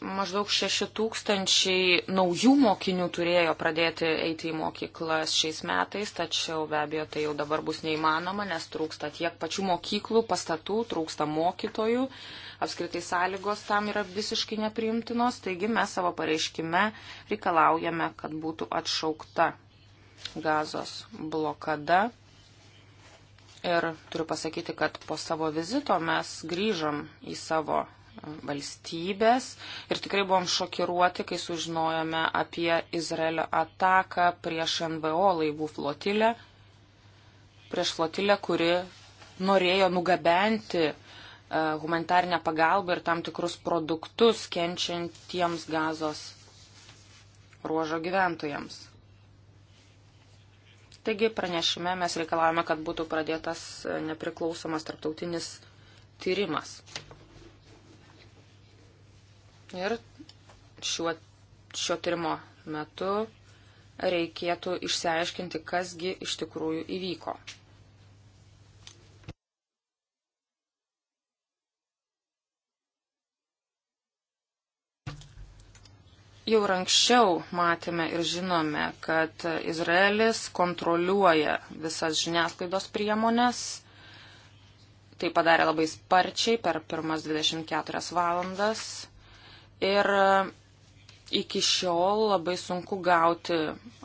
maždaug 6 tūkstančiai naujų mokinių turėjo pradėti eiti į mokyklas šiais metais, tačiau be abejo tai jau dabar bus neįmanoma, nes trūksta tiek pačių mokyklų, pastatų, trūksta mokytojų, apskritai sąlygos tam yra visiškai nepriimtinos, taigi mes savo pareiškime reikalaujame, kad būtų atšaukta gazos blokada. Ir turiu pasakyti, kad po savo vizito mes grįžom į savo valstybės ir tikrai buvom šokiruoti, kai sužinojome apie Izraelio ataką prieš NVO laivų flotilę, prieš flotilę, kuri norėjo nugabenti e, humanitarinę pagalbą ir tam tikrus produktus kenčiantiems gazos ruožo gyventojams. Taigi pranešime mes reikalavome, kad būtų pradėtas e, nepriklausomas tarptautinis tyrimas. Ir šiuo, šio tyrimo metu reikėtų išsiaiškinti, kasgi iš tikrųjų įvyko. Jau anksčiau matėme ir žinome, kad Izraelis kontroliuoja visas žiniasklaidos priemonės. Tai padarė labai sparčiai per pirmas 24 valandas Ir e, iki šiol labai sunku gauti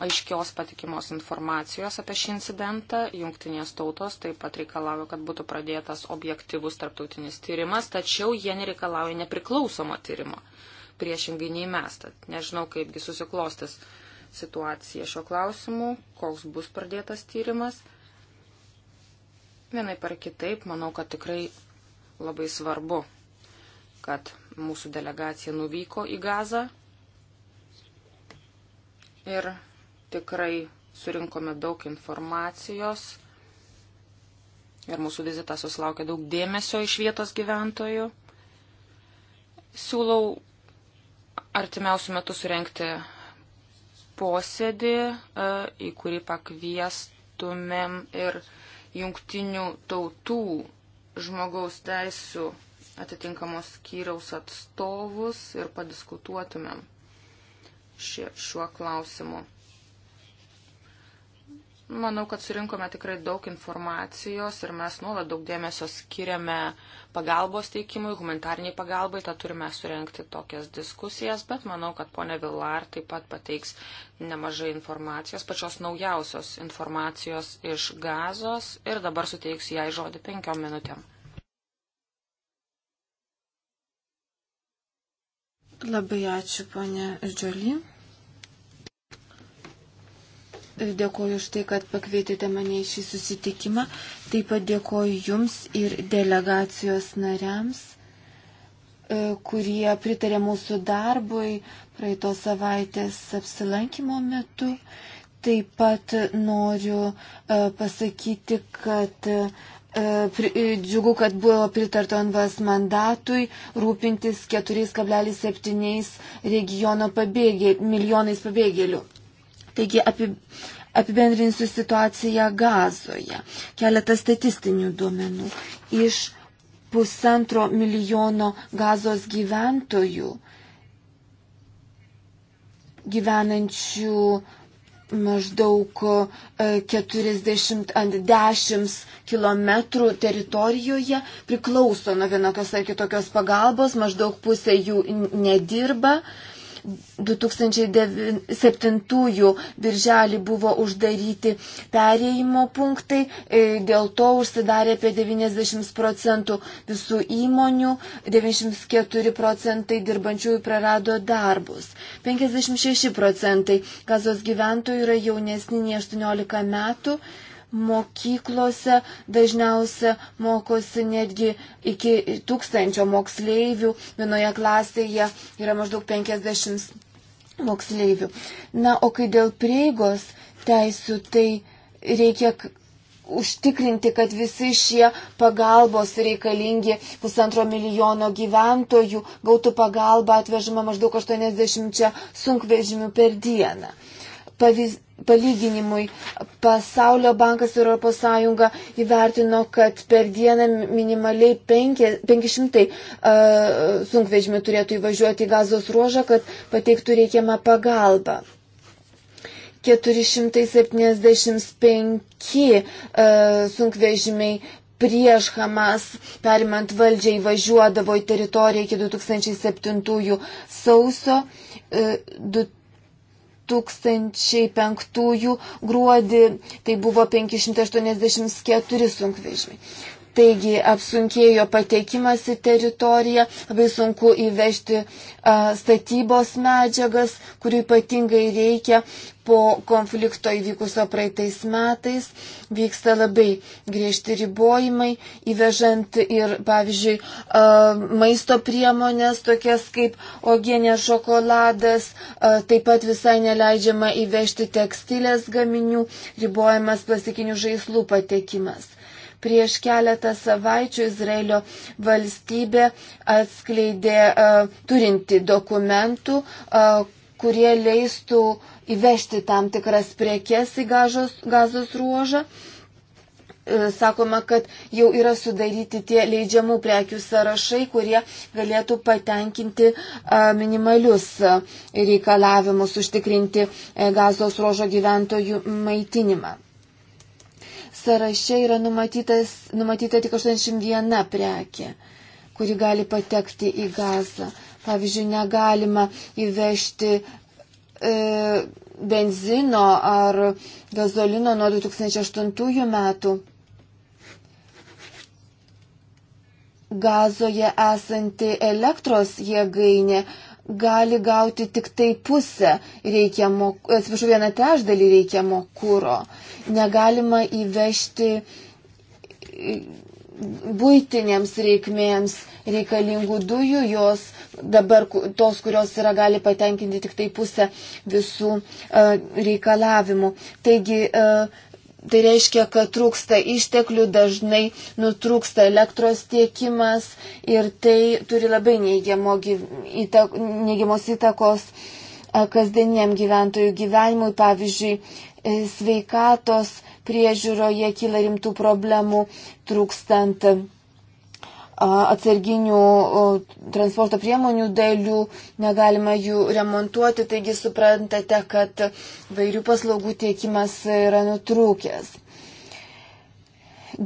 aiškios patikimos informacijos apie šį incidentą. Jungtinės tautos taip pat reikalavo, kad būtų pradėtas objektivus tarptautinis tyrimas, tačiau jie nereikalauja nepriklausomo tyrimo. Priešingai nei mes, tad nežinau, kaipgi susiklostis situacija šio klausimu, koks bus pradėtas tyrimas. Vienai par kitaip, manau, kad tikrai labai svarbu, kad mūsų delegacija nuvyko į Gazą ir tikrai surinkome daug informacijos ir mūsų vizitas susilaukė daug dėmesio iš vietos gyventojų. Siūlau artimiausių metų surenkti posėdį, e, į kurį pakviestumėm ir jungtinių tautų žmogaus teisų atitinkamos skyriaus atstovus ir padiskutuotumėm šiuo klausimu. Manau, kad surinkome tikrai daug informacijos ir mes nuolat daug dėmesio skiriame pagalbos teikimui, humanitarniai pagalbai, tad turime surenkti tokias diskusijas, bet manau, kad ponė Vilar taip pat pateiks nemažai informacijos, pačios naujausios informacijos iš gazos ir dabar suteiksiu jai žodį penkiom minutėm. Labai ačiū, ponė Džioli. Dėkoju už tai, kad pakvietėte mane į šį susitikimą. Taip pat dėkoju Jums ir delegacijos nariams, e, kurie pritarė mūsų darbui praeitos savaitės apsilankimo metu. Taip pat noriu e, pasakyti, kad E, e, džiugu, kad buvo pritarto NVS mandatui rūpintis 4,7 regiono pabėgė, milijonais pabėgėlių. Taigi apie, apibendrinsiu situaciją gazoje. Keletą statistinių duomenų. Iš pusantro milijono gazos gyventojų gyvenančių maždaug 40 e, ant 10 km teritorijoje priklauso nuo vienokios ar kitokios pagalbos, maždaug pusė jų nedirba. Uh, 2007 birželį buvo uždaryti perėjimo punktai, e, dėl to užsidarė apie 90 procentų visų įmonių, 94 procentai dirbančiųjų prarado darbus. 56 procentai gazos gyventojų yra jaunesni nei 18 metų mokyklose dažniausia mokosi netgi iki tūkstančio moksleivių, vienoje klasėje yra maždaug 50 moksleivių. Na, o kai dėl prieigos teisų, tai reikia užtikrinti, kad visi šie pagalbos reikalingi pusantro milijono gyventojų gautų pagalbą atvežama maždaug 80 sunkvežimių per dieną. Pavyz palyginimui, Pasaulio bankas ir ES įvertino, kad per dieną minimaliai 500 uh, e, sunkvežimių turėtų įvažiuoti į gazos ruožą, kad pateiktų reikiamą pagalbą. 475 uh, e, sunkvežimiai prieš Hamas perimant valdžią įvažiuodavo į teritoriją iki 2007 sausio. Uh, 2005 gruodį tai buvo 584 sunkvežimiai. Taigi apsunkėjo patekimas į teritoriją, labai sunku įvežti a, statybos medžiagas, kurių ypatingai reikia po konflikto įvykusio praeitais metais. Vyksta labai griežti ribojimai, įvežant ir, pavyzdžiui, a, maisto priemonės, tokias kaip ogienė šokoladas, a, taip pat visai neleidžiama įvežti tekstilės gaminių, ribojamas plastikinių žaislų patekimas. Prieš keletą savaičių Izraelio valstybė atskleidė uh, turinti dokumentų, uh, kurie leistų įvežti tam tikras prekes į gazos, gazos ruožą. E, sakoma, kad jau yra sudaryti tie leidžiamų prekių sąrašai, kurie galėtų patenkinti minimalius reikalavimus užtikrinti gazos ruožo gyventojų maitinimą sąraše yra numatyta tik 81 prekė, kuri gali patekti į gazą. Pavyzdžiui, negalima įvežti e, benzino ar gazolino nuo 2008 metų. Gazoje esanti elektros jėgainė gali gauti tik tai pusę reikiamo, atsiprašau, vieną trešdalį reikiamo kūro. Negalima įvežti būtinėms reikmėms reikalingų dujų, jos dabar tos, kurios yra, gali patenkinti tik tai pusę visų e, reikalavimų. Taigi e, Tai reiškia, kad trūksta išteklių, dažnai nutrūksta elektros tiekimas ir tai turi labai neigiamo, įtak, neigiamos įtakos kasdieniam gyventojų gyvenimui. Pavyzdžiui, e, sveikatos priežiūroje kyla rimtų problemų, trūkstant atsarginių transporto priemonių dalių, negalima jų remontuoti, taigi suprantate, kad vairių paslaugų tiekimas yra nutrūkęs.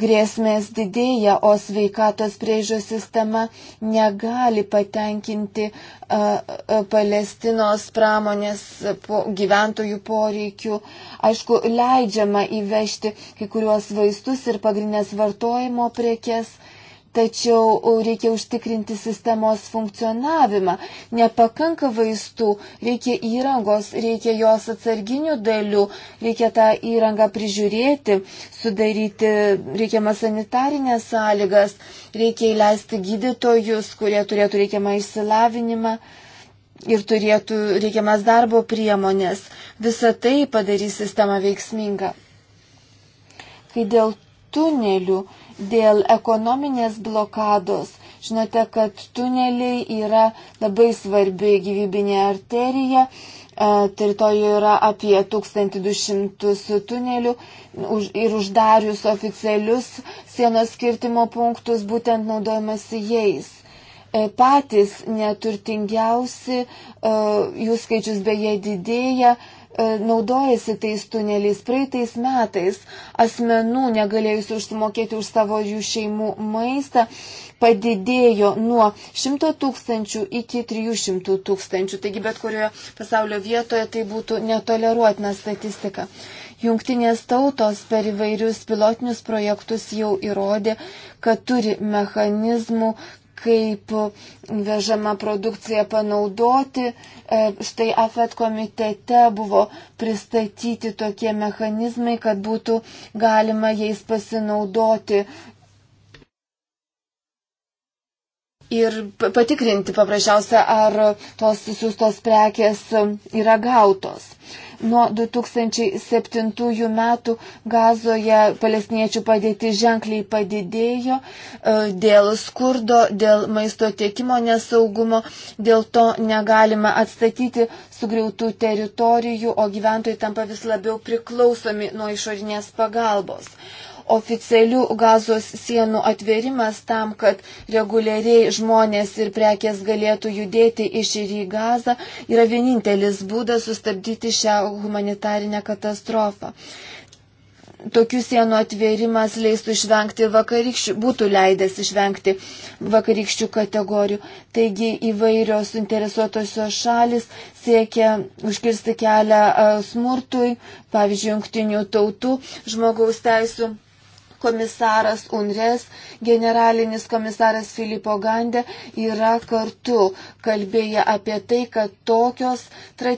Grėsmės didėja, o sveikatos priežiūros sistema negali patenkinti a, a, Palestinos pramonės po, gyventojų poreikių. Aišku, leidžiama įvežti kai kuriuos vaistus ir pagrindinės vartojimo prekes. A, Tačiau reikia užtikrinti sistemos funkcionavimą. Nepakanka vaistų, reikia įrangos, reikia jos atsarginių dalių, reikia tą įrangą prižiūrėti, sudaryti reikiamas sanitarinės sąlygas, reikia įleisti gydytojus, kurie turėtų reikiamą išsilavinimą ir turėtų reikiamas darbo priemonės. Visą tai padarys sistemą veiksmingą. Kai dėl tunelių dėl ekonominės blokados. Žinote, kad tuneliai yra labai svarbi gyvybinė arterija. E, Teritorijoje yra apie 1200 tunelių ir uždarius oficialius sienos skirtimo punktus būtent naudojamasi jais. E, patys neturtingiausi, e, jų skaičius beje didėja, E, naudojasi tais tuneliais. Praeitais metais asmenų negalėjusių užsimokėti už savo jų šeimų maistą padidėjo nuo 100 tūkstančių iki 300 tūkstančių. Taigi bet kurioje pasaulio vietoje tai būtų netoleruotina statistika. Jungtinės tautos per įvairius pilotinius projektus jau įrodė, kad turi mechanizmų, kaip vežama produkcija panaudoti. E, štai AFET komitete buvo pristatyti tokie mechanizmai, kad būtų galima jais pasinaudoti. Ir patikrinti paprasčiausia, ar tos siūstos prekės yra gautos. Uh, Nuo 2007 metų gazoje palestiniečių padėti ženkliai padidėjo e, dėl skurdo, dėl maisto tiekimo nesaugumo, dėl to negalima atstatyti sugriautų teritorijų, o gyventojai tampa vis labiau priklausomi nuo išorinės pagalbos oficialių gazos sienų atverimas tam, kad reguliariai žmonės ir prekės galėtų judėti iš ir į gazą, yra vienintelis būdas sustabdyti šią humanitarinę katastrofą. Tokių sienų atvėrimas leistų išvengti vakarykščių, būtų leidęs išvengti vakarykščių kategorijų. Taigi įvairios suinteresuotosios šalis siekia užkirsti kelią smurtui, pavyzdžiui, jungtinių tautų žmogaus teisų komisaras Unres, generalinis komisaras Filipo Gandė yra kartu kalbėję apie tai, kad tokios tra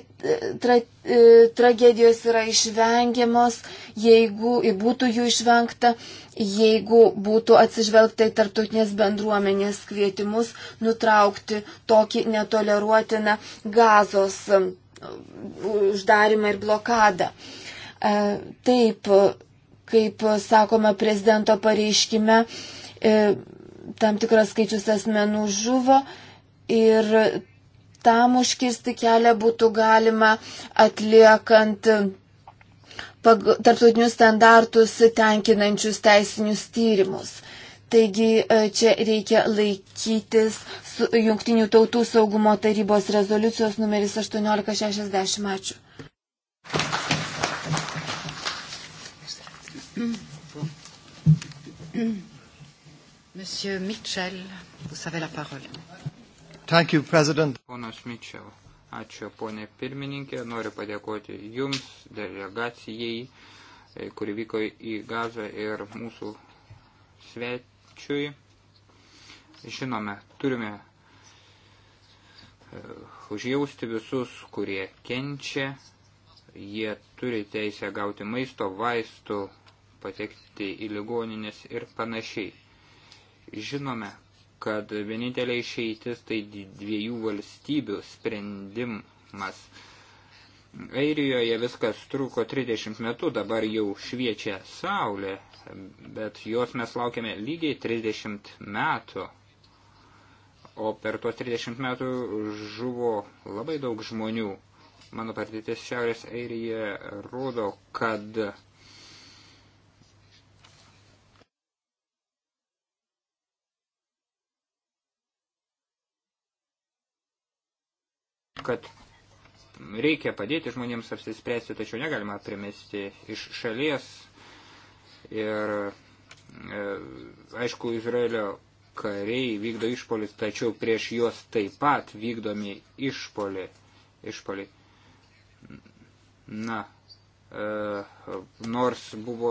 tra e, tragedijos yra išvengiamos, jeigu būtų jų išvengta, jeigu būtų atsižvelgta į tarptautinės bendruomenės kvietimus nutraukti tokį netoleruotiną gazos e, uždarimą ir blokadą. E, taip, kaip sakoma prezidento pareiškime, e, tam tikras skaičius asmenų žuvo ir tam užkirsti kelią būtų galima atliekant tarptautinius standartus tenkinančius teisinius tyrimus. Taigi e, čia reikia laikytis Junktinių tautų saugumo tarybos rezoliucijos numeris 1860. Ačiū. Monsieur Mitchell, vous avez la parole. Thank you, President. Ponas Mitchell, ačiū ponė pirmininkė, noriu padėkoti jums, delegacijai, e, kuri vyko į Gazą ir mūsų svečiui. Žinome, turime e, užjausti visus, kurie kenčia, jie turi teisę gauti maisto, vaistų, patekti į ligoninės ir panašiai. Žinome, kad vienintelė išeitis tai dviejų valstybių sprendimas. Airijoje viskas truko 30 metų, dabar jau šviečia saulė, bet jos mes laukiame lygiai 30 metų. O per tuos 30 metų žuvo labai daug žmonių. Mano patirtis Šiaurės Airijoje rodo, kad kad reikia padėti žmonėms apsispręsti, tačiau negalima primesti iš šalies. Ir e, aišku, Izraelio kariai vykdo išpolius, tačiau prieš juos taip pat vykdomi išpoliai. išpoliai. Na, E, nors buvo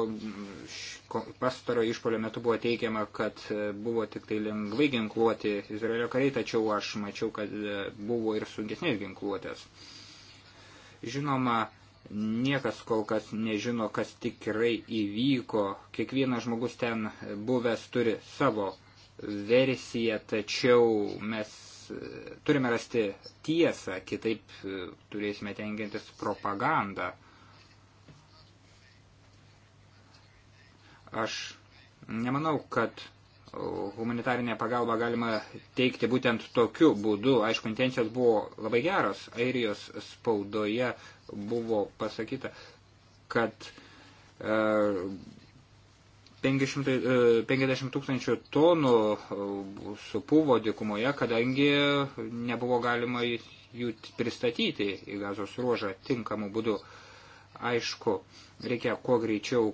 pastaro išpolio metu buvo teigiama, kad e, buvo tik tai lengvai ginkluoti Izraelio kariai, tačiau aš mačiau, kad e, buvo ir sunkesnės ginkluotės. Žinoma, niekas kol kas nežino, kas tikrai įvyko. Kiekvienas žmogus ten buvęs turi savo versiją, tačiau mes turime rasti tiesą, kitaip turėsime tenkintis propagandą. Aš nemanau, kad humanitarinę pagalbą galima teikti būtent tokiu būdu. Aišku, intencijos buvo labai geros. Airijos spaudoje buvo pasakyta, kad e, 500, e, 50 tūkstančių tonų e, supuvo dikumoje, kadangi nebuvo galima jų pristatyti į gazos ruožą tinkamų būdų. Aišku, e, Reikia kuo greičiau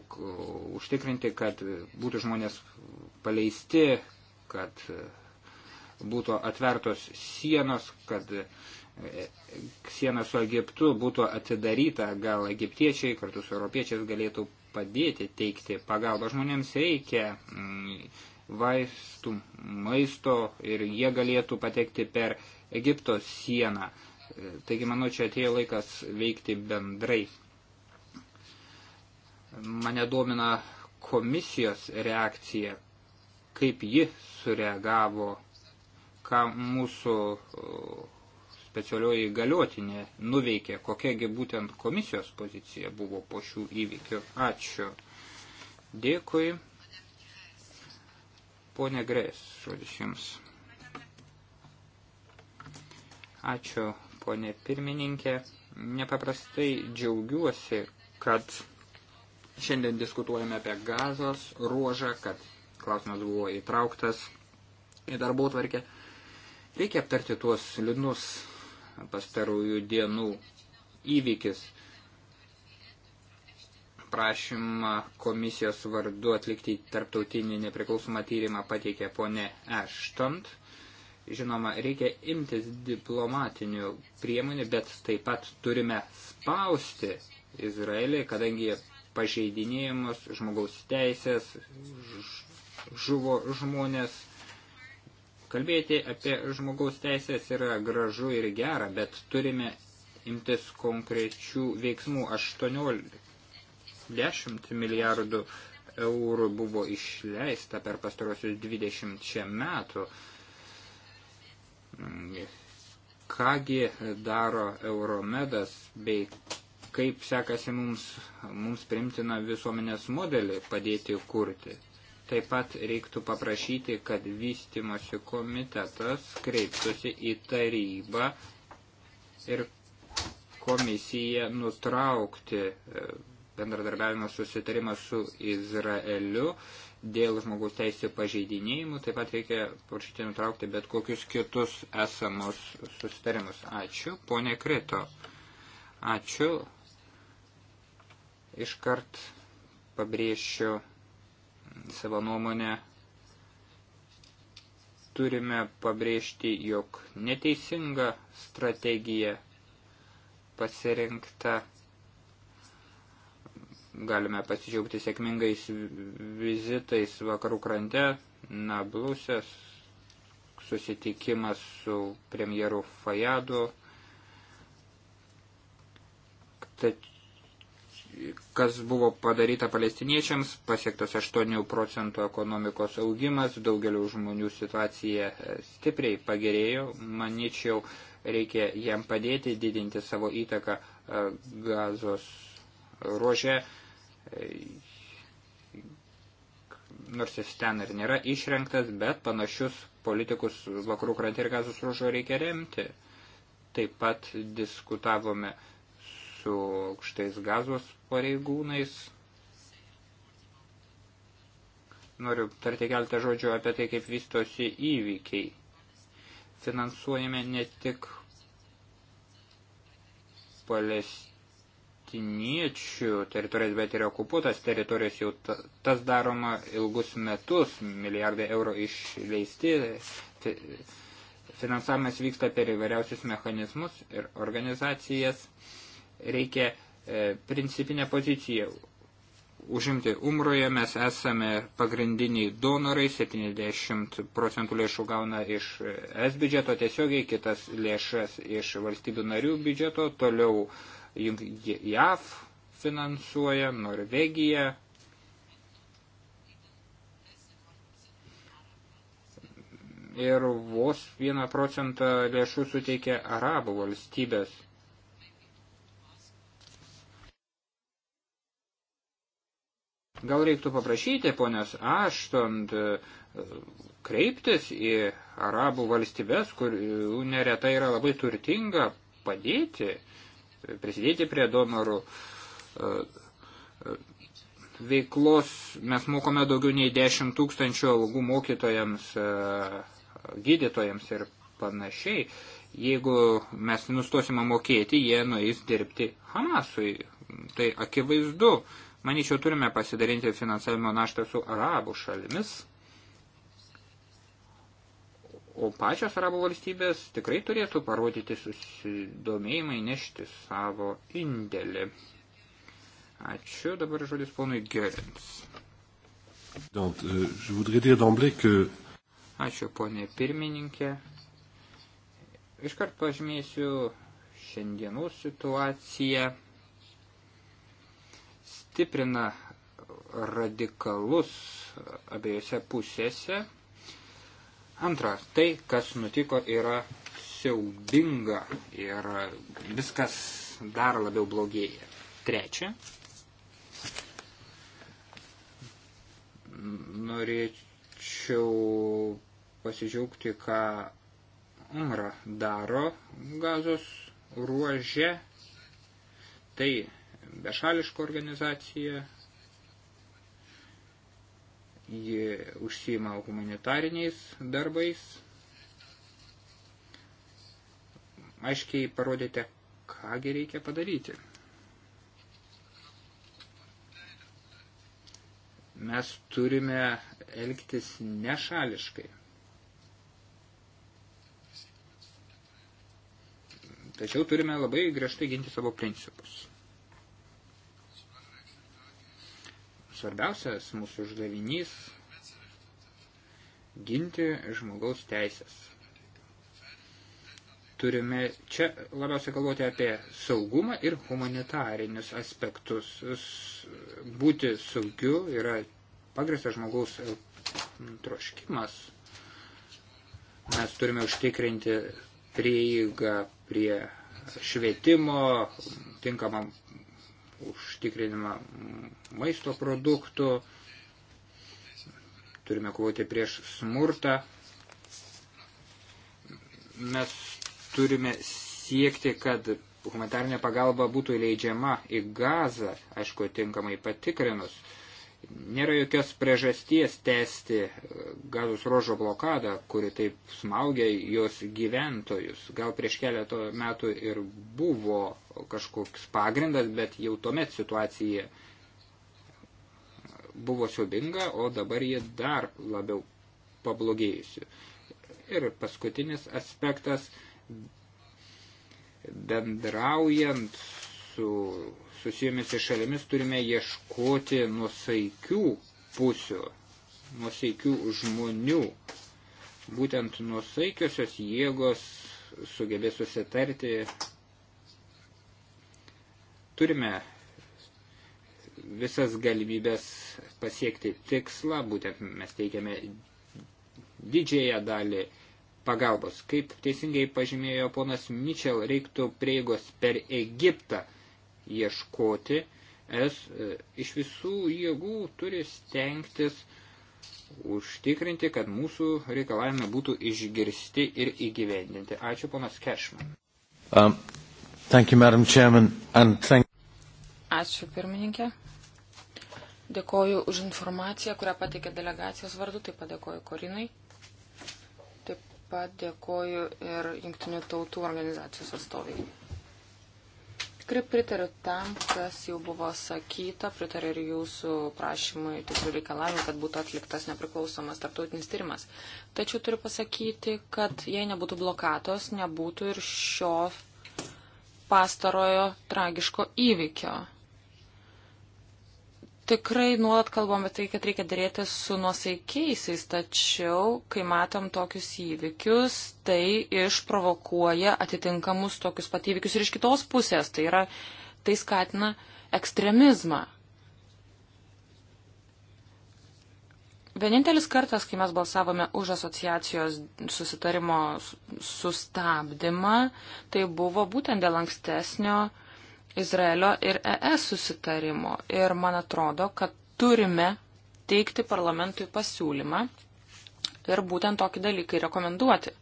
užtikrinti, kad būtų žmonės paleisti, kad būtų atvertos sienos, kad e, siena su Egiptu būtų atidaryta, gal egiptiečiai kartu su europiečiais galėtų padėti teikti pagalbą. Žmonėms reikia mm, vaistų, maisto ir jie galėtų patekti per Egipto sieną. E, taigi, manau, čia atėjo laikas veikti bendrai. Mane domina komisijos reakcija, kaip ji sureagavo, ką mūsų specialioji galiotinė nuveikė, kokiagi būtent komisijos pozicija buvo po šių įvykių. Ačiū. Dėkui. Pone Grės, žodis jums. Ačiū, ponė pirmininkė. Nepaprastai džiaugiuosi, kad Šiandien diskutuojame apie gazos ruožą, kad klausimas buvo įtrauktas į darbų tvarkę. Reikia aptarti tuos liūdnus pastarųjų dienų įvykis. Prašymą komisijos vardu atlikti tarptautinį nepriklausomą tyrimą pateikė ponė Eštont. Žinoma, reikia imtis diplomatinių priemonių, bet taip pat turime spausti Izraelį, kadangi jie pažeidinėjimus, žmogaus teisės, žuvo žmonės. Kalbėti apie žmogaus teisės yra gražu ir gera, bet turime imtis konkrečių veiksmų. 18 milijardų eurų buvo išleista per pastarosius 20 metų. Kągi daro Euromedas bei kaip sekasi mums, mums primtina visuomenės modelį padėti kurti. Taip pat reiktų paprašyti, kad vystimosi komitetas kreiptųsi į tarybą ir komisiją nutraukti e, bendradarbiavimo susitarimą su Izraeliu dėl žmogaus teisų pažeidinėjimų. Taip pat reikia prašyti nutraukti bet kokius kitus esamos susitarimus. Ačiū, ponė Krito. Ačiū iškart pabrėšiu savo nuomonę. Turime pabrėžti, jog neteisinga strategija pasirinkta. Galime pasidžiaugti sėkmingais vizitais vakarų krante, Nablusės susitikimas su premjeru Fajadu. Tačiau kas buvo padaryta palestiniečiams, pasiektas 8 procentų ekonomikos augimas, daugeliu žmonių situacija e, stipriai pagerėjo, manyčiau, reikia jam padėti didinti savo įtaką e, gazos ruožė, e, nors jis ten ir nėra išrenktas, bet panašius politikus vakarų krantį ir gazos ruožo reikia remti. Taip pat diskutavome uh, su aukštais gazos pareigūnais. Noriu tarti keltą žodžių apie tai, kaip vystosi įvykiai. Finansuojame ne tik palestiniečių teritorijas, bet ir okupuotas teritorijas. Jau ta, tas daroma ilgus metus, milijardai eurų išleisti. Finansavimas vyksta per įvairiausius mechanizmus ir organizacijas reikia e, principinę poziciją užimti Umroje. Mes esame pagrindiniai donorai, 70 procentų lėšų gauna iš e, S biudžeto tiesiogiai, kitas lėšas iš valstybių narių biudžeto, toliau JAV finansuoja, Norvegija. Ir vos vieną procentą lėšų suteikia arabų valstybės. Gal reiktų paprašyti ponios Aštont e, kreiptis į arabų valstybės, kur neretai yra labai turtinga, padėti, prisidėti prie donorų e, e, veiklos. Mes mokome daugiau nei 10 tūkstančių algų mokytojams, gydytojams ir panašiai. Jeigu mes nustosime mokėti, jie nueis dirbti Hamasui. Tai akivaizdu. Manyčiau, turime pasidalinti finansavimo naštą su arabų šalimis, o pačios arabų valstybės tikrai turėtų parodyti susidomėjimą įnešti savo indėlį. Ačiū, dabar žodis ponui Gerins. Euh, Ačiū, ponė pirmininkė. Iškart pažymėsiu šiandienų situaciją stiprina radikalus abiejose pusėse. Antra, tai, kas nutiko, yra siaubinga ir viskas dar labiau blogėja. Trečia, norėčiau pasidžiaugti, ką UNRA daro gazos ruože. Tai bešališka organizacija, ji užsima humanitariniais darbais. Aiškiai parodėte, kągi reikia padaryti. Mes turime elgtis nešališkai. Tačiau turime labai griežtai ginti savo principus. svarbiausias mūsų uždavinys – ginti žmogaus teisės. Turime čia labiausiai kalboti apie saugumą ir humanitarinius aspektus. Būti saugiu yra pagristas žmogaus e, troškimas. Mes turime užtikrinti prieigą prie švietimo, tinkamam užtikrinimą maisto produktų, turime kovoti prieš smurtą. Mes turime siekti, kad humanitarinė pagalba būtų leidžiama į gazą, aišku, tinkamai patikrinus. Nėra jokios priežasties tęsti e, gazos rožo blokadą, kuri taip smaugia jos gyventojus. Gal prieš keletą metų ir buvo kažkoks pagrindas, bet jau tuomet situacija buvo siubinga, o dabar ji dar labiau pablogėjusi. Ir paskutinis aspektas, bendraujant su susijomis šalimis turime ieškoti nusaikių pusių, nusaikių žmonių. Būtent nusaikiosios jėgos sugebės susitarti. Turime visas galimybės pasiekti tikslą, būtent mes teikiame didžiąją dalį pagalbos. Kaip teisingai pažymėjo ponas Mitchell, reiktų prieigos per Egiptą ieškoti. Es e, iš visų jėgų turi stengtis užtikrinti, kad mūsų reikalavimai būtų išgirsti ir įgyvendinti. Ačiū, ponas Kešman. Um, thank you, Madam Chairman, and thank... Ačiū, pirmininkė. Dėkoju už informaciją, kurią pateikė delegacijos vardu, taip pat dėkoju Korinai. Taip pat dėkoju ir Junktinių tautų organizacijos atstovai tikrai pritariu tam, kas jau buvo sakyta, pritariu ir jūsų prašymui, tiksliau reikalavimui, kad būtų atliktas nepriklausomas tarptautinis tyrimas. Tačiau turiu pasakyti, kad jei nebūtų blokatos, nebūtų ir šio pastarojo tragiško įvykio tikrai nuolat kalbame tai, kad reikia dėrėti su nuosaikiaisiais, tačiau, kai matom tokius įvykius, tai išprovokuoja atitinkamus tokius pat įvykius ir iš kitos pusės. Tai yra, tai skatina ekstremizmą. Vienintelis kartas, kai mes balsavome už asociacijos susitarimo sustabdymą, tai buvo būtent dėl ankstesnio uh, Izraelio ir ES susitarimo. Ir man atrodo, kad turime teikti parlamentui pasiūlymą ir būtent tokį dalyką rekomenduoti.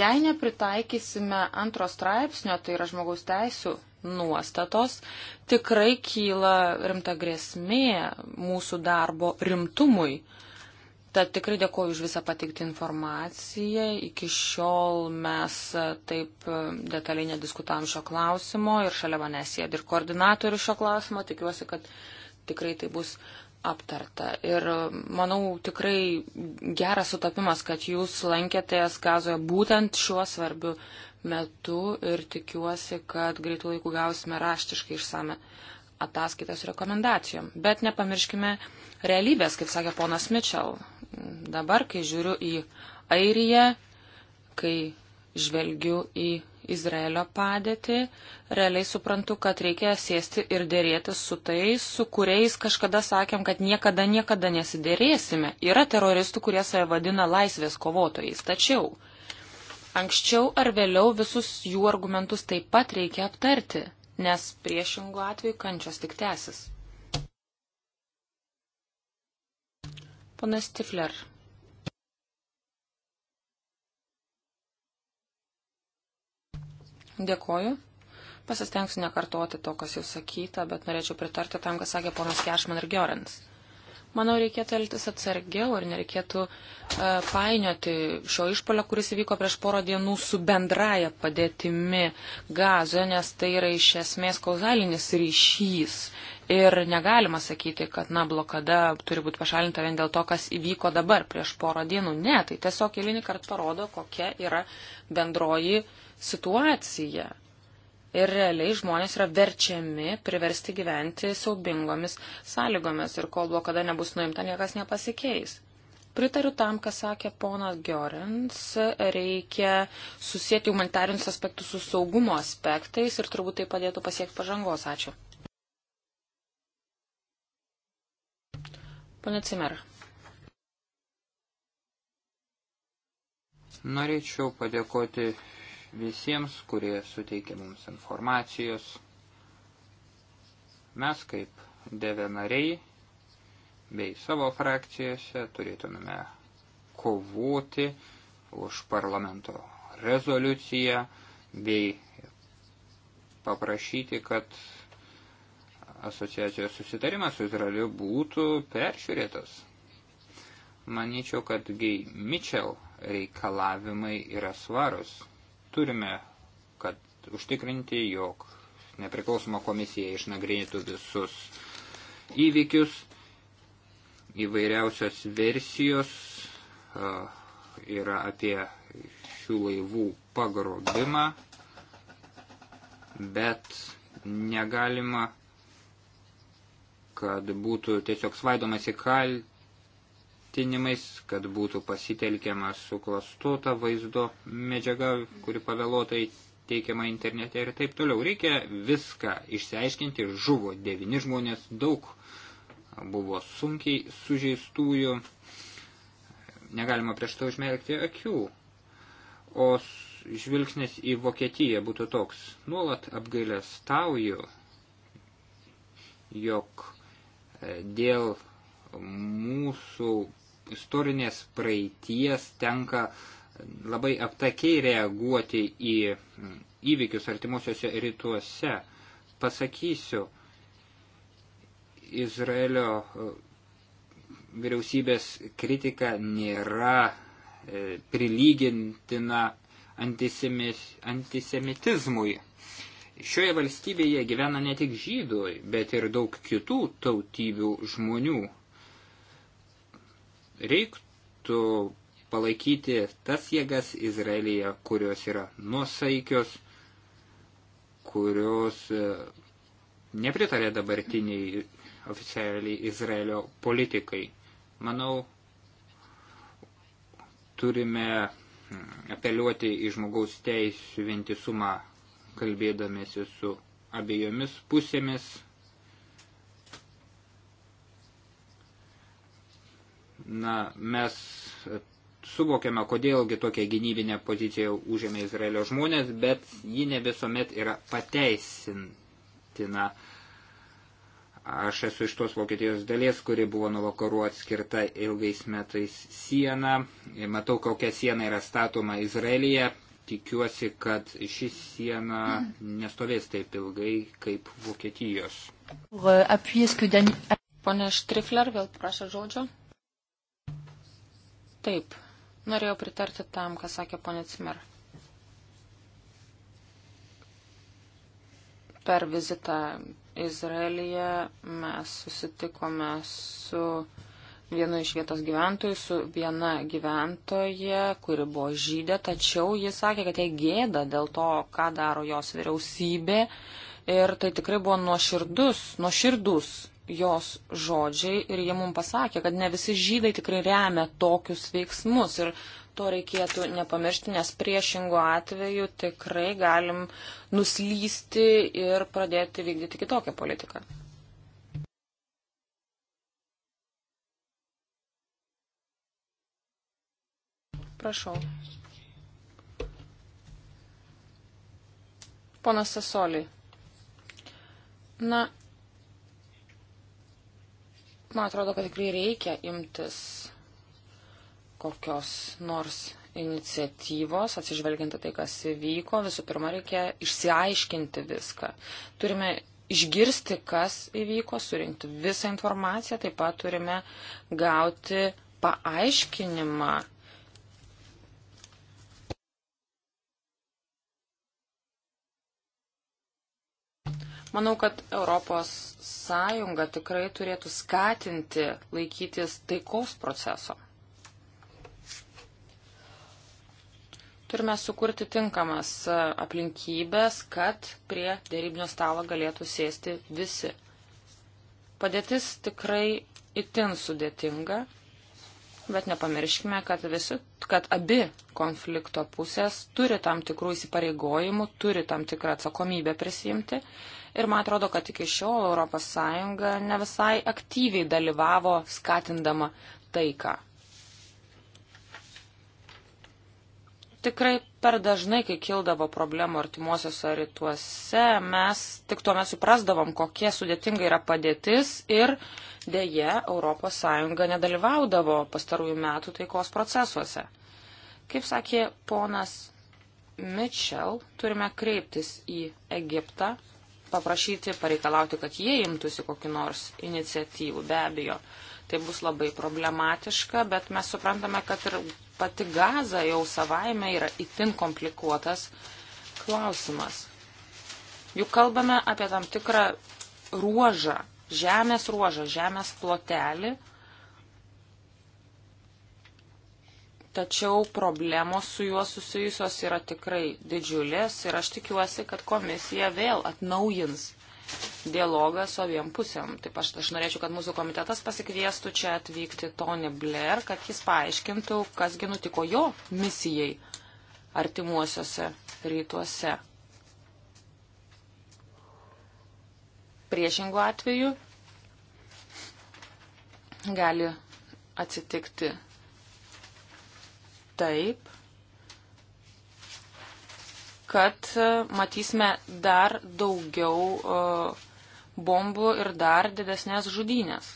Jei nepritaikysime antro straipsnio, tai yra žmogaus teisų nuostatos, tikrai kyla rimta grėsmė mūsų darbo rimtumui Tad tikrai dėkuoju už visą pateiktą informaciją. Iki šiol mes e, taip e, detaliai nediskutavom šio klausimo ir šalia manęs sėdi ir koordinatorių šio klausimo. Tikiuosi, kad tikrai tai bus aptarta. Ir e, manau tikrai geras sutapimas, kad jūs lankėtės gazoje būtent šiuo svarbiu metu ir tikiuosi, kad greitų laikų gausime raštiškai išsame ataskaitas rekomendacijom. Bet nepamirškime realybės, kaip sakė ponas Mitchell dabar, kai žiūriu į Airiją, kai žvelgiu į Izraelio padėtį, realiai suprantu, kad reikia sėsti ir dėrėtis su tais, su kuriais kažkada sakėm, kad niekada, niekada nesidėrėsime. Yra teroristų, kurie save vadina laisvės kovotojais. Tačiau anksčiau ar vėliau visus jų argumentus taip pat reikia aptarti, nes priešingų atveju kančios tik tęsis. Ponas Stifler. Dėkoju. Pasistengsiu nekartoti to, kas jau sakyta, bet norėčiau pritarti tam, kas sakė ponas Kešman ir Giorins. Manau, reikėtų elgtis atsargiau ir nereikėtų e, painioti šio išpolio, kuris įvyko prieš porą dienų su bendraja padėtimi gazo, nes tai yra iš esmės kauzalinis ryšys. Ir negalima sakyti, kad, na, blokada turi būti pašalinta vien dėl to, kas įvyko dabar prieš porą dienų. Ne, tai tiesiog eilinį kartą parodo, kokia yra bendroji situacija ir realiai žmonės yra verčiami, priversti gyventi saubingomis sąlygomis ir kol blokada nebus nuimta, niekas nepasikeis. Pritariu tam, ką sakė ponas Giorins, reikia susijęti humanitarinius aspektus su saugumo aspektais ir turbūt tai padėtų pasiekti pažangos. Ačiū. Pane Cimer. Norėčiau padėkoti visiems, kurie suteikė mums informacijos. Mes kaip devenariai bei savo frakcijose turėtumėme kovoti už parlamento rezoliuciją bei paprašyti, kad asociacijos susitarimas su Izraeliu būtų peržiūrėtas. Manyčiau, kad gay Mitchell reikalavimai yra svarus. Turime, kad užtikrinti, jog nepriklausoma komisija išnagrinėtų visus įvykius, įvairiausios versijos yra apie šių laivų pagrobimą, bet negalima, kad būtų tiesiog svaidomasi kal, vertinimais, kad būtų pasitelkiama suklastota vaizdo medžiaga, kuri pavėluotai teikiama internete ir taip toliau. Reikia viską išsiaiškinti. Žuvo devini žmonės, daug buvo sunkiai sužeistųjų. Negalima prieš to tai užmerkti akių. O žvilgsnis į Vokietiją būtų toks. Nuolat apgailestauju, jog e, dėl mūsų istorinės praeities tenka labai aptakiai reaguoti į įvykius artimuosiuose rytuose. Pasakysiu, Izraelio e, vyriausybės kritika nėra e, prilygintina antisemitizmui. Šioje valstybėje gyvena ne tik žydai, bet ir daug kitų tautybių žmonių reiktų palaikyti tas jėgas Izraelyje, kurios yra nusaikios, kurios e, nepritarė dabartiniai oficialiai Izraelio politikai. Manau, turime mm, apeliuoti į žmogaus teisų vientisumą, kalbėdamėsi su abiejomis pusėmis Na, mes e, suvokiame, kodėlgi tokią gynybinę poziciją užėmė Izraelio žmonės, bet ji ne visuomet yra pateisintina. Aš esu iš tos Vokietijos dalies, kuri buvo nuo vakarų atskirta ilgais metais siena. Ir matau, kokia siena yra statoma Izraelyje. Tikiuosi, kad ši siena nestovės taip ilgai kaip Vokietijos. Euh, Pone Štrifler, vėl prašau žodžio. Taip, norėjau pritarti tam, ką sakė ponė Cimer. Per vizitą Izraelyje mes susitikome su vienu iš vietos gyventojų, su viena gyventoje, kuri buvo žydė, tačiau ji sakė, kad jai gėda dėl to, ką daro jos vyriausybė. Ir tai tikrai buvo nuoširdus, nuoširdus jos žodžiai ir jie mums pasakė, kad ne visi žydai tikrai remia tokius veiksmus ir to reikėtų nepamiršti, nes priešingų atveju tikrai galim nuslysti ir pradėti vykdyti kitokią politiką. Prašau. Ponas Sasoliai. Na, Man atrodo, kad tikrai reikia imtis kokios nors iniciatyvos, atsižvelgiant į tai, kas įvyko. Visų pirma, reikia išsiaiškinti viską. Turime išgirsti, kas įvyko, surinkti visą informaciją, taip pat turime gauti paaiškinimą Manau, kad Europos Sąjunga tikrai turėtų skatinti laikytis taikos proceso. Turime sukurti tinkamas e, aplinkybės, kad prie dėrybinio stalo galėtų sėsti visi. Padėtis tikrai itin sudėtinga, bet nepamirškime, kad, visi, kad abi konflikto pusės turi tam tikrų įsipareigojimų, turi tam tikrą atsakomybę prisimti Ir man atrodo, kad iki šiol ES ne visai aktyviai dalyvavo skatindama taiką. Tikrai per dažnai, kai kildavo problemų artimuosiuose rytuose, mes tik tuomet suprasdavom, kokie sudėtinga yra padėtis ir dėje ES nedalyvaudavo pastarųjų metų taikos procesuose. Kaip sakė ponas Mitchell, turime kreiptis į Egiptą paprašyti, pareikalauti, kad jie imtųsi kokiu nors iniciatyvų, be abejo. Tai bus labai problematiška, bet mes suprantame, kad ir pati gaza jau savaime yra itin komplikuotas klausimas. Juk kalbame apie tam tikrą ruožą, žemės ruožą, žemės plotelį, Tačiau problemos su juo susijusios yra tikrai didžiulės ir aš tikiuosi, kad komisija vėl atnaujins dialogą su abiem pusėm. Taip aš, aš norėčiau, kad mūsų komitetas pasikviestų čia atvykti Tony Blair, kad jis paaiškintų, kasgi nutiko jo misijai artimuosiuose rytuose. Priešingų atveju gali atsitikti taip, kad e, matysime dar daugiau e, bombų ir dar didesnės žudynės.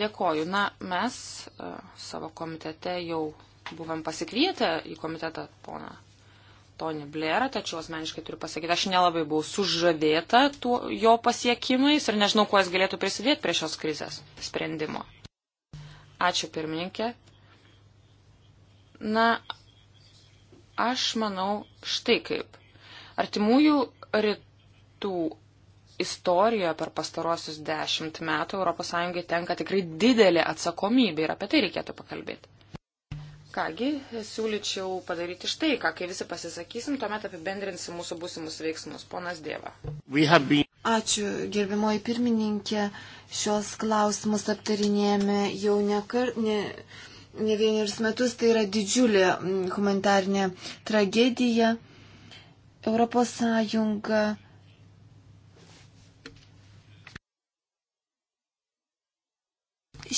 Dėkoju. Na, mes e, savo komitete jau buvom pasikvietę į komitetą poną Tony Blairą, tačiau asmeniškai turiu pasakyti, aš nelabai buvau sužavėta tuo, jo pasiekimais ir nežinau, kuo jis galėtų prisidėti prie šios krizės sprendimo. Ačiū pirmininkė. Na, aš manau štai kaip. Artimųjų rytų istorijoje per pastarosius dešimt metų ES tenka tikrai didelė atsakomybė ir apie tai reikėtų pakalbėti. Kągi, siūlyčiau padaryti štai ką, kai visi pasisakysim, tuomet apibendrinsim mūsų būsimus veiksmus. Ponas Dėva. Been... Ačiū, gerbimoji pirmininkė. Šios klausimus aptarinėjame jau ne, kar... ne, ne vienerius metus. Tai yra didžiulė humanitarnė tragedija. Europos Sąjunga.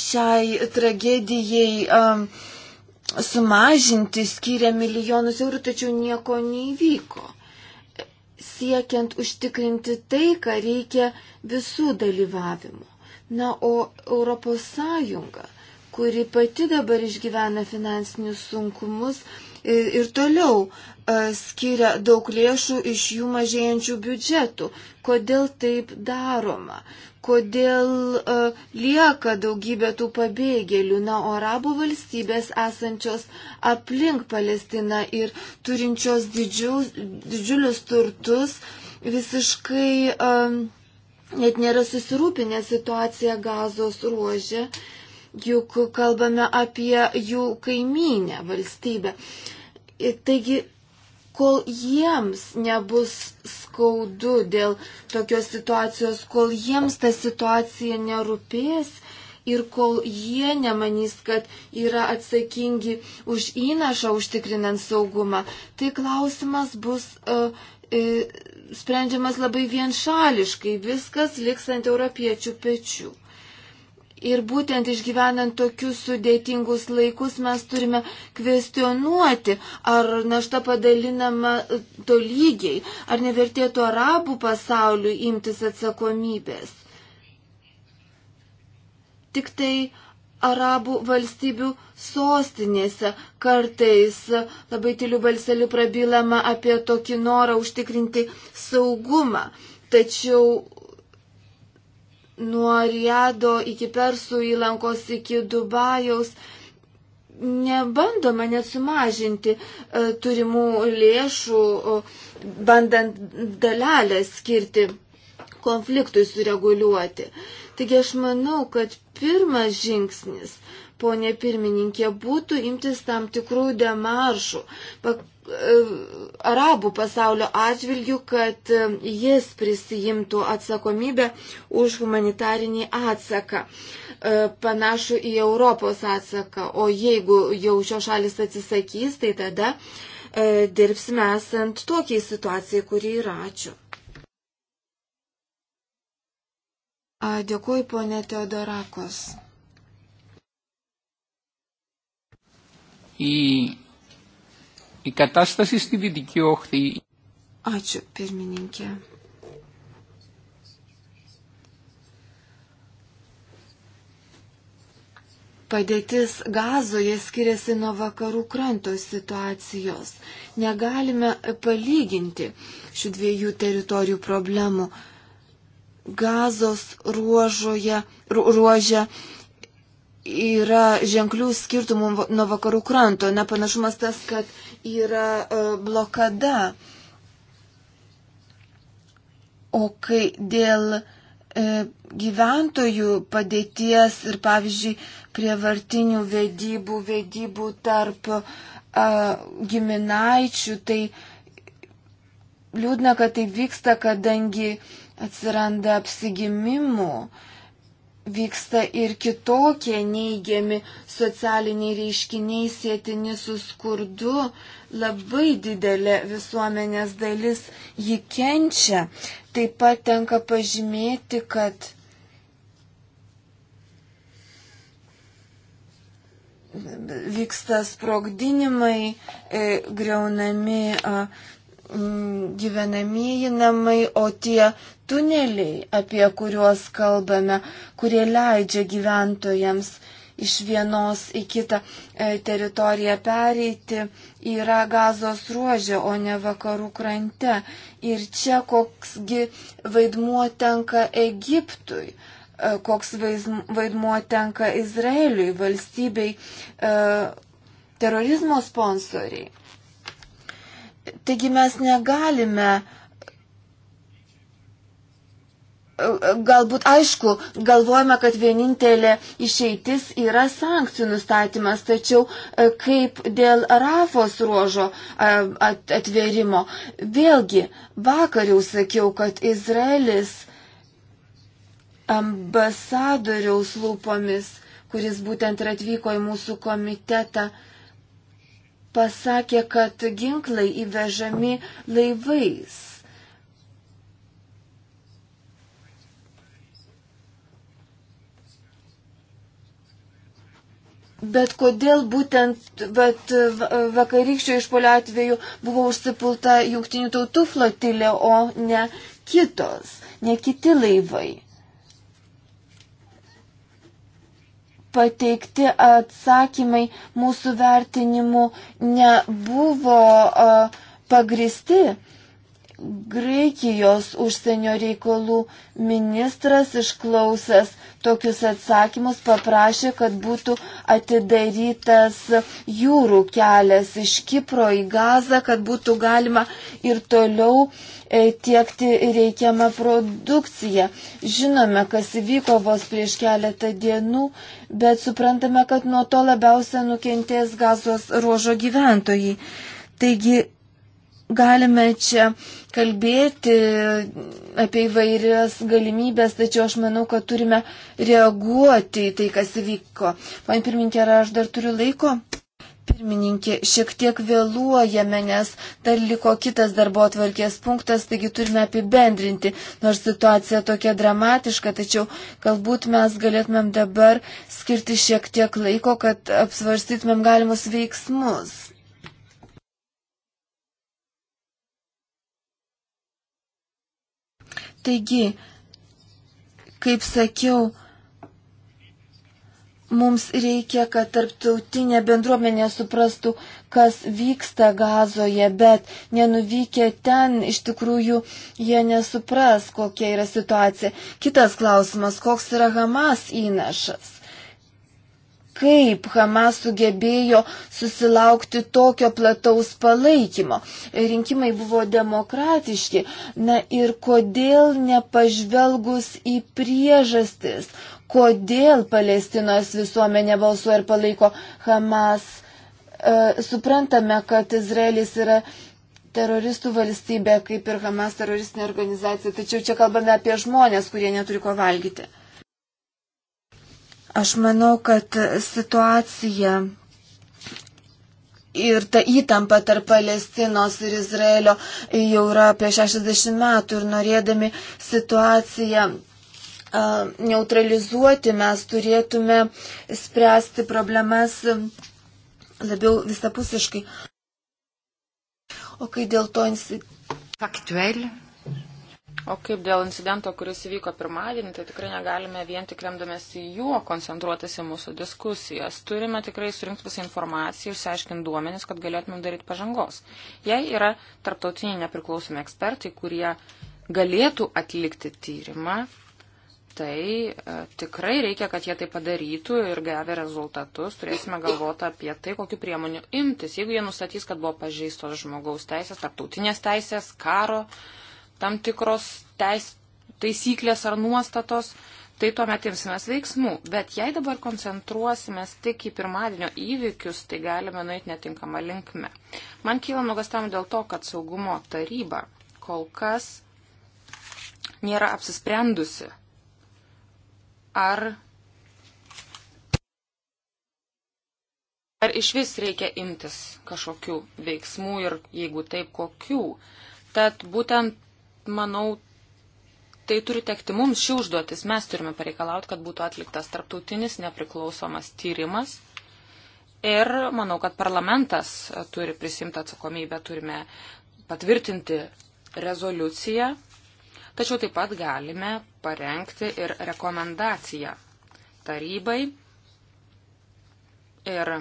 Šiai tragedijai um, sumažinti skiria milijonus eurų, tačiau nieko neįvyko siekiant užtikrinti tai, ką reikia visų dalyvavimo. Na, o Europos Sąjunga kuri pati dabar išgyvena finansinius sunkumus ir toliau e, skiria daug lėšų iš jų mažėjančių biudžetų. Kodėl taip daroma? Kodėl uh, lieka daugybė tų pabėgėlių? Na, o arabų valstybės esančios aplink Palestiną ir turinčios didžius, didžiulius turtus visiškai um, net nėra susirūpinę situaciją gazos ruožė. Uh, juk kalbame apie jų kaiminę valstybę. Taigi, kol jiems nebus skaudu dėl tokios situacijos, kol jiems ta situacija nerūpės ir kol jie nemanys, kad yra atsakingi už įnašą užtikrinant saugumą, tai klausimas bus uh, uh, sprendžiamas labai vienšališkai, viskas liks ant europiečių pečių. Ir būtent išgyvenant tokius sudėtingus laikus mes turime kvestionuoti, ar našta padalinama e, tolygiai, ar nevertėtų arabų pasauliu imtis atsakomybės. Tik tai arabų valstybių sostinėse. Kartais labai tyliu balseliu prabilama apie tokį norą užtikrinti saugumą. Tačiau nuo Riado iki Persų įlankos iki Dubajaus nebandoma net sumažinti e, turimų lėšų, bandant dalelę skirti konfliktui sureguliuoti. Taigi aš manau, kad pirmas žingsnis, ponė pirmininkė, būtų imtis tam tikrų demaršų, E, arabų pasaulio atžvilgių, kad e, jis prisijimtų atsakomybę už humanitarinį atsaką, e, panašų į Europos atsaką. O jeigu jau šios šalis atsisakys, tai tada dirbsime esant tokiai situacijai, kuri yra. Ačiū. Dėkuoju, ponė Teodorakos. Į Η κατάσταση στη Δυτική Όχθη. Ačiū, pirmininkė. Padėtis gazoje skiriasi nuo vakarų kranto situacijos. Negalime palyginti šių dviejų teritorijų problemų. Gazos ruožoje, ruožė yra ženklių skirtumų nuo vakarų kranto. Na, panašumas tas, kad yra e, blokada. O kai dėl e, gyventojų padėties ir, pavyzdžiui, prievartinių vedybų, vedybų tarp a, giminaičių, tai liūdna, kad tai vyksta, kadangi atsiranda apsigimimų. A, vyksta ir kitokie neigiami socialiniai reiškiniai sėtini su skurdu. Labai didelė visuomenės dalis jį kenčia. Taip pat tenka pažymėti, kad vyksta sprogdinimai, e, greunami mm, gyvenamieji namai, o tie tuneliai, apie kuriuos kalbame, kurie leidžia gyventojams iš vienos į kitą e, teritoriją pereiti, yra gazos ruožė, o ne vakarų krante. Ir čia koksgi vaidmuo tenka Egiptui e, koks vaidmuo tenka Izraeliui, valstybei, e, terorizmo sponsoriai. Taigi mes negalime galbūt aišku, galvojame, kad vienintelė išeitis yra sankcijų nustatymas, tačiau e, kaip dėl Rafos ruožo e, atvėrimo. Vėlgi, vakar jau sakiau, kad Izraelis ambasadoriaus lūpomis, kuris būtent ir atvyko į mūsų komitetą, pasakė, kad ginklai įvežami laivais. Bet kodėl būtent bet vakarykščio išpolio atveju buvo užsipulta jungtinių tautų flotilė, o ne kitos, ne kiti laivai? pateikti atsakymai mūsų vertinimu nebuvo pagristi. Graikijos užsienio reikalų ministras išklausęs tokius atsakymus paprašė, kad būtų atidarytas jūrų kelias iš Kipro į Gazą, kad būtų galima ir toliau e, tiekti reikiamą produkciją. Žinome, kas įvyko vos prieš keletą dienų, bet suprantame, kad nuo to labiausia nukentės gazos ruožo gyventojai. Taigi galime čia kalbėti apie įvairias galimybės, tačiau aš manau, kad turime reaguoti į tai, kas įvyko. Pane pirmininkė, ar aš dar turiu laiko? Pirmininkė, šiek tiek vėluojame, nes dar liko kitas darbo atvarkės punktas, taigi turime apibendrinti, nors situacija tokia dramatiška, tačiau galbūt mes galėtumėm dabar skirti šiek tiek laiko, kad apsvarstytumėm galimus veiksmus. Taigi, kaip sakiau, mums reikia, kad tarptautinė bendruomenė suprastų, kas vyksta gazoje, bet nenuvykę ten iš tikrųjų jie nesupras, kokia yra situacija. Kitas klausimas, koks yra Hamas įnašas kaip Hamas sugebėjo susilaukti tokio plataus palaikymo. Rinkimai buvo demokratiški. Na ir kodėl nepažvelgus į priežastis, kodėl Palestinos visuomenė balsuoja ir palaiko Hamas. E, suprantame, kad Izraelis yra teroristų valstybė, kaip ir Hamas teroristinė organizacija, tačiau čia kalbame apie žmonės, kurie neturi ko valgyti. Aš manau, kad situacija ir ta įtampa tarp Palestinos ir Izraelio jau yra apie 60 metų ir norėdami situaciją neutralizuoti, mes turėtume spręsti problemas labiau visapusiškai. O kai dėl to institucijų. O kaip dėl incidento, kuris įvyko pirmadienį, tai tikrai negalime vien tik remdamėsi juo koncentruotis į mūsų diskusijas. Turime tikrai surinkti visą informaciją, išsiaiškinti duomenis, kad galėtumėm daryti pažangos. Jei yra tarptautiniai nepriklausomi ekspertai, kurie galėtų atlikti tyrimą, tai e, tikrai reikia, kad jie tai padarytų ir gavę rezultatus turėsime galvoti apie tai, kokiu priemoniu imtis. Jeigu jie nustatys, kad buvo pažeistos žmogaus teisės, tarptautinės teisės, karo tam tikros teis, taisyklės ar nuostatos, tai tuomet imsimės veiksmų. Bet jei dabar koncentruosimės tik į pirmadienio įvykius, tai galime nueiti netinkamą linkmę. Man kyla nuogastam dėl to, kad saugumo taryba kol kas nėra apsisprendusi, ar, ar iš vis reikia imtis kažkokių veiksmų ir jeigu taip, kokių. Tad būtent manau, tai turi tekti mums ši užduotis. Mes turime pareikalauti, kad būtų atliktas tarptautinis nepriklausomas tyrimas. Ir manau, kad parlamentas turi prisimti atsakomybę, turime patvirtinti rezoliuciją, tačiau taip pat galime parengti ir rekomendaciją tarybai. Ir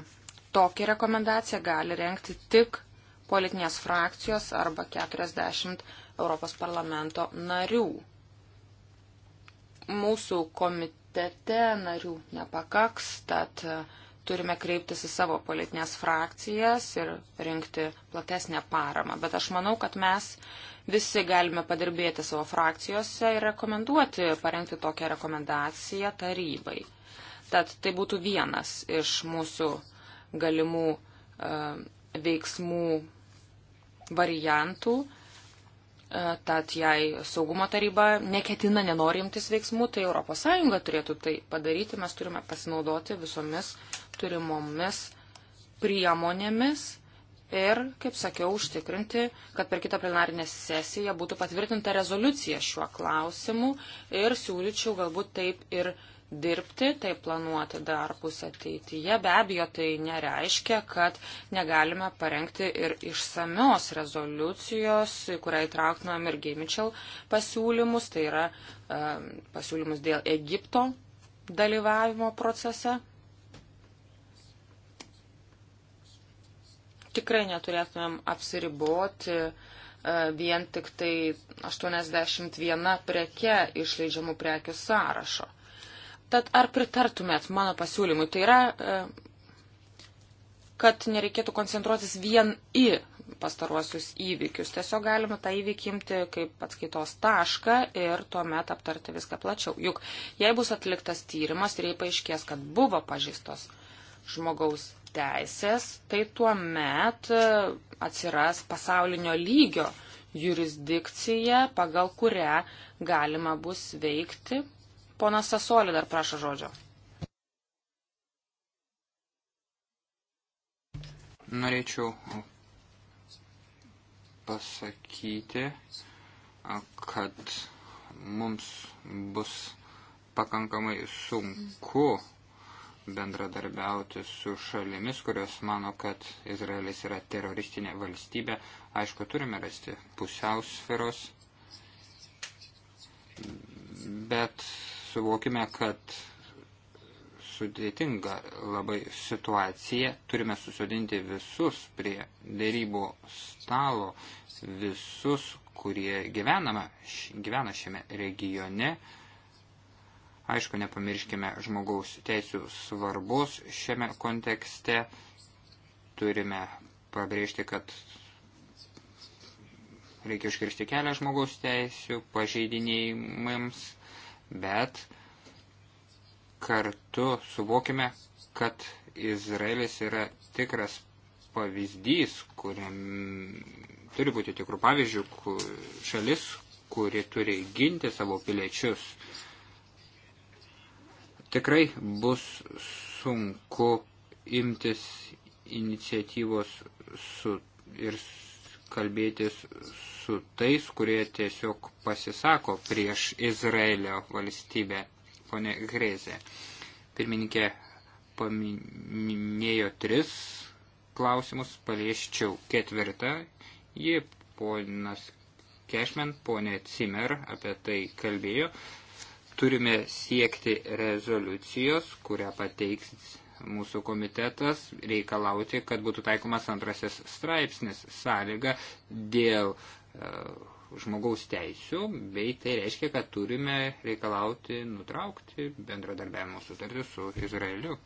tokią rekomendaciją gali renkti tik politinės frakcijos arba 40 Europos parlamento narių. Mūsų komitete narių nepakaks, tad e, turime kreiptis į savo politinės frakcijas ir rinkti platesnę paramą. Bet aš manau, kad mes visi galime padirbėti savo frakcijose ir rekomenduoti, parengti tokią rekomendaciją tarybai. Tad tai būtų vienas iš mūsų galimų e, veiksmų variantų. Tad jei saugumo taryba neketina, nenori imtis veiksmų, tai ES turėtų tai padaryti. Mes turime pasinaudoti visomis turimomis priemonėmis ir, kaip sakiau, užtikrinti, kad per kitą plenarinę sesiją būtų patvirtinta rezoliucija šiuo klausimu ir siūlyčiau galbūt taip ir dirbti, tai planuoti darbus ateityje. Be abejo, tai nereiškia, kad negalime parengti ir išsamios rezoliucijos, kurią įtrauktumėm ir Gimičel pasiūlymus, tai yra um, pasiūlymus dėl Egipto dalyvavimo procese. Tikrai neturėtumėm apsiriboti uh, vien tik tai 81 preke išleidžiamų prekių sąrašo. Tad ar pritartumėt mano pasiūlymui? Tai yra, e, kad nereikėtų koncentruotis vien į pastaruosius įvykius. Tiesiog galime tą įvykį imti kaip atskaitos tašką ir tuomet aptarti viską plačiau. Juk jei bus atliktas tyrimas ir jei paaiškės, kad buvo pažįstos žmogaus teisės, tai tuomet e, atsiras pasaulinio lygio jurisdikcija, pagal kurią galima bus veikti Ponas Sasuolė dar prašo žodžio. Norėčiau pasakyti, kad mums bus pakankamai sunku bendradarbiauti su šalimis, kurios mano, kad Izraelis yra teroristinė valstybė. Aišku, turime rasti pusiausferos, bet suvokime, kad sudėtinga labai situacija, turime susodinti visus prie dėrybų stalo, visus, kurie gyvename, gyvena šiame regione. Aišku, nepamirškime žmogaus teisų svarbus šiame kontekste. Turime pabrėžti, kad reikia užkirsti kelią žmogaus teisų pažeidinėjimams bet kartu suvokime, kad Izraelis yra tikras pavyzdys, kuriam turi būti tikrų pavyzdžių, kur, šalis, kuri turi ginti savo piliečius. Tikrai bus sunku imtis iniciatyvos su, ir su kalbėtis su tais, kurie tiesiog pasisako prieš Izraelio valstybę, ponė Grėzė. Pirmininkė paminėjo tris klausimus, palieščiau ketvirtą. Ji ponas Kešmen, ponė Cimer apie tai kalbėjo. Turime siekti rezoliucijos, kurią pateiks mūsų komitetas reikalauti, kad būtų taikomas antrasis straipsnis sąlyga dėl e, žmogaus teisių, bei tai reiškia, kad turime reikalauti nutraukti bendradarbiavimo sutartį su Izraeliu.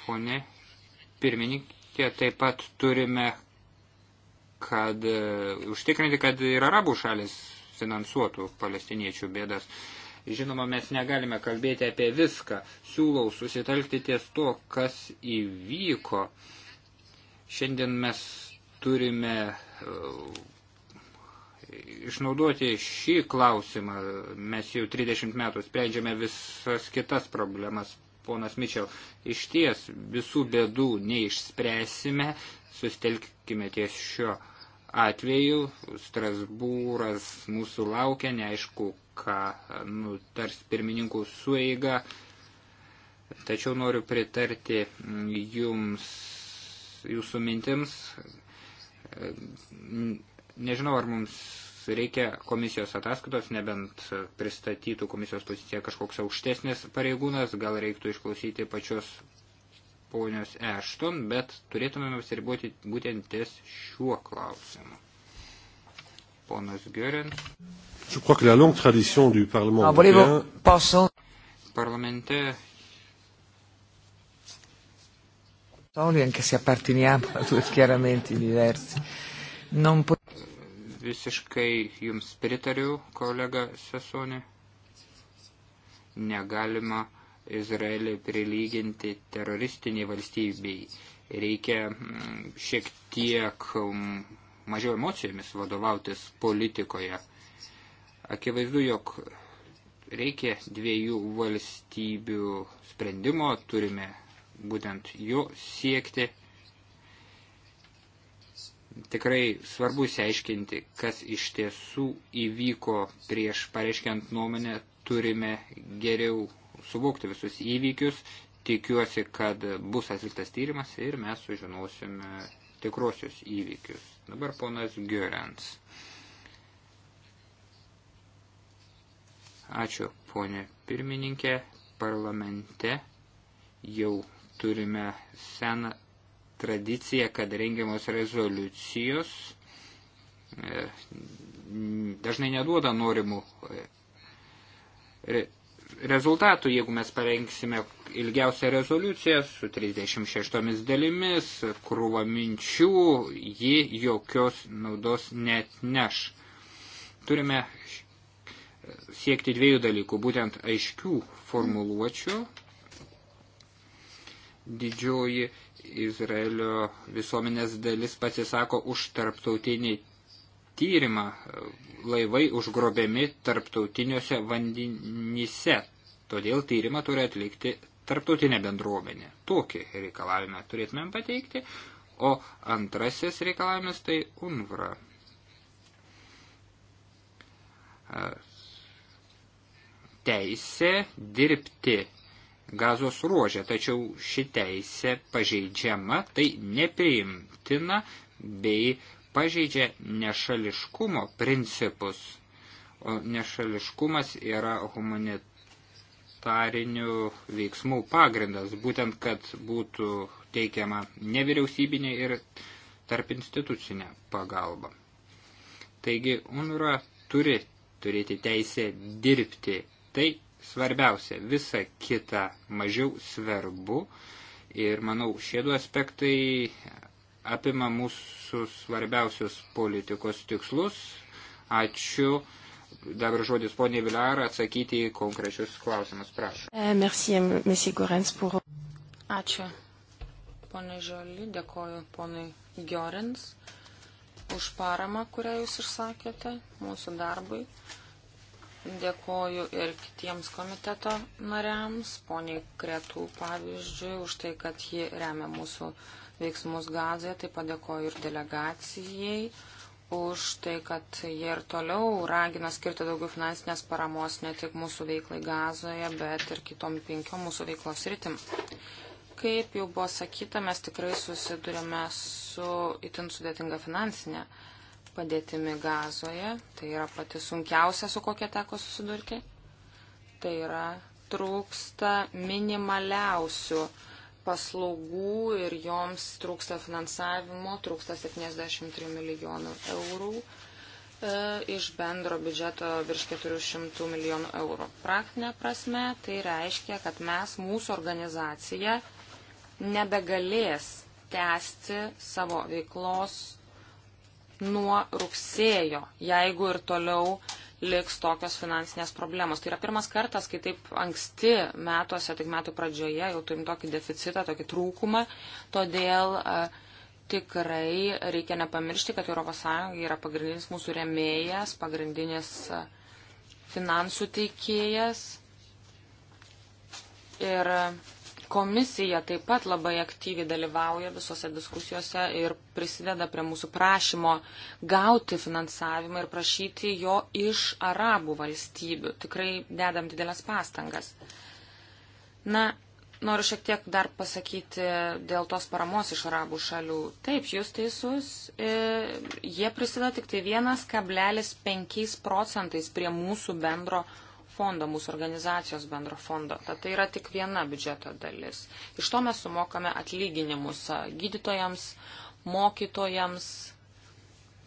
Pone pirmininkė, taip pat turime kad e, užtikrinti, kad ir arabų šalis finansuotų palestiniečių bėdas. Uh, Žinoma, mes negalime kalbėti apie viską. Siūlau susitelkti ties to, kas įvyko. Šiandien mes turime e, išnaudoti šį klausimą. Mes jau 30 metų sprendžiame visas kitas problemas. Ponas Mičel, iš ties visų bėdų neišspręsime, sustelkime ties šio atveju. Strasbūras mūsų laukia, neaišku, ką nutars pirmininkų sueiga. Tačiau noriu pritarti jums, jūsų mintims. Nežinau, ar mums reikia komisijos ataskaitos, nebent pristatytų komisijos poziciją kažkoks aukštesnis pareigūnas, gal reiktų išklausyti pačios ponios Ešton, bet turėtumėm apsiriboti būtent ties šiuo klausimu. Ponas Görin. Je crois que la longue tradition du Parlement ah, européen... Posso... Parlamente... anche se apparteniamo a due schieramenti diversi. Non po- Visiškai jums pritariu, kolega Sasonė. Negalima Izraelį prilyginti teroristiniai valstybei. Reikia mm, šiek tiek mm, mažiau emocijomis vadovautis politikoje Akivaizdu, jog reikia dviejų valstybių sprendimo, turime būtent jo siekti. Tikrai svarbu įsiaiškinti, kas iš tiesų įvyko prieš pareiškiant nuomonę, turime geriau suvokti visus įvykius. Tikiuosi, kad bus atliktas tyrimas ir mes sužinosime tikruosius įvykius. Dabar ponas Giorens. Ačiū, ponė pirmininkė. Parlamente jau turime seną tradiciją, kad rengiamos rezoliucijos e, dažnai neduoda norimų e, rezultatų, jeigu mes parengsime ilgiausią rezoliuciją su 36 dalimis, krūva minčių, ji jokios naudos net neš. Turime siekti dviejų dalykų, būtent aiškių formuluočių. Didžioji Izraelio visuomenės dalis pasisako už tarptautinį tyrimą. Laivai užgrobiami tarptautiniuose vandenyse. Todėl tyrimą turi atlikti tarptautinė bendruomenė. Tokį reikalavimą turėtumėm pateikti. O antrasis reikalavimas tai UNVRA teisė dirbti gazos ruožė, tačiau ši teisė pažeidžiama, tai nepriimtina bei pažeidžia nešališkumo principus. O nešališkumas yra humanitarinių veiksmų pagrindas, būtent kad būtų teikiama nevyriausybinė ir tarp institucinė pagalba. Taigi UNRWA turi turėti teisę dirbti Tai svarbiausia, visa kita mažiau svarbu ir manau šie du aspektai apima mūsų svarbiausius politikos tikslus. Ačiū. Dabar žodis ponė Vilara atsakyti į konkrečius klausimus, prašau. E, merci, monsieur Gorens, pour... Ačiū, ponė Žoli, dėkoju ponui Giorens už paramą, kurią jūs išsakėte mūsų darbui. Dėkoju ir kitiems komiteto nariams, poniai Kretų pavyzdžiui, už tai, kad ji remia mūsų veiksmus gazoje, taip pat dėkoju ir delegacijai už tai, kad jie ir toliau ragina skirti daugiau finansinės paramos ne tik mūsų veiklai gazoje, bet ir kitom penkiom mūsų veiklos rytim. Kaip jau buvo sakyta, mes tikrai susidurėme su itin sudėtinga finansinė padėtimi gazoje, tai yra pati sunkiausia, su kokia teko susidurti, tai yra trūksta minimaliausių paslaugų ir joms trūksta finansavimo, trūksta 73 milijonų eurų e, iš bendro biudžeto virš 400 milijonų eurų. Praktinė prasme tai reiškia, kad mes, mūsų organizacija, nebegalės tęsti savo veiklos nuo rugsėjo, jeigu ir toliau liks tokios finansinės problemos. Tai yra pirmas kartas, kai taip anksti metuose, tik metų pradžioje jau turim tokį deficitą, tokį trūkumą. Todėl a, e, tikrai reikia nepamiršti, kad ES yra pagrindinis mūsų remėjas, pagrindinis a, e, finansų teikėjas. Ir Komisija taip pat labai aktyviai dalyvauja visose diskusijose ir prisideda prie mūsų prašymo gauti finansavimą ir prašyti jo iš arabų valstybių. Tikrai dedam didelės pastangas. Na, noriu šiek tiek dar pasakyti dėl tos paramos iš arabų šalių. Taip, jūs teisus, e, jie prisideda tik tai 1,5 procentais prie mūsų bendro fondo, mūsų organizacijos bendro fondo. Tad tai yra tik viena biudžeto dalis. Iš to mes sumokame atlyginimus gydytojams, mokytojams.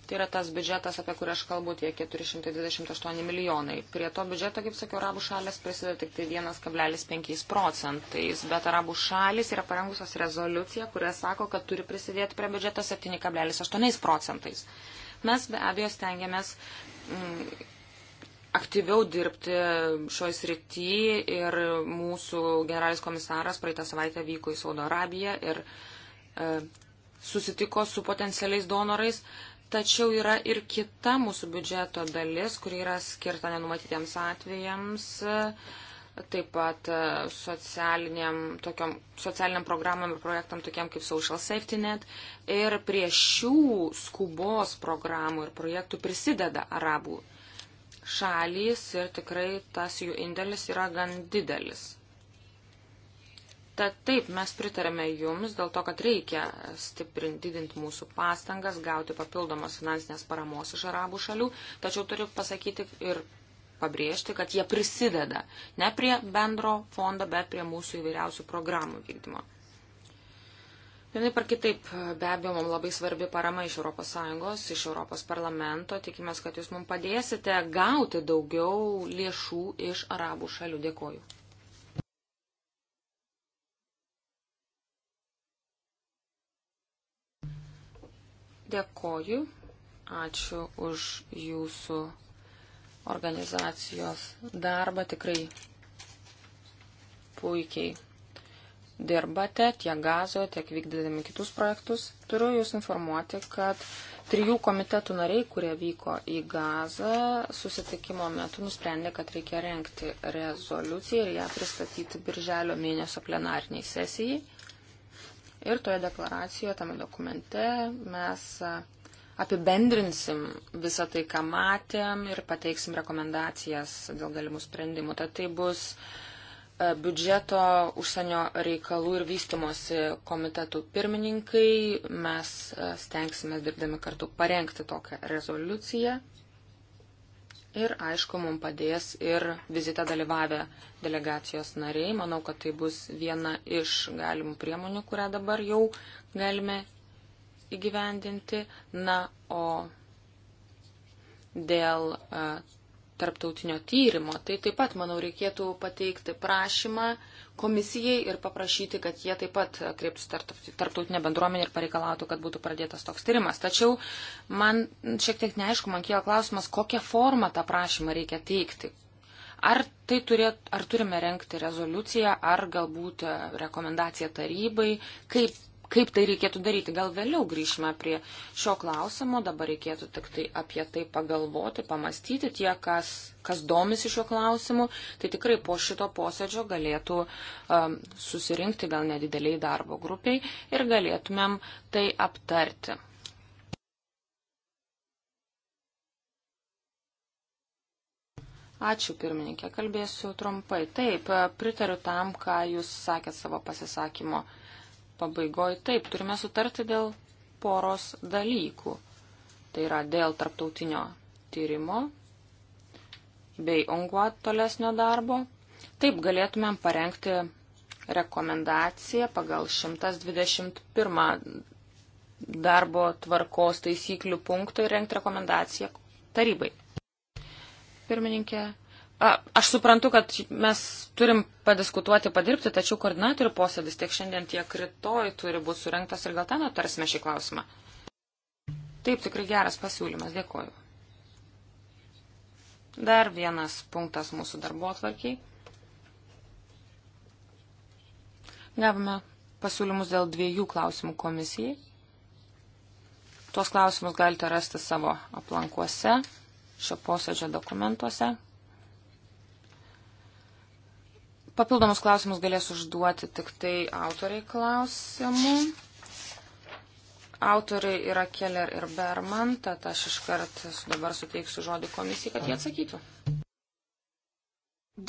Tai yra tas biudžetas, apie kurį aš kalbu, tie 428 milijonai. Prie to biudžeto, kaip sakiau, arabų šalės prisideda tik tai 1,5 procentais, bet arabų šalis yra parengusios rezoliuciją, kurie sako, kad turi prisidėti prie biudžeto 7,8 procentais. Mes be abejo stengiamės mm, aktyviau dirbti šioje srityje ir mūsų generalinis komisaras praeitą savaitę vyko į Saudo Arabiją ir e, susitiko su potencialiais donorais, tačiau yra ir kita mūsų biudžeto dalis, kuri yra skirta nenumatytiems atvejams, taip pat e, socialiniam, tokiam, socialiniam programam ir projektam tokiam kaip Social Safety Net. Ir prie šių skubos programų ir projektų prisideda Arabų šalys ir tikrai tas jų indėlis yra gan didelis. Tad taip, mes pritarėme jums dėl to, kad reikia stiprinti, didinti mūsų pastangas, gauti papildomos finansinės paramos iš arabų šalių, tačiau turiu pasakyti ir pabrėžti, kad jie prisideda ne prie bendro fondo, bet prie mūsų įvairiausių programų vykdymo. Vienai par kitaip, be abejo, mums labai svarbi parama iš ES, iš ES parlamento. Tikimės, kad jūs mums padėsite gauti daugiau lėšų iš arabų šalių. Dėkoju. Dėkoju. Ačiū už jūsų organizacijos darbą. Tikrai puikiai dirbate tiek gazoje, tiek vykdydami kitus projektus. Turiu Jūs informuoti, kad trijų komitetų nariai, kurie vyko į gazą, susitikimo metu nusprendė, kad reikia renkti rezoliuciją ir ją pristatyti birželio mėnesio plenarniai sesijai. Ir toje deklaracijoje, tame dokumente mes apibendrinsim visą tai, ką matėm ir pateiksim rekomendacijas dėl galimų sprendimų. Tad tai bus uh, E, biudžeto, užsienio reikalų ir vystimosi komitetų pirmininkai. Mes e, stengsime dirbdami kartu parengti tokią rezoliuciją. Ir aišku, mums padės ir vizite dalyvavę delegacijos nariai. Manau, kad tai bus viena iš galimų priemonių, kurią dabar jau galime įgyvendinti. Na, o dėl uh, tarptautinio tyrimo, tai taip pat, manau, reikėtų pateikti prašymą komisijai ir paprašyti, kad jie taip pat kreiptų tarptautinę bendruomenę ir pareikalautų, kad būtų pradėtas toks tyrimas. Tačiau man šiek tiek neaišku, man kyla klausimas, kokią formą tą prašymą reikia teikti. Ar, tai turėt, ar turime renkti rezoliuciją, ar galbūt rekomendaciją tarybai, kaip kaip tai reikėtų daryti. Gal vėliau grįšime prie šio klausimo, dabar reikėtų tik tai apie tai pagalvoti, pamastyti tie, kas, kas domisi šiuo klausimu, tai tikrai po šito posėdžio galėtų um, susirinkti gal nedideliai darbo grupiai ir galėtumėm tai aptarti. Ačiū pirmininkė, kalbėsiu trumpai. Taip, pritariu tam, ką jūs sakėt savo pasisakymo pabaigoje taip, turime sutarti dėl poros dalykų. Tai yra dėl tarptautinio tyrimo bei onguat tolesnio darbo. Taip galėtumėm parengti rekomendaciją pagal 121 darbo tvarkos taisyklių punktą ir rengti rekomendaciją tarybai. Pirmininkė, A, aš suprantu, kad mes turim padiskutuoti, padirbti, tačiau koordinatorių posėdis tiek šiandien, tiek rytoj turi būti surinktas ir gal ten aptarsime šį klausimą. Taip, tikrai geras pasiūlymas, dėkoju. Dar vienas punktas mūsų darbo atvarkiai. Gavome pasiūlymus dėl dviejų klausimų komisijai. Tuos klausimus galite rasti savo aplankuose, šio posėdžio dokumentuose. Papildomus klausimus galės užduoti tik tai autoriai klausimų. Autoriai yra Keller ir Berman, tad aš iškart dabar suteiksiu žodį komisijai, kad jie atsakytų.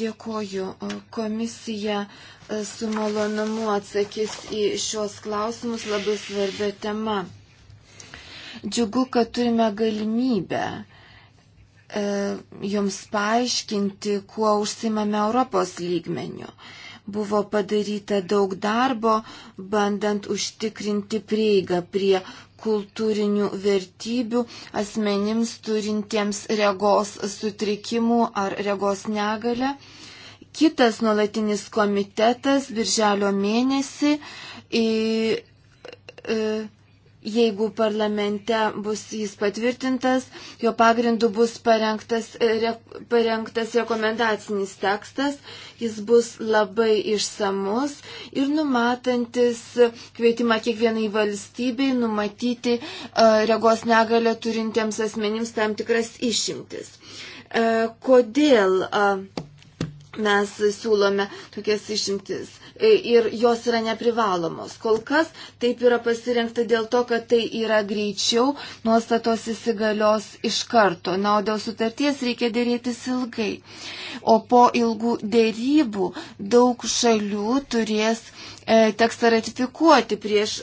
Dėkoju. Komisija su malonumu atsakys į šios klausimus labai svarbia tema. Džiugu, kad turime galimybę E, jums paaiškinti, kuo užsimame Europos lygmeniu. Buvo padaryta daug darbo, bandant užtikrinti prieigą prie kultūrinių vertybių asmenims turintiems regos sutrikimų ar regos negalę. Kitas nuolatinis komitetas birželio mėnesį į, į, e, jeigu parlamente bus jis patvirtintas, jo pagrindu bus parengtas, e, re, parengtas rekomendacinis tekstas, jis bus labai išsamus ir numatantis kvietimą kiekvienai valstybei numatyti e, regos negalę turintiems asmenims tam tikras išimtis. E, kodėl mes siūlome tokias išimtis? E, ir jos yra neprivalomos. Kol kas taip yra pasirinkta dėl to, kad tai yra greičiau, nuostatos įsigalios iš karto. Na, o dėl sutarties reikia dėrėtis ilgai. O po ilgų dėrybų daug šalių turės E, tekstą ratifikuoti prieš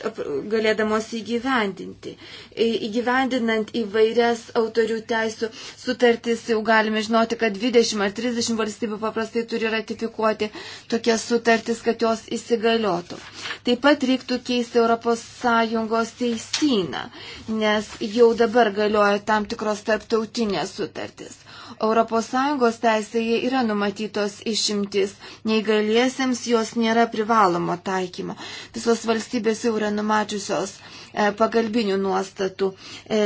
galėdamos įgyvendinti. E, įgyvendinant įvairias autorių teisų sutartis jau galime žinoti, kad 20 ar 30 valstybių paprastai turi ratifikuoti tokias sutartis, kad jos įsigaliotų. Taip pat reiktų keisti ES teisyną, nes jau dabar galioja tam tikros tarptautinės sutartis. ES teisėje yra numatytos išimtis, neįgaliesiems jos nėra privaloma taikymo. Visos valstybės jau yra numačiusios e, pagalbinių nuostatų e,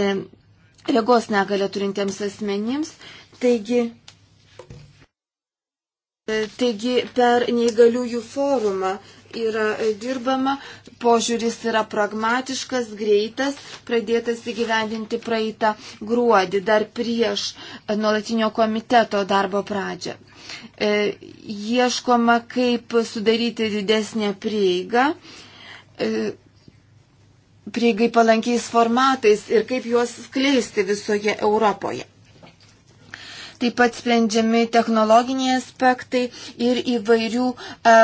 regos negalę turintiems asmenims. Taigi, e, taigi per neįgaliųjų forumą yra e, dirbama, požiūris yra pragmatiškas, greitas, pradėtas įgyvendinti praeitą gruodį, dar prieš e, nuolatinio komiteto darbo pradžią. E, ieškoma, kaip sudaryti didesnę prieigą. E, prieigai palankiais formatais ir kaip juos skleisti visoje Europoje. Taip pat sprendžiami technologiniai aspektai ir įvairių uh, e,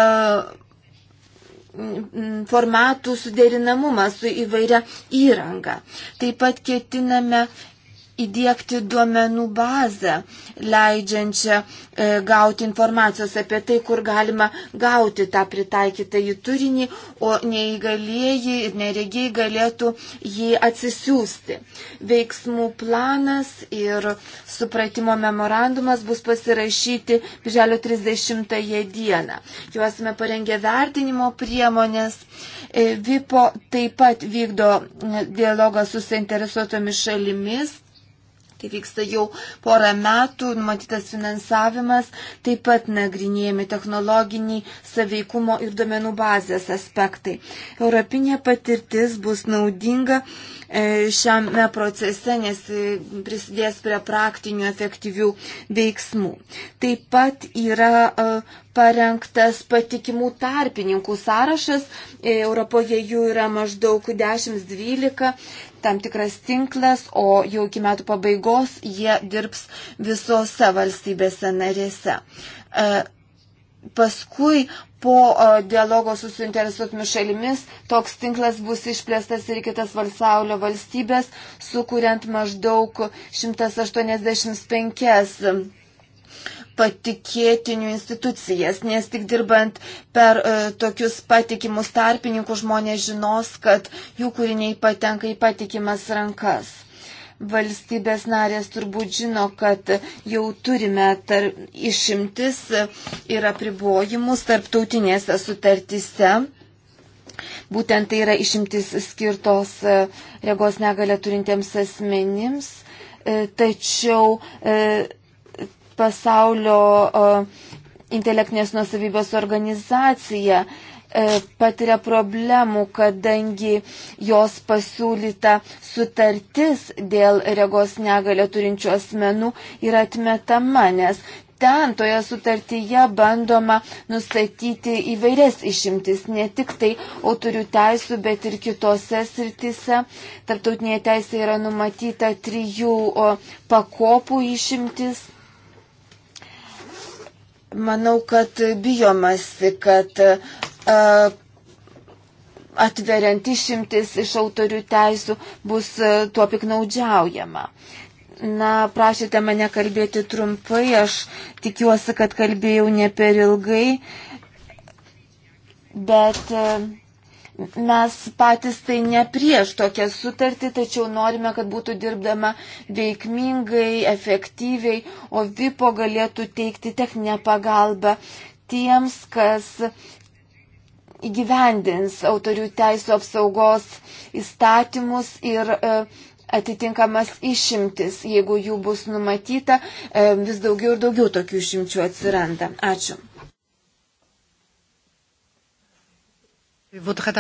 formatų suderinamumas su įvairia įranga. Taip pat ketiname įdėkti duomenų bazę, leidžiančią e, gauti informacijos apie tai, kur galima gauti tą pritaikytą į turinį, o neįgalieji ir neregiai galėtų jį atsisiųsti. Veiksmų planas ir supratimo memorandumas bus pasirašyti birželio 30 dieną. Jau esame parengę vertinimo priemonės. E, VIPO taip pat vykdo dialogą su suinteresuotomis šalimis Tai vyksta jau porą metų, numatytas finansavimas, taip pat nagrinėjami technologiniai saveikumo ir domenų bazės aspektai. Europinė patirtis bus naudinga e, šiame procese, nes e, prisidės prie praktinių efektyvių veiksmų. Taip pat yra e, parengtas patikimų tarpininkų sąrašas. E, Europoje jų yra maždaug 10-12, tam tikras tinklas, o jau iki metų pabaigos jie dirbs visose valstybėse narėse. E, Paskui po e, dialogo su suinteresuotomis šalimis toks tinklas bus išplėstas ir kitas pasaulio valstybės, sukuriant maždaug 185 patikėtinių institucijas, nes tik dirbant per e, tokius patikimus tarpininkus žmonės žinos, kad jų kūriniai patenka į patikimas rankas. Valstybės narės turbūt žino, kad jau turime tarp, išimtis ir apribojimus tarptautinėse sutartise. Būtent tai yra išimtis skirtos e, regos negalę turintiems asmenims e, tačiau e, pasaulio intelektinės nusavybės organizacija e, patiria problemų, kadangi jos pasiūlyta sutartis dėl regos negalę turinčių asmenų yra atmetama, nes ten toje sutartyje bandoma nustatyti įvairias išimtis, ne tik tai autorių teisų, bet ir kitose sritise. Tarptautinėje teisėje yra numatyta trijų pakopų išimtis. Manau, kad bijomasi, kad atveriant išimtis iš autorių teisų bus tuo piknaudžiaujama. Na, prašėte mane kalbėti trumpai, aš tikiuosi, kad kalbėjau ne per ilgai, bet. Uh, Mes patys tai ne prieš tokią sutartį, tačiau norime, kad būtų dirbdama veikmingai, efektyviai, o VIPO galėtų teikti techninę pagalbą tiems, kas įgyvendins autorių teisų apsaugos įstatymus ir e, atitinkamas išimtis, jeigu jų bus numatyta, e, vis daugiau ir daugiau tokių išimčių atsiranda. Ačiū. Neturiu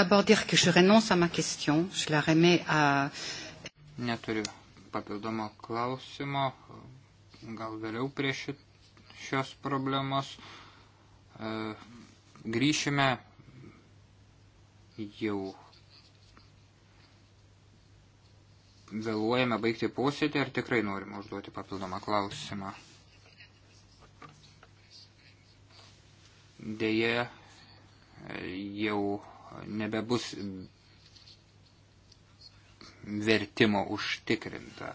papildomo klausimo, gal vėliau prie šios problemos. E, grįšime jau vėluojame baigti posėdį, ar tikrai norime užduoti papildomą klausimą? Deja, jau nebebus vertimo užtikrinta.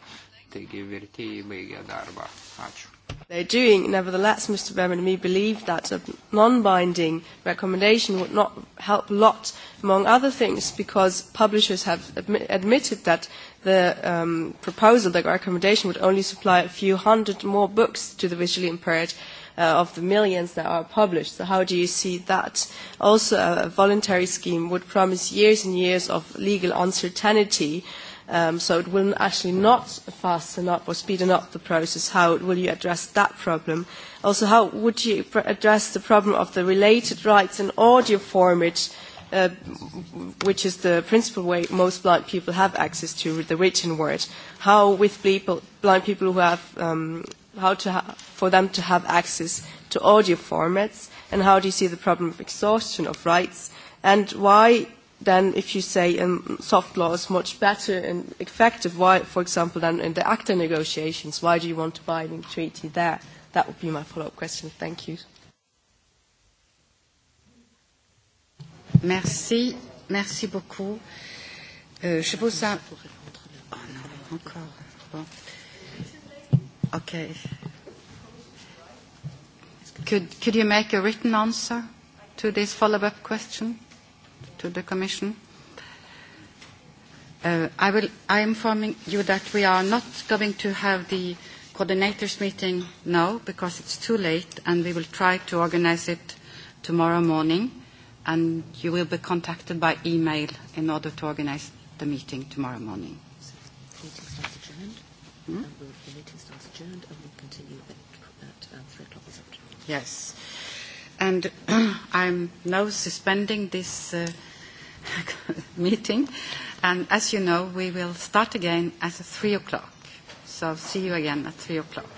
Taigi vertėjai baigė darbą. Ačiū. They're doing, nevertheless, Mr. Berman and me believe that a non-binding recommendation would not help a lot, among other things, because publishers have admi admitted that the um, proposal, the recommendation, would only supply a few hundred more books to the visually impaired, uh, uh, of the millions that are published. So how do you see that? Also, a voluntary scheme would promise years and years of legal uncertainty. Um, so it will actually not fasten up or speeden up the process. How will you address that problem? Also, how would you pr- address the problem of the related rights in audio format, uh, which is the principal way most blind people have access to the written word? How, with people, blind people who have um, how to ha- for them to have access to audio formats, and how do you see the problem of exhaustion of rights, and why then, if you say um, soft law is much better and effective, why, for example, than in the ACTA negotiations, why do you want a binding treaty there? That would be my follow-up question. Thank you. Merci, merci beaucoup. Euh, je pose un. Oh non, encore. Bon. Okay. Could, could you make a written answer to this follow-up question to the Commission? Uh, I, will, I am informing you that we are not going to have the coordinators meeting now because it's too late and we will try to organize it tomorrow morning and you will be contacted by email in order to organize the meeting tomorrow morning. Hmm? adjourned and we'll continue at, at um, 3 o'clock this afternoon. Yes. And I'm now suspending this uh, meeting. And as you know, we will start again at 3 o'clock. So see you again at 3 o'clock.